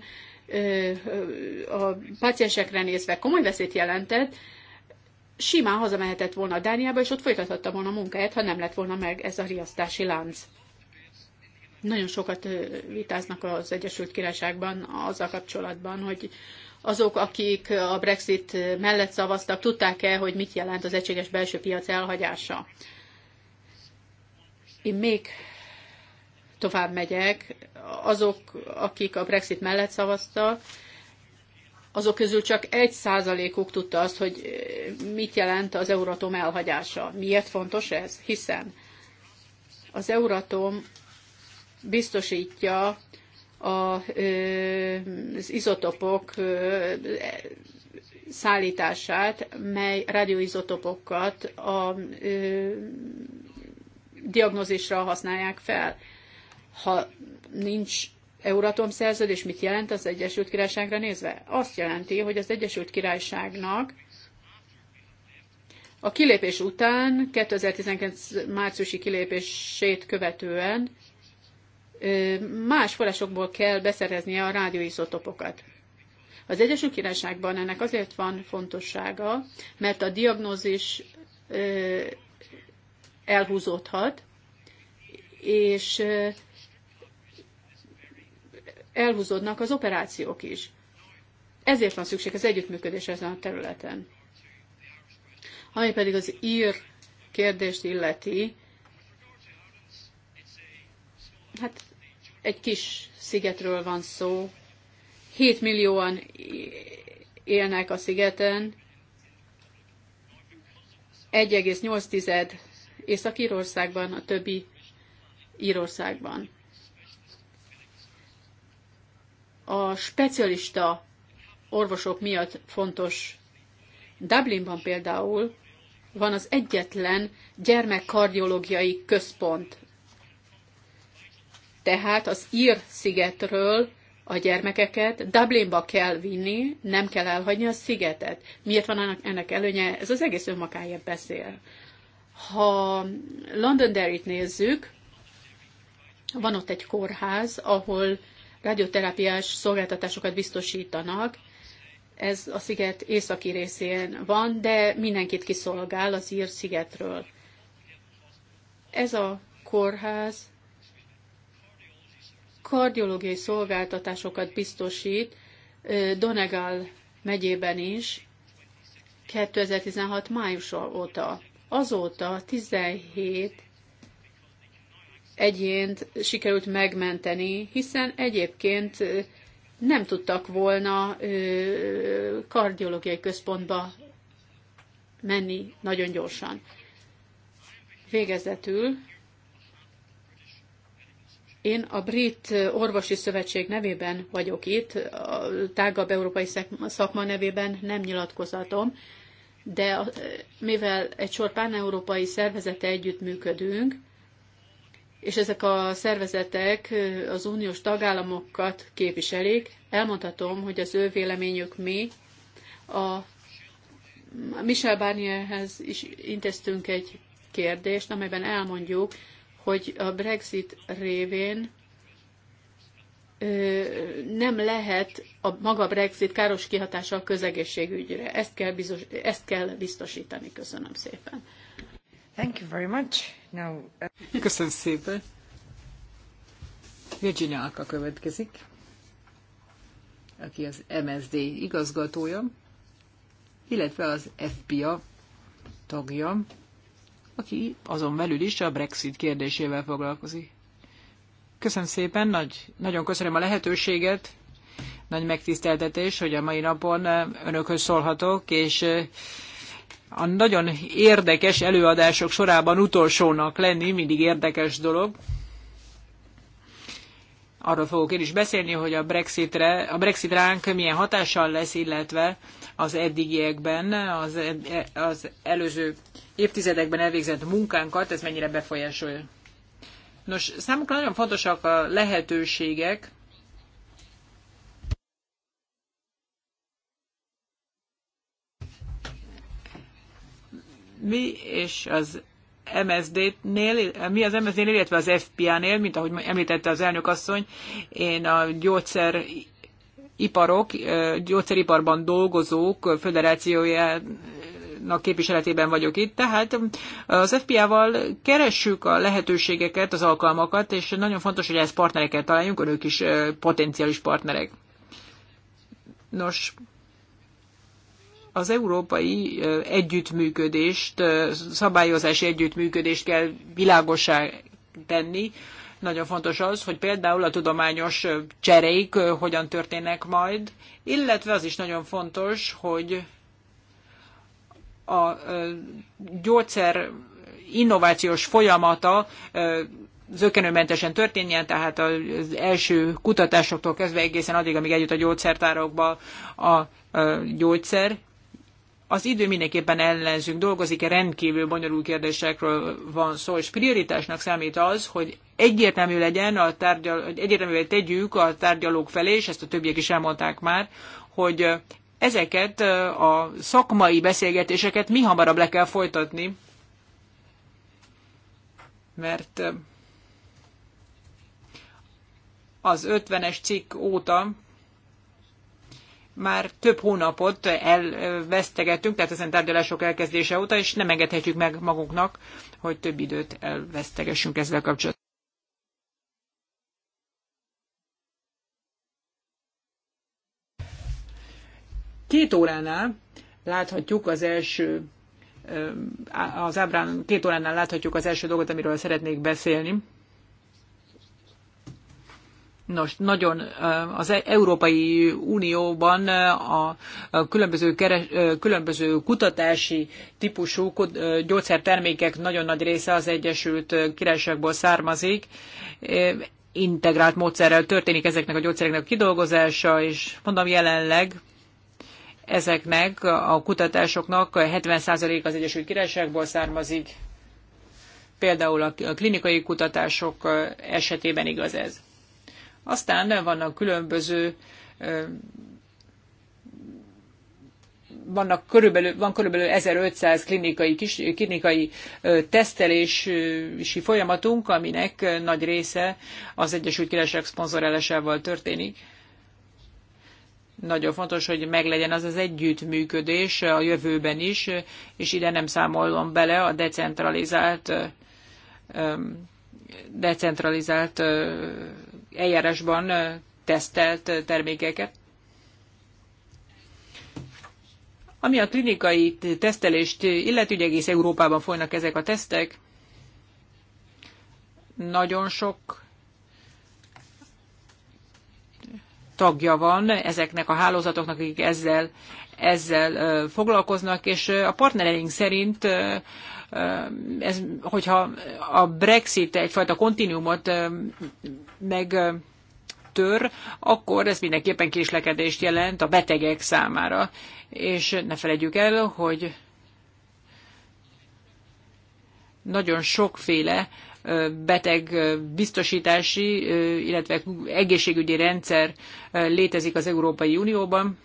a páciensekre nézve komoly veszélyt jelentett, simán hazamehetett volna Dániába, és ott folytathatta volna a munkáját, ha nem lett volna meg ez a riasztási lánc. Nagyon sokat vitáznak az Egyesült Királyságban azzal kapcsolatban, hogy azok, akik a Brexit mellett szavaztak, tudták-e, hogy mit jelent az egységes belső piac elhagyása. Én még tovább megyek. Azok, akik a Brexit mellett szavaztak, azok közül csak egy százalékuk tudta azt, hogy mit jelent az Euratom elhagyása. Miért fontos ez? Hiszen az Euratom biztosítja a, az izotopok szállítását, mely radioizotopokat a diagnózisra használják fel. Ha nincs Euratom szerződés, mit jelent az Egyesült Királyságra nézve? Azt jelenti, hogy az Egyesült Királyságnak a kilépés után, 2019 márciusi kilépését követően más forrásokból kell beszereznie a rádióizotopokat. Az Egyesült Királyságban ennek azért van fontossága, mert a diagnózis elhúzódhat, és elhúzódnak az operációk is. Ezért van szükség az együttműködés ezen a területen. Ami pedig az ír kérdést illeti, hát egy kis szigetről van szó. 7 millióan élnek a szigeten. 1,8 Észak-Írországban, a többi Írországban. A specialista orvosok miatt fontos Dublinban például van az egyetlen gyermekkardiológiai központ tehát az ír szigetről a gyermekeket Dublinba kell vinni, nem kell elhagyni a szigetet. Miért van ennek előnye? Ez az egész önmagáért beszél. Ha Londonderry-t nézzük, van ott egy kórház, ahol radioterápiás szolgáltatásokat biztosítanak. Ez a sziget északi részén van, de mindenkit kiszolgál az ír szigetről. Ez a kórház kardiológiai szolgáltatásokat biztosít Donegal megyében is 2016 május óta. Azóta 17 egyént sikerült megmenteni, hiszen egyébként nem tudtak volna kardiológiai központba menni nagyon gyorsan. Végezetül én a Brit Orvosi Szövetség nevében vagyok itt, a tágabb európai szakma nevében nem nyilatkozatom, de eh, mivel egy sor páneurópai szervezete együttműködünk, és ezek a szervezetek eh, az uniós tagállamokat képviselik, elmondhatom, hogy az ő véleményük mi. A Michel Barnierhez is intéztünk egy kérdést, amelyben elmondjuk, hogy a Brexit révén nem lehet a maga Brexit káros kihatása a közegészségügyre. Ezt kell, bizos, ezt kell biztosítani. Köszönöm szépen. Thank you very much. Now, uh... Köszönöm szépen. Virginia Alka következik, aki az MSD igazgatója, illetve az FPA tagja aki azon belül is a Brexit kérdésével foglalkozik. Köszönöm szépen, nagy, nagyon köszönöm a lehetőséget, nagy megtiszteltetés, hogy a mai napon önökhöz szólhatok, és a nagyon érdekes előadások sorában utolsónak lenni mindig érdekes dolog. Arról fogok én is beszélni, hogy a Brexitre, a Brexit ránk milyen hatással lesz, illetve az eddigiekben, az, e, az előző évtizedekben elvégzett munkánkat ez mennyire befolyásolja. Nos, számukra nagyon fontosak a lehetőségek, mi és az MSD-nél, mi az MSD-nél, illetve az FPA-nél, mint ahogy említette az elnök asszony, én a gyógyszer iparok, gyógyszeriparban dolgozók föderációján képviseletében vagyok itt, tehát az FPA-val keressük a lehetőségeket, az alkalmakat, és nagyon fontos, hogy ezt partnereket találjunk, önök is potenciális partnerek. Nos, az európai együttműködést, szabályozási együttműködést kell világosá tenni. Nagyon fontos az, hogy például a tudományos cserék hogyan történnek majd, illetve az is nagyon fontos, hogy a gyógyszer innovációs folyamata zökenőmentesen történjen, tehát az első kutatásoktól kezdve egészen addig, amíg eljut a gyógyszertárokba a gyógyszer. Az idő mindenképpen ellenzünk dolgozik, rendkívül bonyolult kérdésekről van szó, és prioritásnak számít az, hogy egyértelmű legyen a tárgyal, egyértelművé tegyük a tárgyalók felé, és ezt a többiek is elmondták már, hogy ezeket a szakmai beszélgetéseket mi hamarabb le kell folytatni, mert az 50-es cikk óta már több hónapot elvesztegettünk, tehát ezen tárgyalások elkezdése óta, és nem engedhetjük meg magunknak, hogy több időt elvesztegessünk ezzel kapcsolatban. Két óránál láthatjuk az első az ábrán két óránál láthatjuk az első dolgot, amiről szeretnék beszélni. Nos, nagyon az Európai Unióban a különböző, keres, különböző kutatási típusú gyógyszertermékek nagyon nagy része az Egyesült Királyságból származik. Integrált módszerrel történik ezeknek a gyógyszereknek a kidolgozása, és mondom jelenleg ezeknek a kutatásoknak 70% az Egyesült Királyságból származik, például a klinikai kutatások esetében igaz ez. Aztán vannak különböző vannak körülbelül, van körülbelül 1500 klinikai, kis, klinikai tesztelési folyamatunk, aminek nagy része az Egyesült Királyság szponzorálásával történik nagyon fontos, hogy meglegyen az az együttműködés a jövőben is, és ide nem számolom bele a decentralizált decentralizált eljárásban tesztelt termékeket. Ami a klinikai tesztelést illeti, ugye egész Európában folynak ezek a tesztek, nagyon sok tagja van ezeknek a hálózatoknak, akik ezzel, ezzel foglalkoznak, és a partnereink szerint ez, hogyha a Brexit egyfajta kontinuumot meg tör, akkor ez mindenképpen késlekedést jelent a betegek számára. És ne felejtjük el, hogy nagyon sokféle beteg biztosítási, illetve egészségügyi rendszer létezik az Európai Unióban.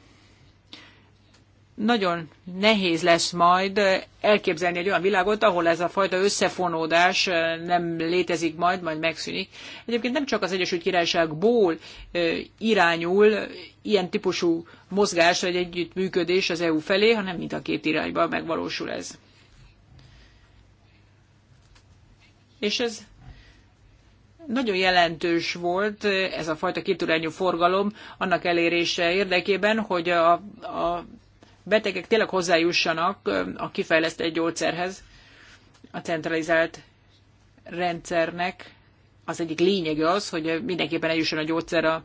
Nagyon nehéz lesz majd elképzelni egy olyan világot, ahol ez a fajta összefonódás nem létezik majd, majd megszűnik. Egyébként nem csak az Egyesült Királyságból irányul ilyen típusú mozgás vagy együttműködés az EU felé, hanem mind a két irányba megvalósul ez. és ez nagyon jelentős volt ez a fajta kiturányú forgalom annak elérése érdekében, hogy a, a betegek tényleg hozzájussanak a kifejlesztett gyógyszerhez. A centralizált rendszernek az egyik lényege az, hogy mindenképpen eljusson a gyógyszer a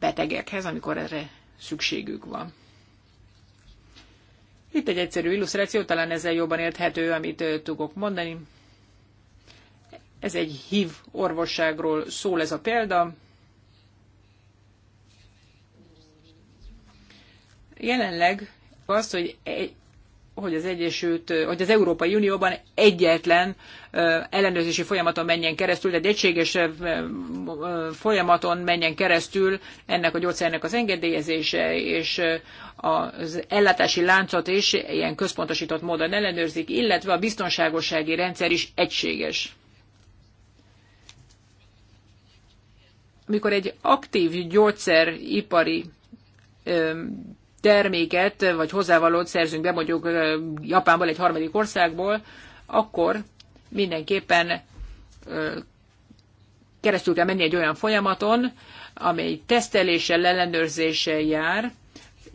betegekhez, amikor erre szükségük van. Itt egy egyszerű illusztráció, talán ezzel jobban érthető, amit tudok mondani. Ez egy hív orvosságról szól ez a példa. Jelenleg az, hogy, egy, hogy az Egyesült, hogy az Európai Unióban egyetlen ellenőrzési folyamaton menjen keresztül, egy egységes folyamaton menjen keresztül ennek a gyógyszernek az engedélyezése, és az ellátási láncot is ilyen központosított módon ellenőrzik, illetve a biztonságossági rendszer is egységes. amikor egy aktív gyógyszeripari terméket vagy hozzávalót szerzünk be mondjuk Japánból, egy harmadik országból, akkor mindenképpen keresztül kell menni egy olyan folyamaton, amely teszteléssel, ellenőrzéssel jár,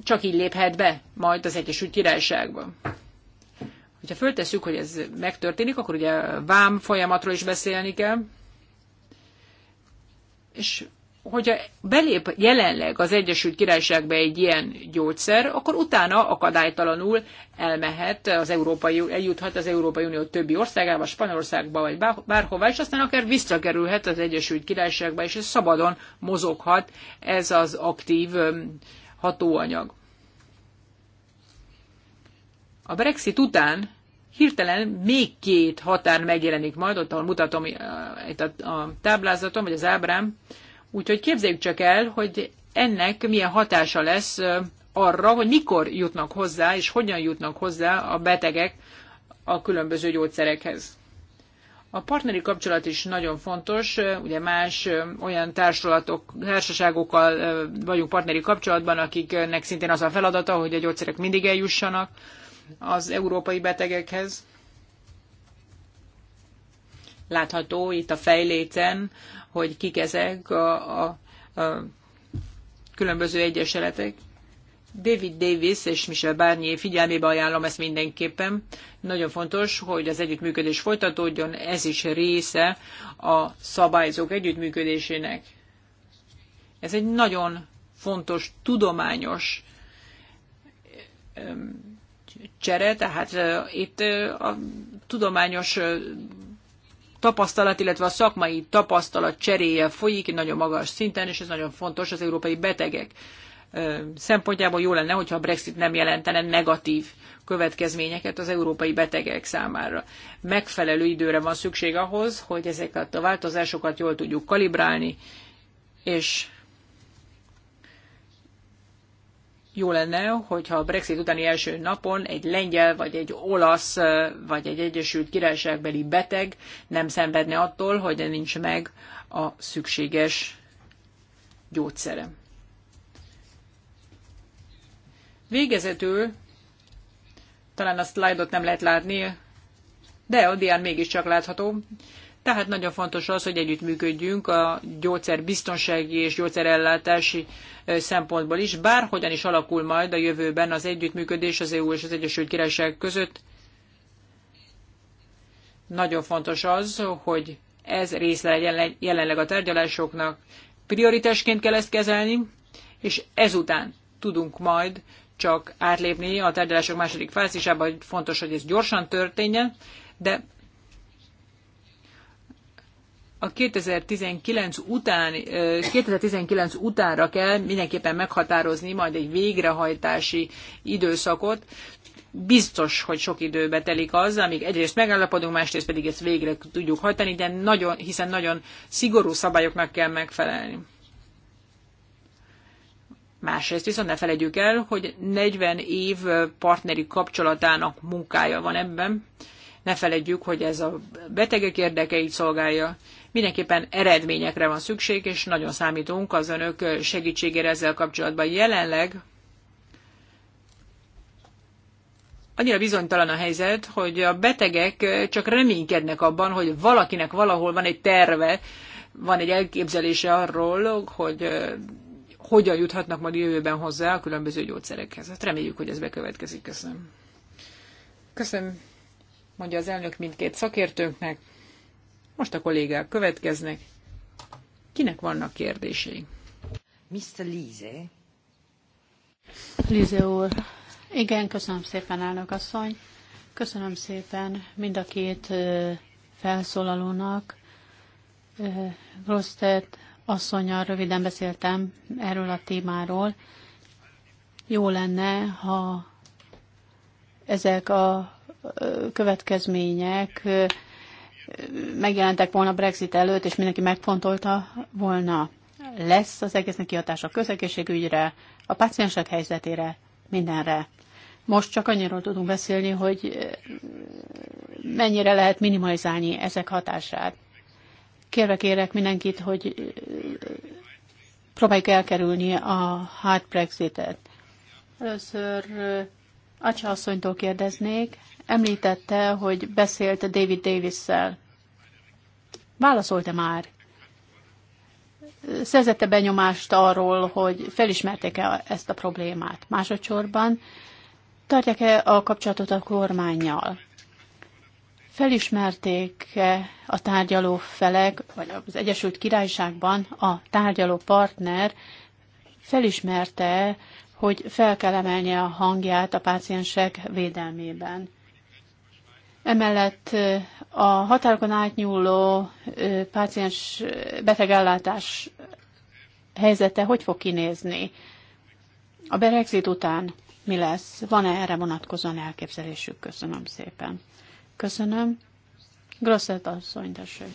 csak így léphet be majd az Egyesült Királyságba. Ha föltesszük, hogy ez megtörténik, akkor ugye vám folyamatról is beszélni kell, és hogyha belép jelenleg az Egyesült Királyságba egy ilyen gyógyszer, akkor utána akadálytalanul elmehet, az Európai, eljuthat az Európai Unió többi országába, Spanyolországba, vagy bárhová, és aztán akár visszakerülhet az Egyesült Királyságba, és ez szabadon mozoghat ez az aktív hatóanyag. A Brexit után hirtelen még két határ megjelenik majd, ott ahol mutatom eh, itt a, a táblázatom, vagy az ábrám. Úgyhogy képzeljük csak el, hogy ennek milyen hatása lesz eh, arra, hogy mikor jutnak hozzá, és hogyan jutnak hozzá a betegek a különböző gyógyszerekhez. A partneri kapcsolat is nagyon fontos, eh, ugye más olyan társulatok, társaságokkal vagyunk partneri kapcsolatban, akiknek szintén az a feladata, hogy a gyógyszerek mindig eljussanak az európai betegekhez. Látható itt a fejlécen, hogy kik ezek a, a, a különböző egyeseletek. David Davis és Michel Barnier figyelmébe ajánlom ezt mindenképpen. Nagyon fontos, hogy az együttműködés folytatódjon, ez is része a szabályzók együttműködésének. Ez egy nagyon fontos, tudományos csere, tehát itt a tudományos tapasztalat, illetve a szakmai tapasztalat cseréje folyik nagyon magas szinten, és ez nagyon fontos az európai betegek szempontjából jó lenne, hogyha a Brexit nem jelentene negatív következményeket az európai betegek számára. Megfelelő időre van szükség ahhoz, hogy ezeket a változásokat jól tudjuk kalibrálni, és jó lenne, hogyha a Brexit utáni első napon egy lengyel, vagy egy olasz, vagy egy Egyesült Királyságbeli beteg nem szenvedne attól, hogy nincs meg a szükséges gyógyszere. Végezetül, talán a szlájdot nem lehet látni, de a dián mégiscsak látható, tehát nagyon fontos az, hogy együttműködjünk a gyógyszer biztonsági és gyógyszerellátási szempontból is, bár hogyan is alakul majd a jövőben az együttműködés az EU és az Egyesült Királyság között. Nagyon fontos az, hogy ez része legyen jelenleg a tárgyalásoknak. Prioritásként kell ezt kezelni, és ezután tudunk majd csak átlépni a tárgyalások második fázisába, hogy fontos, hogy ez gyorsan történjen, de a 2019 után, 2019 utánra kell mindenképpen meghatározni majd egy végrehajtási időszakot. Biztos, hogy sok időbe telik az, amíg egyrészt megállapodunk, másrészt pedig ezt végre tudjuk hajtani, de nagyon, hiszen nagyon szigorú szabályoknak kell megfelelni. Másrészt viszont ne felejtjük el, hogy 40 év partneri kapcsolatának munkája van ebben. Ne felejtjük, hogy ez a betegek érdekeit szolgálja, Mindenképpen eredményekre van szükség, és nagyon számítunk az önök segítségére ezzel kapcsolatban. Jelenleg annyira bizonytalan a helyzet, hogy a betegek csak reménykednek abban, hogy valakinek valahol van egy terve, van egy elképzelése arról, hogy hogyan juthatnak majd jövőben hozzá a különböző gyógyszerekhez. Hát reméljük, hogy ez bekövetkezik. Köszönöm. Köszönöm, mondja az elnök mindkét szakértőnknek. Most a kollégák következnek. Kinek vannak kérdései? Mr. Lise. Lise úr. Igen, köszönöm szépen, elnök asszony. Köszönöm szépen mind a két felszólalónak. Rostet asszonyal röviden beszéltem erről a témáról. Jó lenne, ha ezek a következmények megjelentek volna Brexit előtt, és mindenki megfontolta volna, lesz az egésznek kihatása a közegészségügyre, a páciensek helyzetére, mindenre. Most csak annyiról tudunk beszélni, hogy mennyire lehet minimalizálni ezek hatását. Kérve kérek mindenkit, hogy próbáljuk elkerülni a hard Brexit-et. Először Acsa asszonytól kérdeznék, Említette, hogy beszélt David Davis-szel. Válaszolta már. Szerzette benyomást arról, hogy felismerték-e ezt a problémát. Másodszorban tartják-e a kapcsolatot a kormányjal? Felismerték -e a tárgyaló felek, vagy az Egyesült Királyságban a tárgyaló partner felismerte, hogy fel kell emelnie a hangját a páciensek védelmében. Emellett a határokon átnyúló páciens betegellátás helyzete hogy fog kinézni? A Brexit után mi lesz? Van-e erre vonatkozóan elképzelésük? Köszönöm szépen. Köszönöm. Grosset asszony, tessék.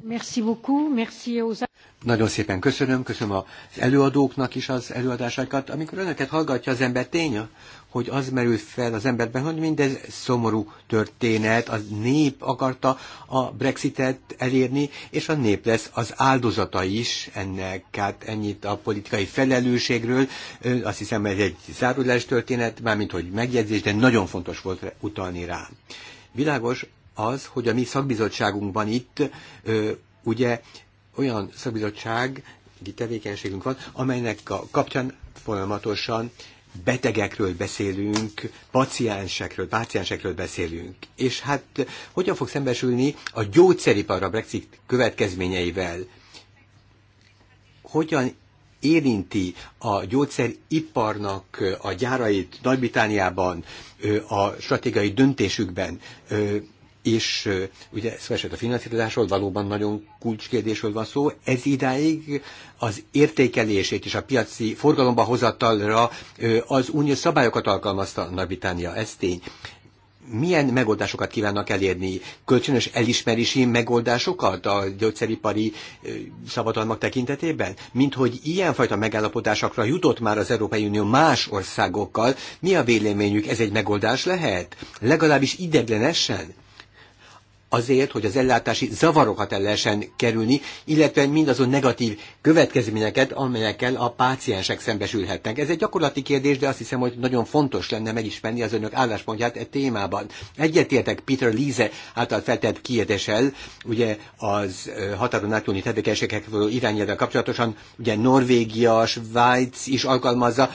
Merci beaucoup, merci aux... Nagyon szépen köszönöm, köszönöm az előadóknak is az előadásaikat. Amikor önöket hallgatja az ember, tény, hogy az merül fel az emberben, hogy mindez szomorú történet, a nép akarta a Brexitet elérni, és a nép lesz az áldozata is ennek, hát ennyit a politikai felelősségről. Azt hiszem, ez egy zárulás történet, mármint, hogy megjegyzés, de nagyon fontos volt utalni rá. Világos az, hogy a mi szakbizottságunkban itt ugye olyan szakbizottság tevékenységünk van, amelynek a kapcsán folyamatosan betegekről beszélünk, paciensekről, páciensekről beszélünk. És hát hogyan fog szembesülni a gyógyszeripar a Brexit következményeivel? Hogyan érinti a gyógyszeriparnak a gyárait Nagy-Britániában a stratégiai döntésükben és ugye szó esett a finanszírozásról, valóban nagyon kulcskérdésről van szó. Ez idáig az értékelését és a piaci forgalomba hozatalra az uniós szabályokat alkalmazta Nagy-Britannia, ez tény. Milyen megoldásokat kívánnak elérni? Kölcsönös elismerési megoldásokat a gyógyszeripari szabadalmak tekintetében? Mint hogy ilyenfajta megállapodásokra jutott már az Európai Unió más országokkal, mi a véleményük, ez egy megoldás lehet? Legalábbis ideglenesen? azért, hogy az ellátási zavarokat el lehessen kerülni, illetve mindazon negatív következményeket, amelyekkel a páciensek szembesülhetnek. Ez egy gyakorlati kérdés, de azt hiszem, hogy nagyon fontos lenne megismerni az önök álláspontját e témában. Egyetértek Peter Lise által feltett kérdéssel, ugye az határon átúlni tevékenységek való irányelvvel kapcsolatosan, ugye Norvégia, Svájc is alkalmazza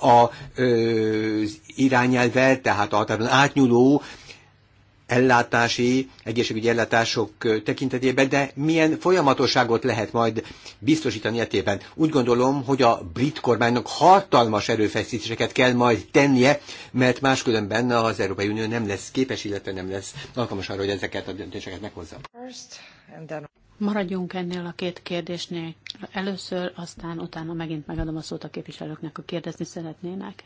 a, az irányelvet, tehát a határon átnyúló ellátási, egészségügyi ellátások tekintetében, de milyen folyamatosságot lehet majd biztosítani etében. Úgy gondolom, hogy a brit kormánynak hatalmas erőfeszítéseket kell majd tennie, mert máskülönben az Európai Unió nem lesz képes, illetve nem lesz alkalmas arra, hogy ezeket a döntéseket meghozza. Maradjunk ennél a két kérdésnél. Először, aztán utána megint megadom a szót a képviselőknek, hogy kérdezni szeretnének.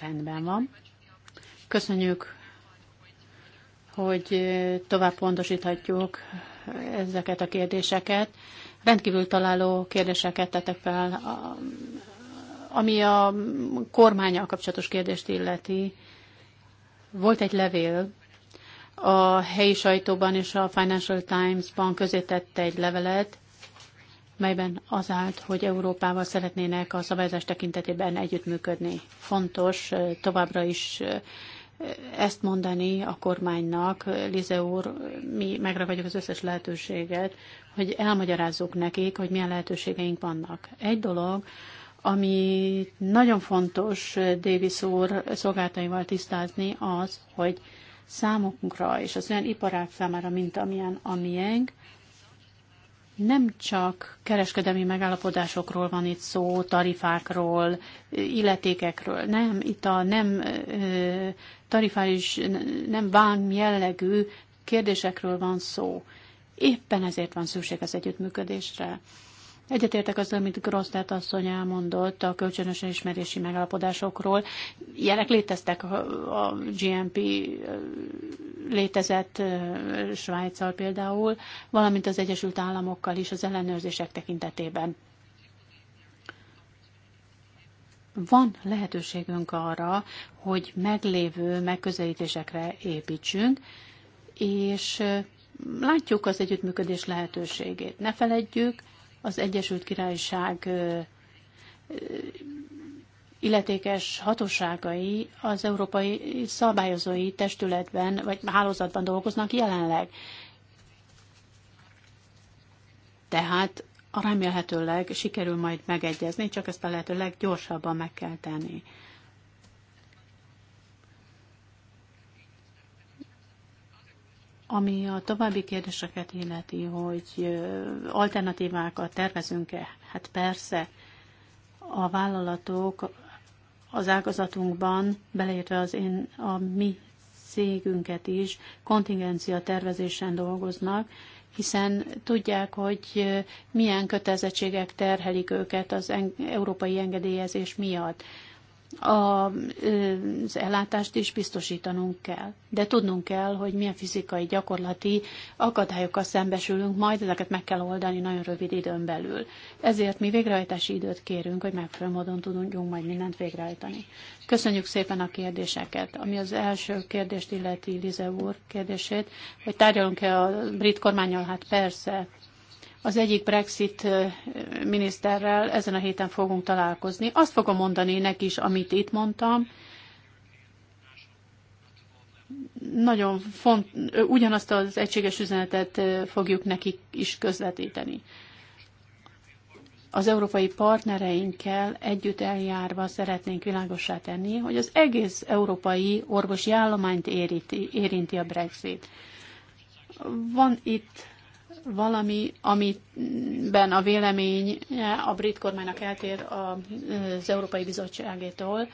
Rendben van. Köszönjük, hogy eh, tovább pontosíthatjuk ezeket a kérdéseket. Rendkívül találó kérdéseket tettek fel, ami a kormányal kapcsolatos kérdést illeti. Volt egy levél, a helyi sajtóban és a Financial Times-ban közé tette egy levelet, melyben az állt, hogy Európával szeretnének a szabályozás tekintetében együttműködni. Fontos továbbra is ezt mondani a kormánynak, Lize úr, mi megragadjuk az összes lehetőséget, hogy elmagyarázzuk nekik, hogy milyen lehetőségeink vannak. Egy dolog, ami nagyon fontos Davis úr szolgáltaival tisztázni az, hogy számunkra és az olyan iparák számára, mint amilyen a miénk, nem csak kereskedelmi megállapodásokról van itt szó, tarifákról, illetékekről. Nem, itt a nem tarifális, nem vám jellegű kérdésekről van szó. Éppen ezért van szükség az együttműködésre. Egyetértek azzal, amit Grosztát asszony elmondott a kölcsönös ismerési megállapodásokról. Ilyenek léteztek a GMP létezett Svájccal például, valamint az Egyesült Államokkal is az ellenőrzések tekintetében. Van lehetőségünk arra, hogy meglévő megközelítésekre építsünk, és látjuk az együttműködés lehetőségét. Ne feledjük, az Egyesült Királyság illetékes hatóságai az európai szabályozói testületben vagy hálózatban dolgoznak jelenleg. Tehát remélhetőleg sikerül majd megegyezni, csak ezt a lehető leggyorsabban meg kell tenni. Ami a további kérdéseket illeti, hogy alternatívákat tervezünk-e? Hát persze, a vállalatok az ágazatunkban, beleértve az én, a mi cégünket is, kontingencia tervezésen dolgoznak, hiszen tudják, hogy milyen kötelezettségek terhelik őket az európai engedélyezés miatt az ellátást is biztosítanunk kell. De tudnunk kell, hogy milyen fizikai, gyakorlati akadályokkal szembesülünk, majd ezeket meg kell oldani nagyon rövid időn belül. Ezért mi végrehajtási időt kérünk, hogy megfelelő módon tudjunk majd mindent végrehajtani. Köszönjük szépen a kérdéseket. Ami az első kérdést illeti Lize úr kérdését, hogy tárgyalunk-e a brit kormányal, hát persze, az egyik Brexit miniszterrel ezen a héten fogunk találkozni. Azt fogom mondani neki is, amit itt mondtam. Nagyon font, ugyanazt az egységes üzenetet fogjuk nekik is közvetíteni. Az európai partnereinkkel együtt eljárva szeretnénk világossá tenni, hogy az egész európai orvosi állományt érinti, érinti a Brexit. Van itt valami, amiben a vélemény a brit kormánynak eltér az Európai Bizottságétól,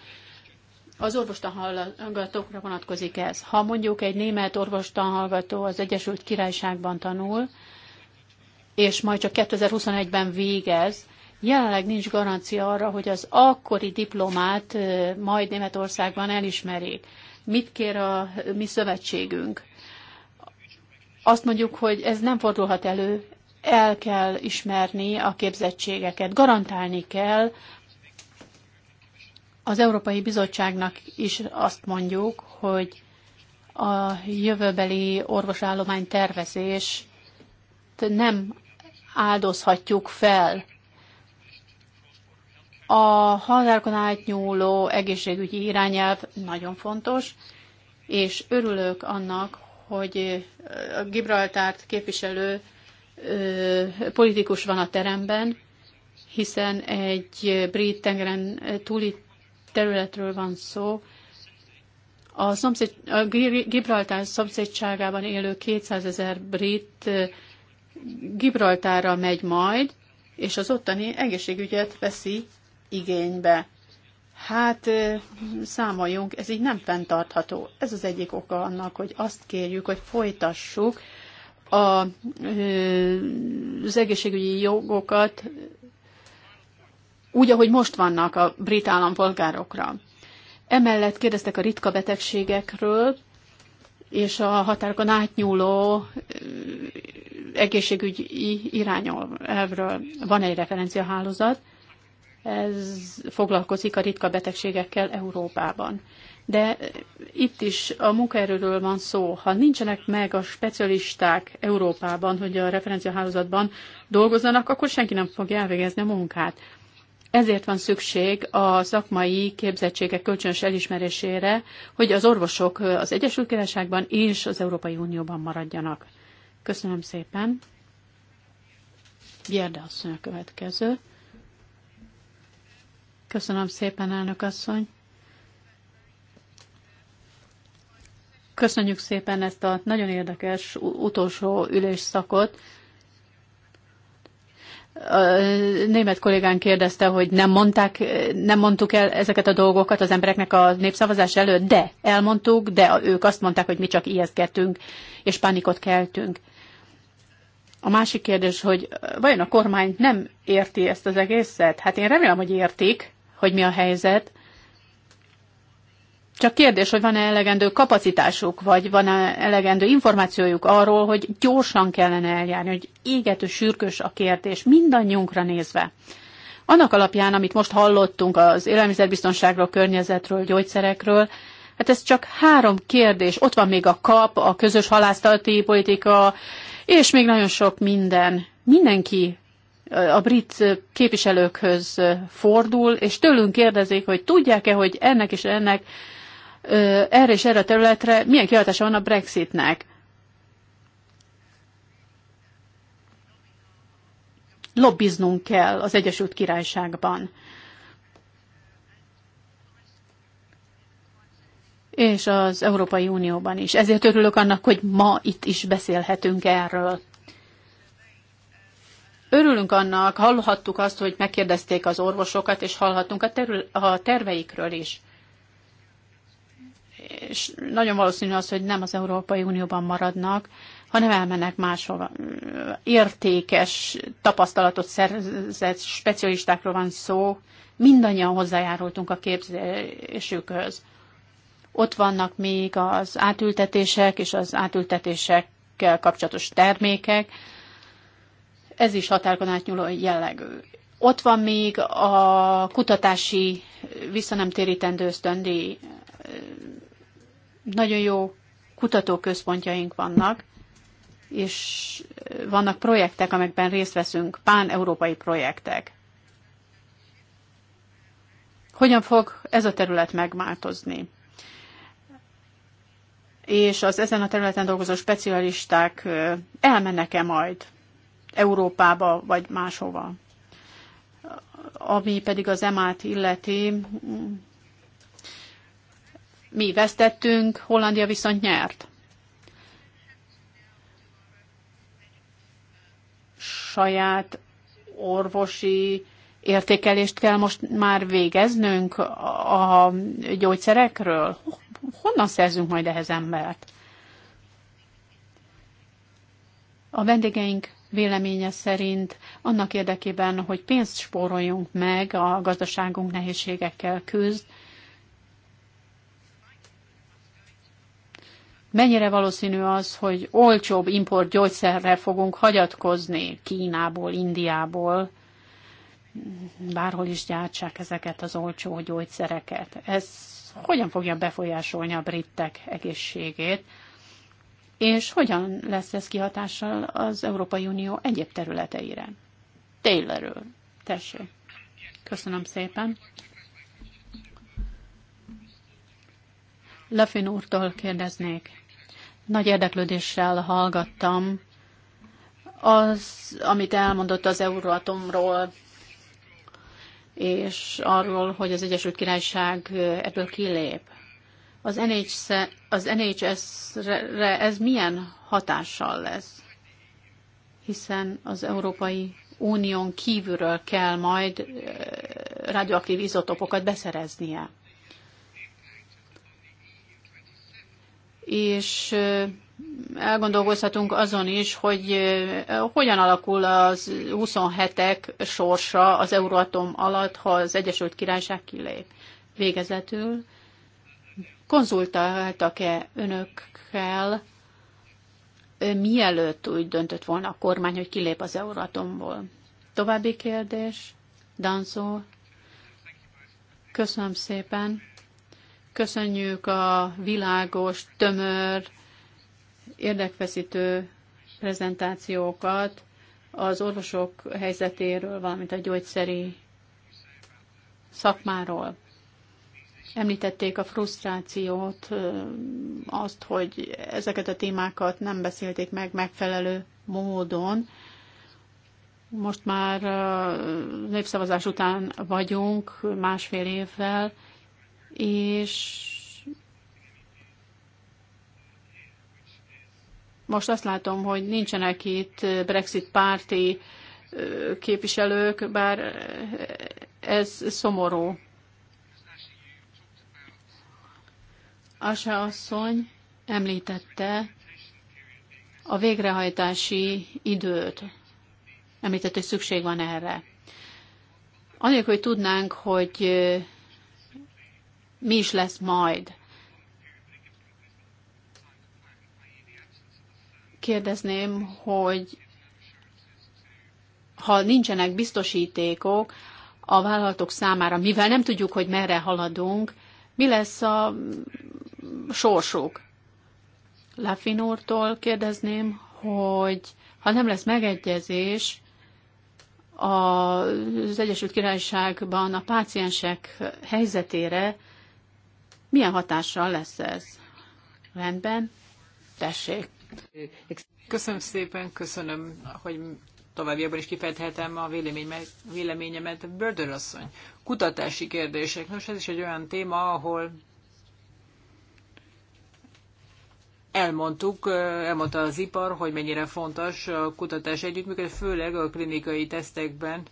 az orvostanhallgatókra vonatkozik ez. Ha mondjuk egy német orvostanhallgató az Egyesült Királyságban tanul, és majd csak 2021-ben végez, jelenleg nincs garancia arra, hogy az akkori diplomát majd Németországban elismerik. Mit kér a mi szövetségünk? azt mondjuk, hogy ez nem fordulhat elő, el kell ismerni a képzettségeket, garantálni kell, az Európai Bizottságnak is azt mondjuk, hogy a jövőbeli orvosállomány tervezés nem áldozhatjuk fel. A határokon átnyúló egészségügyi irányelv nagyon fontos, és örülök annak, hogy a Gibraltárt képviselő politikus van a teremben, hiszen egy brit tengeren túli területről van szó. A, szomszéd, a Gibraltár szomszédságában élő 200 ezer brit Gibraltárra megy majd, és az ottani egészségügyet veszi igénybe. Hát számoljunk, ez így nem fenntartható. Ez az egyik oka annak, hogy azt kérjük, hogy folytassuk a, az egészségügyi jogokat úgy, ahogy most vannak a brit állampolgárokra. Emellett kérdeztek a ritka betegségekről, és a határokon átnyúló egészségügyi irányelvről van egy referenciahálózat, ez foglalkozik a ritka betegségekkel Európában. De itt is a munkaerőről van szó. Ha nincsenek meg a specialisták Európában, hogy a referenciahálózatban dolgozzanak, akkor senki nem fogja elvégezni a munkát. Ezért van szükség a szakmai képzettségek kölcsönös elismerésére, hogy az orvosok az Egyesült Királyságban és az Európai Unióban maradjanak. Köszönöm szépen. Gyerde asszony a következő. Köszönöm szépen, elnök asszony. Köszönjük szépen ezt a nagyon érdekes utolsó ülésszakot. A német kollégán kérdezte, hogy nem, mondták, nem mondtuk el ezeket a dolgokat az embereknek a népszavazás előtt, de elmondtuk, de ők azt mondták, hogy mi csak ijesztgetünk és pánikot keltünk. A másik kérdés, hogy vajon a kormány nem érti ezt az egészet? Hát én remélem, hogy értik, hogy mi a helyzet. Csak kérdés, hogy van-e elegendő kapacitásuk, vagy van-e elegendő információjuk arról, hogy gyorsan kellene eljárni, hogy égető sürkös a kérdés, mindannyiunkra nézve. Annak alapján, amit most hallottunk az élelmiszerbiztonságról, környezetről, gyógyszerekről, hát ez csak három kérdés. Ott van még a kap, a közös halásztalti politika, és még nagyon sok minden. Mindenki a brit képviselőkhöz fordul, és tőlünk kérdezik, hogy tudják-e, hogy ennek és ennek, erre és erre a területre milyen kihatása van a Brexitnek. Lobbiznunk kell az Egyesült Királyságban. és az Európai Unióban is. Ezért örülök annak, hogy ma itt is beszélhetünk erről. Örülünk annak, hallhattuk azt, hogy megkérdezték az orvosokat, és hallhattunk a, terül, a terveikről is. És nagyon valószínű az, hogy nem az Európai Unióban maradnak, hanem elmennek máshova. Értékes tapasztalatot szerzett specialistákról van szó, mindannyian hozzájárultunk a képzésükhöz. Ott vannak még az átültetések és az átültetésekkel kapcsolatos termékek, ez is határkon átnyúló jellegű. Ott van még a kutatási visszanemtérítendő ösztöndi. Nagyon jó kutatóközpontjaink vannak, és vannak projektek, amelyekben részt veszünk, pán-európai projektek. Hogyan fog ez a terület megváltozni? És az ezen a területen dolgozó specialisták elmennek-e majd Európába vagy máshova. Ami pedig az emát illeti, mi vesztettünk, Hollandia viszont nyert. Saját orvosi értékelést kell most már végeznünk a gyógyszerekről? Honnan szerzünk majd ehhez embert? A vendégeink véleménye szerint annak érdekében, hogy pénzt spóroljunk meg, a gazdaságunk nehézségekkel küzd, Mennyire valószínű az, hogy olcsóbb import gyógyszerre fogunk hagyatkozni Kínából, Indiából, bárhol is gyártsák ezeket az olcsó gyógyszereket. Ez hogyan fogja befolyásolni a britek egészségét, és hogyan lesz ez kihatással az Európai Unió egyéb területeire. Taylorről. Tessék. Köszönöm szépen. Lefin úrtól kérdeznék. Nagy érdeklődéssel hallgattam az, amit elmondott az Euróatomról, és arról, hogy az Egyesült Királyság ebből kilép az, NHS, az NHS-re ez milyen hatással lesz? Hiszen az Európai Unión kívülről kell majd radioaktív izotopokat beszereznie. És elgondolkozhatunk azon is, hogy hogyan alakul az 27-ek sorsa az Euróatom alatt, ha az Egyesült Királyság kilép. Végezetül Konzultáltak-e önökkel, mielőtt úgy döntött volna a kormány, hogy kilép az Euratomból? További kérdés, Danzó. Köszönöm szépen. Köszönjük a világos, tömör, érdekfeszítő prezentációkat az orvosok helyzetéről, valamint a gyógyszeri szakmáról. Említették a frusztrációt, azt, hogy ezeket a témákat nem beszélték meg megfelelő módon. Most már népszavazás után vagyunk, másfél évvel, és most azt látom, hogy nincsenek itt Brexit párti képviselők, bár ez szomorú. Asa asszony említette a végrehajtási időt. Említette, hogy szükség van erre. Anélkül, hogy tudnánk, hogy mi is lesz majd. Kérdezném, hogy ha nincsenek biztosítékok a vállalatok számára, mivel nem tudjuk, hogy merre haladunk, mi lesz a sorsuk. Lafin úrtól kérdezném, hogy ha nem lesz megegyezés az Egyesült Királyságban a páciensek helyzetére, milyen hatással lesz ez? Rendben, tessék. Köszönöm szépen, köszönöm, hogy továbbiakban is kifejthetem a véleményemet. Bördör asszony, kutatási kérdések. Nos, ez is egy olyan téma, ahol elmondtuk, elmondta az ipar, hogy mennyire fontos a kutatás együttműködés, főleg a klinikai tesztekben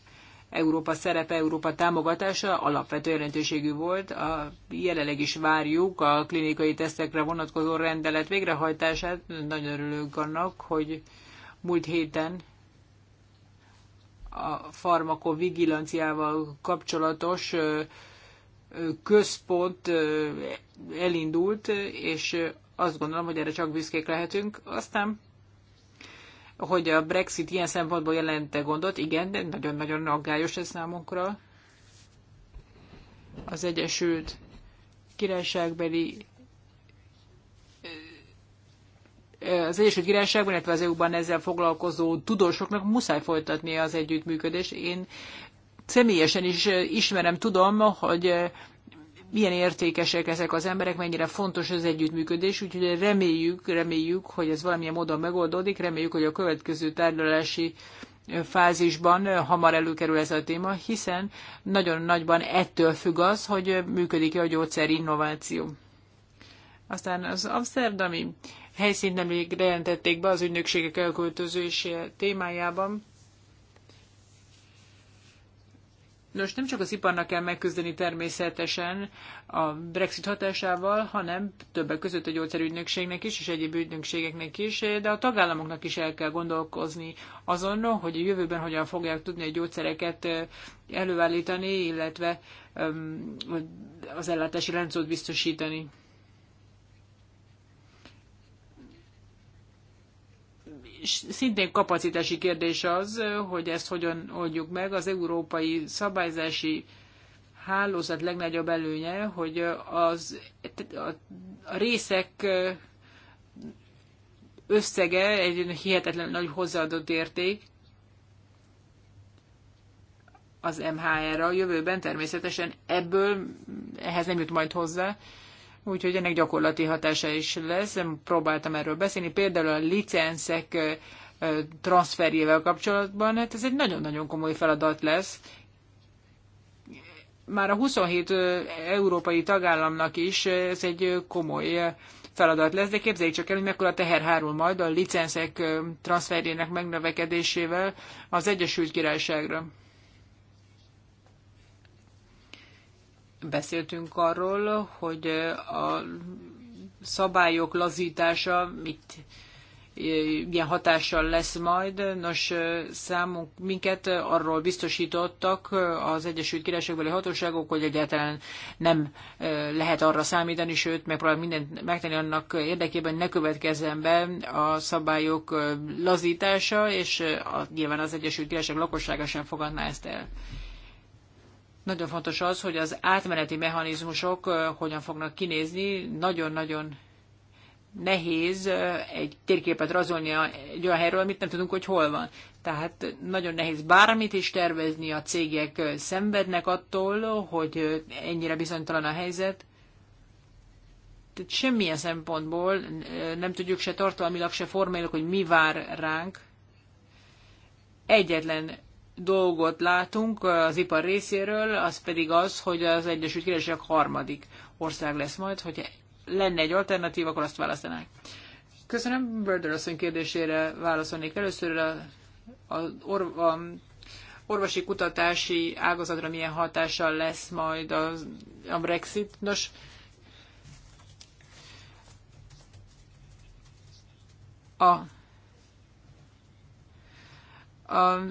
Európa szerepe, Európa támogatása alapvető jelentőségű volt. A, jelenleg is várjuk a klinikai tesztekre vonatkozó rendelet végrehajtását. Nagyon örülünk annak, hogy múlt héten a farmakovigilanciával kapcsolatos központ elindult, és azt gondolom, hogy erre csak büszkék lehetünk. Aztán, hogy a Brexit ilyen szempontból jelente gondot, igen, de nagyon-nagyon aggályos ez számunkra. Az Egyesült Királyságbeli az Egyesült Királyságban, illetve az EU-ban ezzel foglalkozó tudósoknak muszáj folytatni az együttműködést. Én személyesen is ismerem, tudom, hogy milyen értékesek ezek az emberek, mennyire fontos az együttműködés, úgyhogy reméljük, reméljük, hogy ez valamilyen módon megoldódik, reméljük, hogy a következő tárgyalási fázisban hamar előkerül ez a téma, hiszen nagyon nagyban ettől függ az, hogy működik-e a gyógyszer innováció. Aztán az amsterdami helyszínen még bejelentették be az ügynökségek elköltözése témájában, Nos, nem csak az iparnak kell megküzdeni természetesen a Brexit hatásával, hanem többek között a gyógyszerügynökségnek is, és egyéb ügynökségeknek is, de a tagállamoknak is el kell gondolkozni azon, hogy a jövőben hogyan fogják tudni a gyógyszereket előállítani, illetve az ellátási láncot biztosítani. szintén kapacitási kérdés az, hogy ezt hogyan oldjuk meg. Az európai szabályzási hálózat legnagyobb előnye, hogy az, a, a részek összege egy hihetetlen nagy hozzáadott érték az MHR-ra. Jövőben természetesen ebből ehhez nem jut majd hozzá, úgyhogy ennek gyakorlati hatása is lesz. Próbáltam erről beszélni, például a licenszek transferjével kapcsolatban, hát ez egy nagyon-nagyon komoly feladat lesz. Már a 27 európai tagállamnak is ez egy komoly feladat lesz, de képzeljük csak el, hogy mekkora teher hárul majd a licenszek transferjének megnövekedésével az Egyesült Királyságra. Beszéltünk arról, hogy a szabályok lazítása mit, milyen hatással lesz majd. Nos, számunk minket arról biztosítottak az Egyesült Királyságbeli hatóságok, hogy egyáltalán nem lehet arra számítani, sőt, megpróbál mindent megtenni annak érdekében, hogy ne következzen be a szabályok lazítása, és a, nyilván az Egyesült Királyság lakossága sem fogadná ezt el. Nagyon fontos az, hogy az átmeneti mechanizmusok hogyan fognak kinézni. Nagyon-nagyon nehéz egy térképet rajzolni egy olyan helyről, amit nem tudunk, hogy hol van. Tehát nagyon nehéz bármit is tervezni, a cégek szenvednek attól, hogy ennyire bizonytalan a helyzet. Tehát semmilyen szempontból nem tudjuk se tartalmilag, se formailag, hogy mi vár ránk. Egyetlen dolgot látunk az ipar részéről, az pedig az, hogy az Egyesült Királyság harmadik ország lesz majd, hogyha lenne egy alternatív, akkor azt választanák. Köszönöm, Börder asszony kérdésére válaszolnék először a, a, or, a orvosi kutatási ágazatra milyen hatással lesz majd a, a Brexit. Nos, a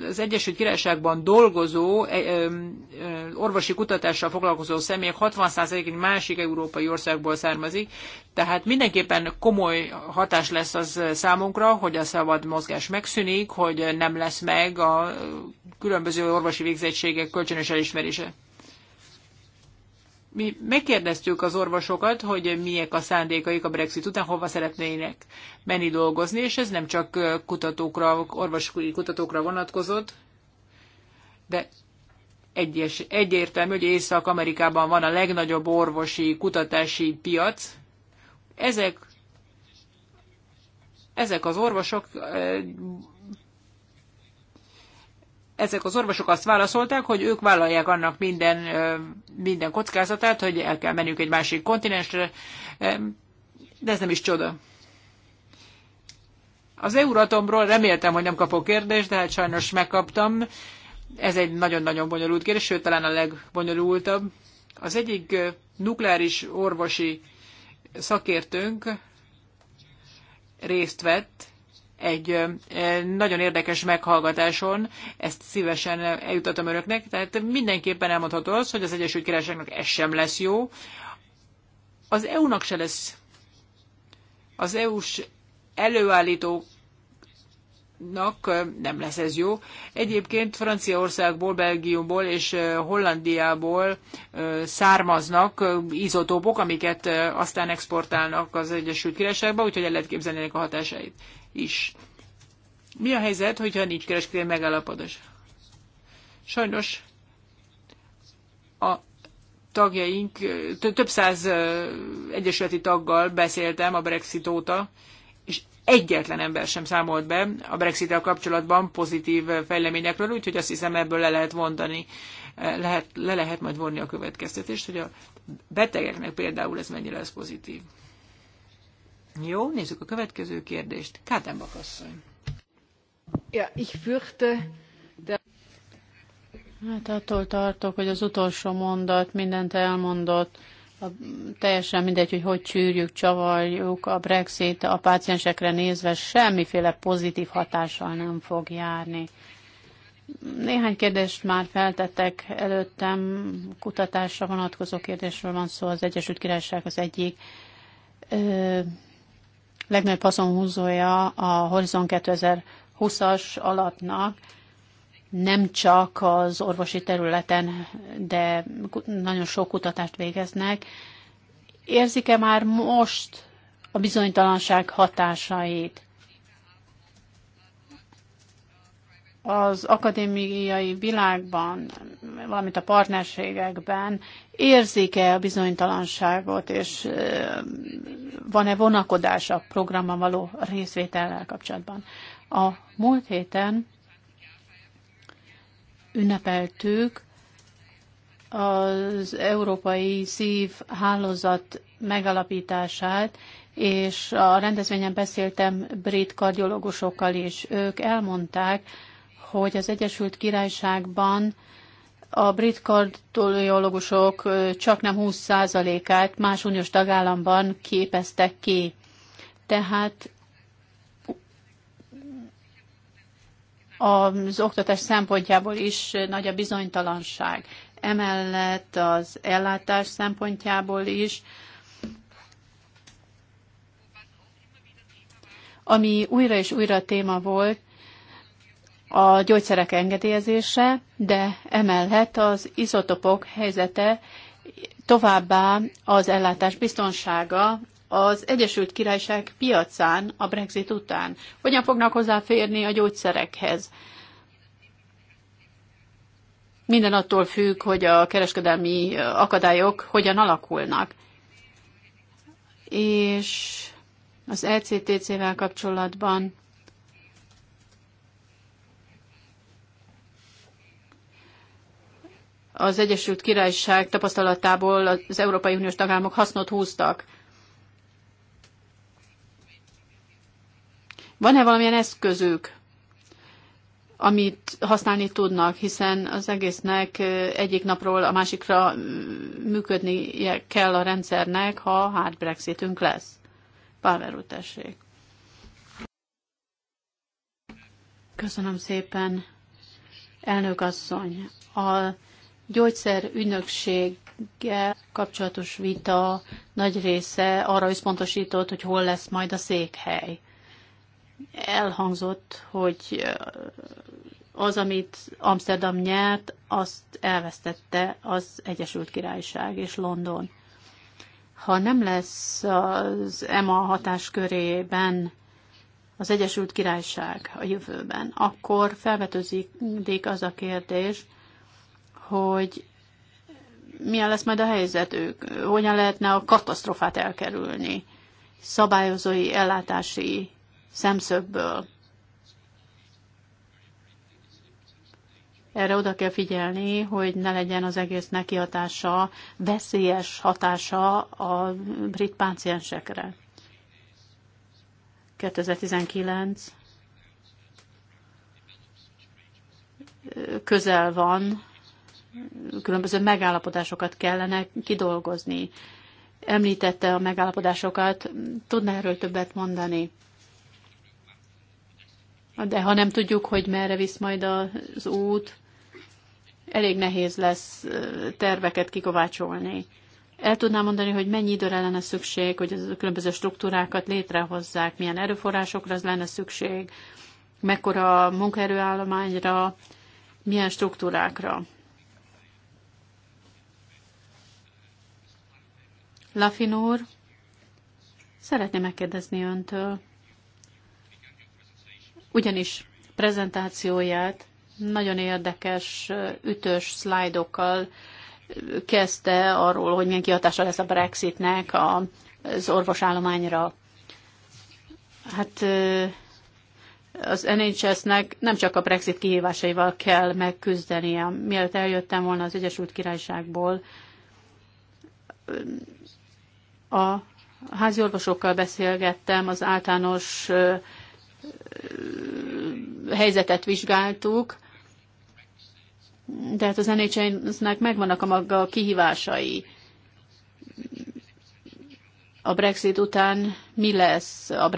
az Egyesült Királyságban dolgozó, e, e, e, orvosi kutatással foglalkozó személyek 60 ig másik európai országból származik, tehát mindenképpen komoly hatás lesz az számunkra, hogy a szabad mozgás megszűnik, hogy nem lesz meg a különböző orvosi végzettségek kölcsönös elismerése mi megkérdeztük az orvosokat, hogy milyek a szándékaik a Brexit után, hova szeretnének menni dolgozni, és ez nem csak kutatókra, orvosi kutatókra vonatkozott, de egyes, egyértelmű, hogy Észak-Amerikában van a legnagyobb orvosi kutatási piac. Ezek, ezek az orvosok ezek az orvosok azt válaszolták, hogy ők vállalják annak minden, minden kockázatát, hogy el kell menniük egy másik kontinensre, de ez nem is csoda. Az Euratomról reméltem, hogy nem kapok kérdést, de hát sajnos megkaptam. Ez egy nagyon-nagyon bonyolult kérdés, sőt, talán a legbonyolultabb. Az egyik nukleáris orvosi szakértőnk részt vett egy nagyon érdekes meghallgatáson, ezt szívesen eljutatom önöknek, tehát mindenképpen elmondható az, hogy az Egyesült Királyságnak ez sem lesz jó, az EU-nak se lesz, az EU-s előállítók nem lesz ez jó. Egyébként Franciaországból, Belgiumból és Hollandiából származnak izotópok, amiket aztán exportálnak az Egyesült Királyságba, úgyhogy el lehet képzelni ennek a hatásait is. Mi a helyzet, hogyha nincs kereskedelmi megállapodás? Sajnos a tagjaink, több száz egyesületi taggal beszéltem a Brexit óta, és egyetlen ember sem számolt be a brexit kapcsolatban pozitív fejleményekről, úgyhogy azt hiszem ebből le lehet vontani, lehet, le lehet majd vonni a következtetést, hogy a betegeknek például ez mennyire lesz pozitív. Jó, nézzük a következő kérdést. Kádenbak asszony. Ja, ich fürchte, de... Hát attól tartok, hogy az utolsó mondat mindent elmondott. A, teljesen mindegy, hogy hogy csűrjük, csavarjuk a Brexit, a páciensekre nézve semmiféle pozitív hatással nem fog járni. Néhány kérdést már feltettek előttem, kutatásra vonatkozó kérdésről van szó, az Egyesült Királyság az egyik ö, legnagyobb haszonhúzója a Horizon 2020-as alapnak, nem csak az orvosi területen, de nagyon sok kutatást végeznek. Érzik-e már most a bizonytalanság hatásait? az akadémiai világban, valamint a partnerségekben érzik-e a bizonytalanságot, és van-e vonakodás a programban való részvétellel kapcsolatban. A múlt héten ünnepeltük az Európai Szív Hálózat megalapítását, és a rendezvényen beszéltem brit kardiológusokkal is. Ők elmondták, hogy az Egyesült Királyságban a brit kardiológusok csak nem 20%-át más uniós tagállamban képeztek ki. Tehát az oktatás szempontjából is nagy a bizonytalanság. Emellett az ellátás szempontjából is, ami újra és újra téma volt, a gyógyszerek engedélyezése, de emellett az izotopok helyzete, továbbá az ellátás biztonsága az Egyesült Királyság piacán a Brexit után. Hogyan fognak hozzáférni a gyógyszerekhez? Minden attól függ, hogy a kereskedelmi akadályok hogyan alakulnak. És az ECTC-vel kapcsolatban az Egyesült Királyság tapasztalatából az Európai Uniós tagállamok hasznot húztak. Van-e valamilyen eszközük, amit használni tudnak, hiszen az egésznek egyik napról a másikra működnie kell a rendszernek, ha hard Brexitünk lesz. Páver úr, tessék. Köszönöm szépen, elnök asszony. A ügynökséggel kapcsolatos vita nagy része arra összpontosított, hogy hol lesz majd a székhely. Elhangzott, hogy az, amit Amsterdam nyert, azt elvesztette az Egyesült Királyság és London. Ha nem lesz az EMA hatáskörében az Egyesült Királyság a jövőben, akkor felvetődik az a kérdés, hogy milyen lesz majd a helyzetük, hogyan lehetne a katasztrofát elkerülni szabályozói ellátási szemszögből. Erre oda kell figyelni, hogy ne legyen az egésznek hatása, veszélyes hatása a brit páciensekre. 2019 közel van különböző megállapodásokat kellene kidolgozni. Említette a megállapodásokat, tudná erről többet mondani? De ha nem tudjuk, hogy merre visz majd az út, elég nehéz lesz terveket kikovácsolni. El tudnám mondani, hogy mennyi időre lenne szükség, hogy a különböző struktúrákat létrehozzák, milyen erőforrásokra az lenne szükség, mekkora munkaerőállományra, milyen struktúrákra. Lafin úr, szeretném megkérdezni öntől, ugyanis prezentációját nagyon érdekes, ütős szlájdokkal kezdte arról, hogy milyen kihatása lesz a Brexitnek az orvosállományra. Hát az NHS-nek nem csak a Brexit kihívásaival kell megküzdenie. Mielőtt eljöttem volna az Egyesült Királyságból, a házi orvosokkal beszélgettem, az általános helyzetet vizsgáltuk, de hát az NHS-nek megvannak a maga kihívásai. A Brexit után mi lesz? A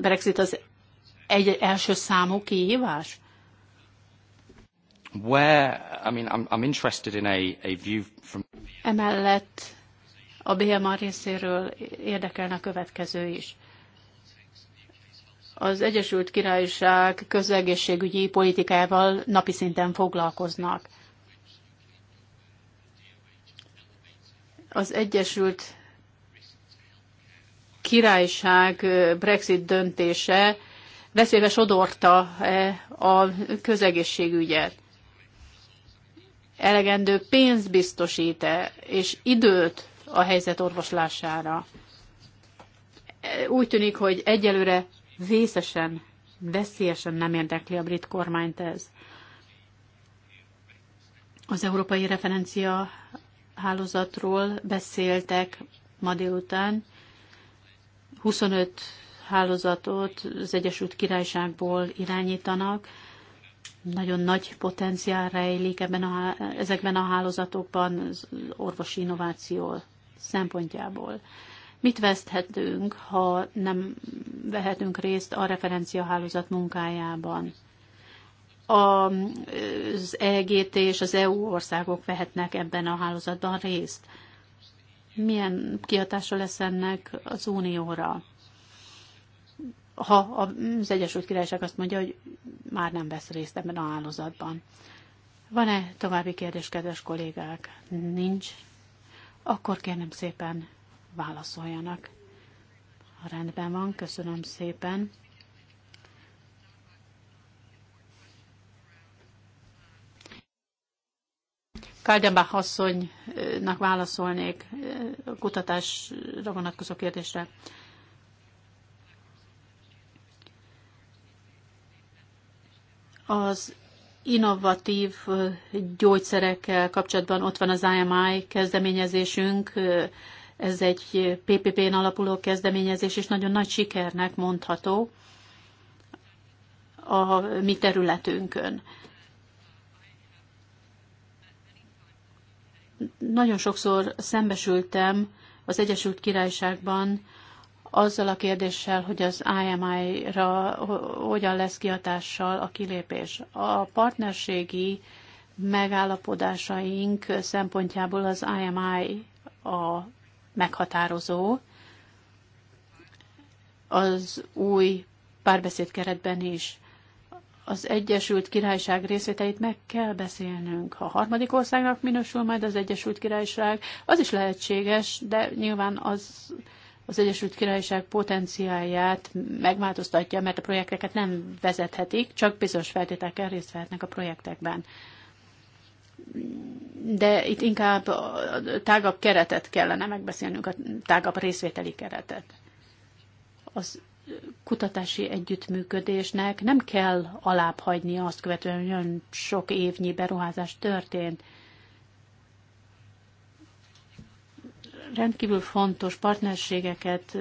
Brexit az egy első számú kihívás? Where, I mean, I'm, I'm interested in a, a view from... Emellett a BMA részéről érdekelne a következő is. Az Egyesült Királyság közegészségügyi politikával napi szinten foglalkoznak. Az Egyesült Királyság Brexit döntése veszélybe sodorta a közegészségügyet? Elegendő pénzt biztosít-e, és időt a helyzet orvoslására. Úgy tűnik, hogy egyelőre vészesen, veszélyesen nem érdekli a brit kormányt ez. Az európai referencia hálózatról beszéltek ma délután. 25 hálózatot az Egyesült Királyságból irányítanak. Nagyon nagy potenciál rejlik ebben a, ezekben a hálózatokban az orvosi innováció szempontjából. Mit veszthetünk, ha nem vehetünk részt a referenciahálózat munkájában? Az EGT és az EU országok vehetnek ebben a hálózatban részt. Milyen kihatása lesz ennek az Unióra? ha az Egyesült Királyság azt mondja, hogy már nem vesz részt ebben a hálózatban. Van-e további kérdés, kedves kollégák? Nincs akkor kérném szépen válaszoljanak. Ha rendben van, köszönöm szépen. Kaldenbach asszonynak válaszolnék eh, a kutatásra vonatkozó kérdésre. Az innovatív gyógyszerekkel kapcsolatban ott van az IMI kezdeményezésünk, ez egy PPP-n alapuló kezdeményezés, és nagyon nagy sikernek mondható a mi területünkön. Nagyon sokszor szembesültem az Egyesült Királyságban azzal a kérdéssel, hogy az IMI-ra hogyan lesz kihatással a kilépés. A partnerségi megállapodásaink szempontjából az IMI a meghatározó. Az új párbeszéd keretben is az Egyesült Királyság részvételét meg kell beszélnünk. Ha harmadik országnak minősül majd az Egyesült Királyság, az is lehetséges, de nyilván az az Egyesült Királyság potenciáját megváltoztatja, mert a projekteket nem vezethetik, csak bizonyos feltételekkel részt vehetnek a projektekben. De itt inkább a tágabb keretet kellene megbeszélnünk, a tágabb részvételi keretet. Az kutatási együttműködésnek nem kell alább hagyni azt követően, hogy olyan sok évnyi beruházás történt. rendkívül fontos partnerségeket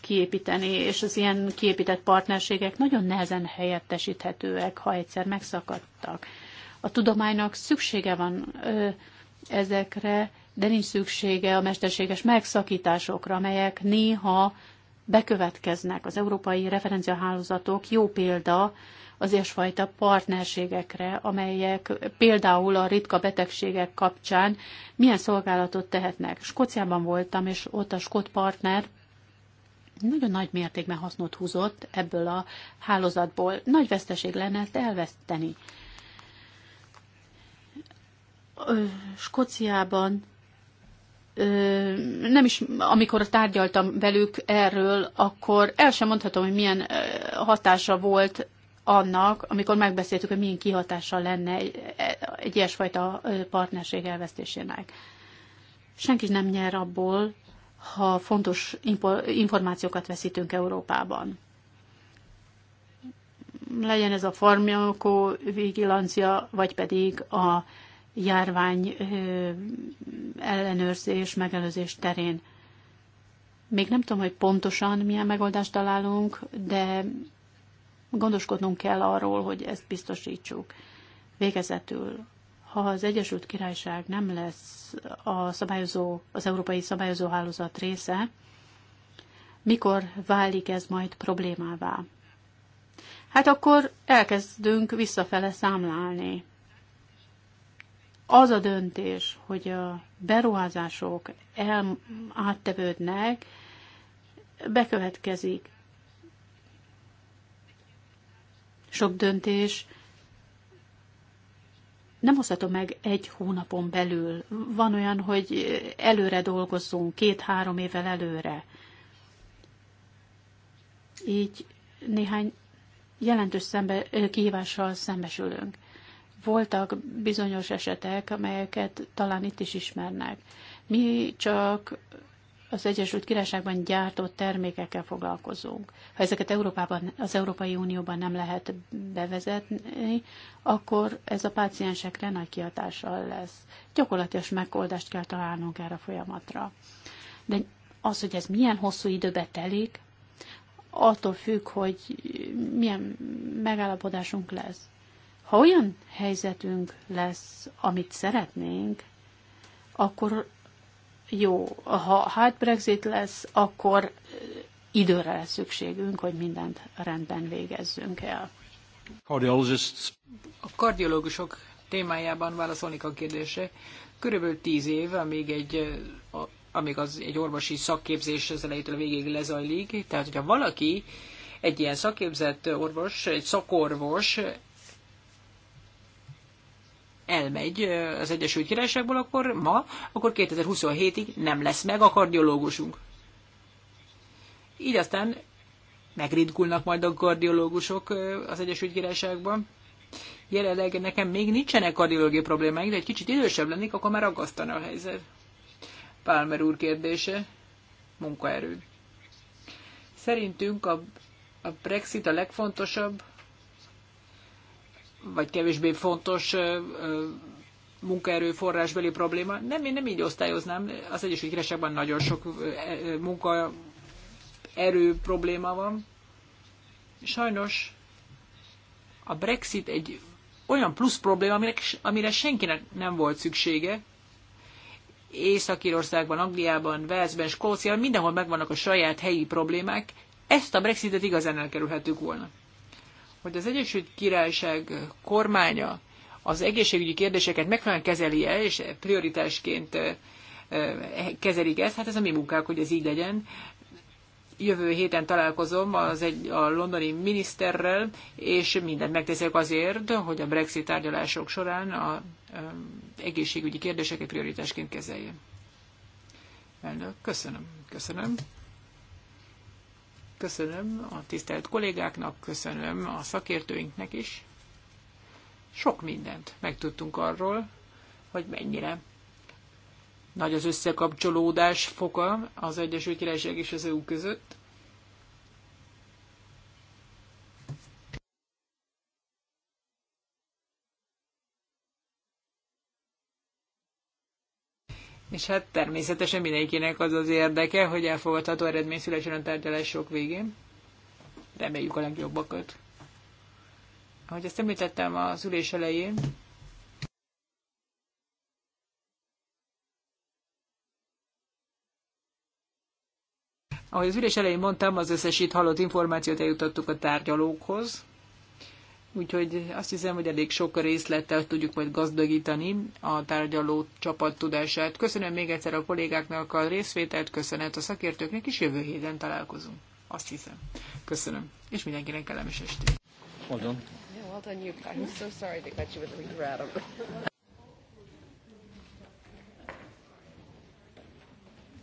kiépíteni, és az ilyen kiépített partnerségek nagyon nehezen helyettesíthetőek, ha egyszer megszakadtak. A tudománynak szüksége van ezekre, de nincs szüksége a mesterséges megszakításokra, amelyek néha bekövetkeznek. Az európai referenciahálózatok jó példa az ilyesfajta partnerségekre, amelyek például a ritka betegségek kapcsán milyen szolgálatot tehetnek. Skóciában voltam, és ott a skót partner nagyon nagy mértékben hasznot húzott ebből a hálózatból. Nagy veszteség lenne ezt elveszteni. Skóciában nem is, amikor tárgyaltam velük erről, akkor el sem mondhatom, hogy milyen hatása volt annak, amikor megbeszéltük, hogy milyen kihatással lenne egy, egy ilyesfajta partnerség elvesztésének. Senki nem nyer abból, ha fontos információkat veszítünk Európában. Legyen ez a vigilancia, vagy pedig a járvány ellenőrzés, megelőzés terén. Még nem tudom, hogy pontosan milyen megoldást találunk, de gondoskodnunk kell arról, hogy ezt biztosítsuk. Végezetül, ha az Egyesült Királyság nem lesz a szabályozó, az európai szabályozó hálózat része, mikor válik ez majd problémává? Hát akkor elkezdünk visszafele számlálni. Az a döntés, hogy a beruházások el, áttevődnek, bekövetkezik sok döntés nem hozhatom meg egy hónapon belül. Van olyan, hogy előre dolgozzunk, két-három évvel előre. Így néhány jelentős szembe, kihívással szembesülünk. Voltak bizonyos esetek, amelyeket talán itt is ismernek. Mi csak az Egyesült Királyságban gyártott termékekkel foglalkozunk. Ha ezeket Európában, az Európai Unióban nem lehet bevezetni, akkor ez a páciensekre nagy kihatással lesz. Gyakorlatilag megoldást kell találnunk erre a folyamatra. De az, hogy ez milyen hosszú időbe telik, attól függ, hogy milyen megállapodásunk lesz. Ha olyan helyzetünk lesz, amit szeretnénk, akkor jó, ha hard Brexit lesz, akkor időre lesz szükségünk, hogy mindent rendben végezzünk el. A kardiológusok témájában válaszolni a kérdése. Körülbelül tíz év, amíg egy, amíg az, egy orvosi szakképzés az elejétől végig lezajlik. Tehát, hogyha valaki egy ilyen szakképzett orvos, egy szakorvos elmegy az Egyesült Királyságból, akkor ma, akkor 2027-ig nem lesz meg a kardiológusunk. Így aztán megritkulnak majd a kardiológusok az Egyesült Királyságban. Jelenleg nekem még nincsenek kardiológiai problémáim, de egy kicsit idősebb lennék, akkor már aggasztana a helyzet. Palmer úr kérdése, munkaerő. Szerintünk a, a Brexit a legfontosabb vagy kevésbé fontos munkaerőforrásbeli probléma. Nem, én nem így osztályoznám. Az Egyesült Királyságban nagyon sok e, munkaerő probléma van. Sajnos a Brexit egy olyan plusz probléma, amire, amire senkinek nem volt szüksége. Észak-Írországban, Angliában, Velszben, Skóciában, mindenhol megvannak a saját helyi problémák. Ezt a Brexitet igazán elkerülhetők volna hogy az Egyesült Királyság kormánya az egészségügyi kérdéseket megfelelően kezeli-e, és prioritásként kezelik ezt, hát ez a mi munkánk, hogy ez így legyen. Jövő héten találkozom az egy, a londoni miniszterrel, és mindent megteszek azért, hogy a Brexit tárgyalások során az egészségügyi kérdéseket prioritásként kezelje. Elnök, köszönöm. Köszönöm. Köszönöm a tisztelt kollégáknak, köszönöm a szakértőinknek is. Sok mindent megtudtunk arról, hogy mennyire nagy az összekapcsolódás foka az Egyesült Királyság és az EU között. És hát természetesen mindenkinek az az érdeke, hogy elfogadható eredmény szülesen a tárgyalások végén. Reméljük a legjobbakat. Ahogy ezt említettem az ülés elején, Ahogy az ülés elején mondtam, az összes itt hallott információt eljutottuk a tárgyalókhoz, úgyhogy azt hiszem, hogy elég sok részlettel tudjuk majd gazdagítani a tárgyaló csapat tudását. Köszönöm még egyszer a kollégáknak a részvételt, köszönet a szakértőknek, és jövő héten találkozunk. Azt hiszem. Köszönöm. És mindenkinek kellemes estét. Well done. Yeah, well done you. I'm so sorry that you with read out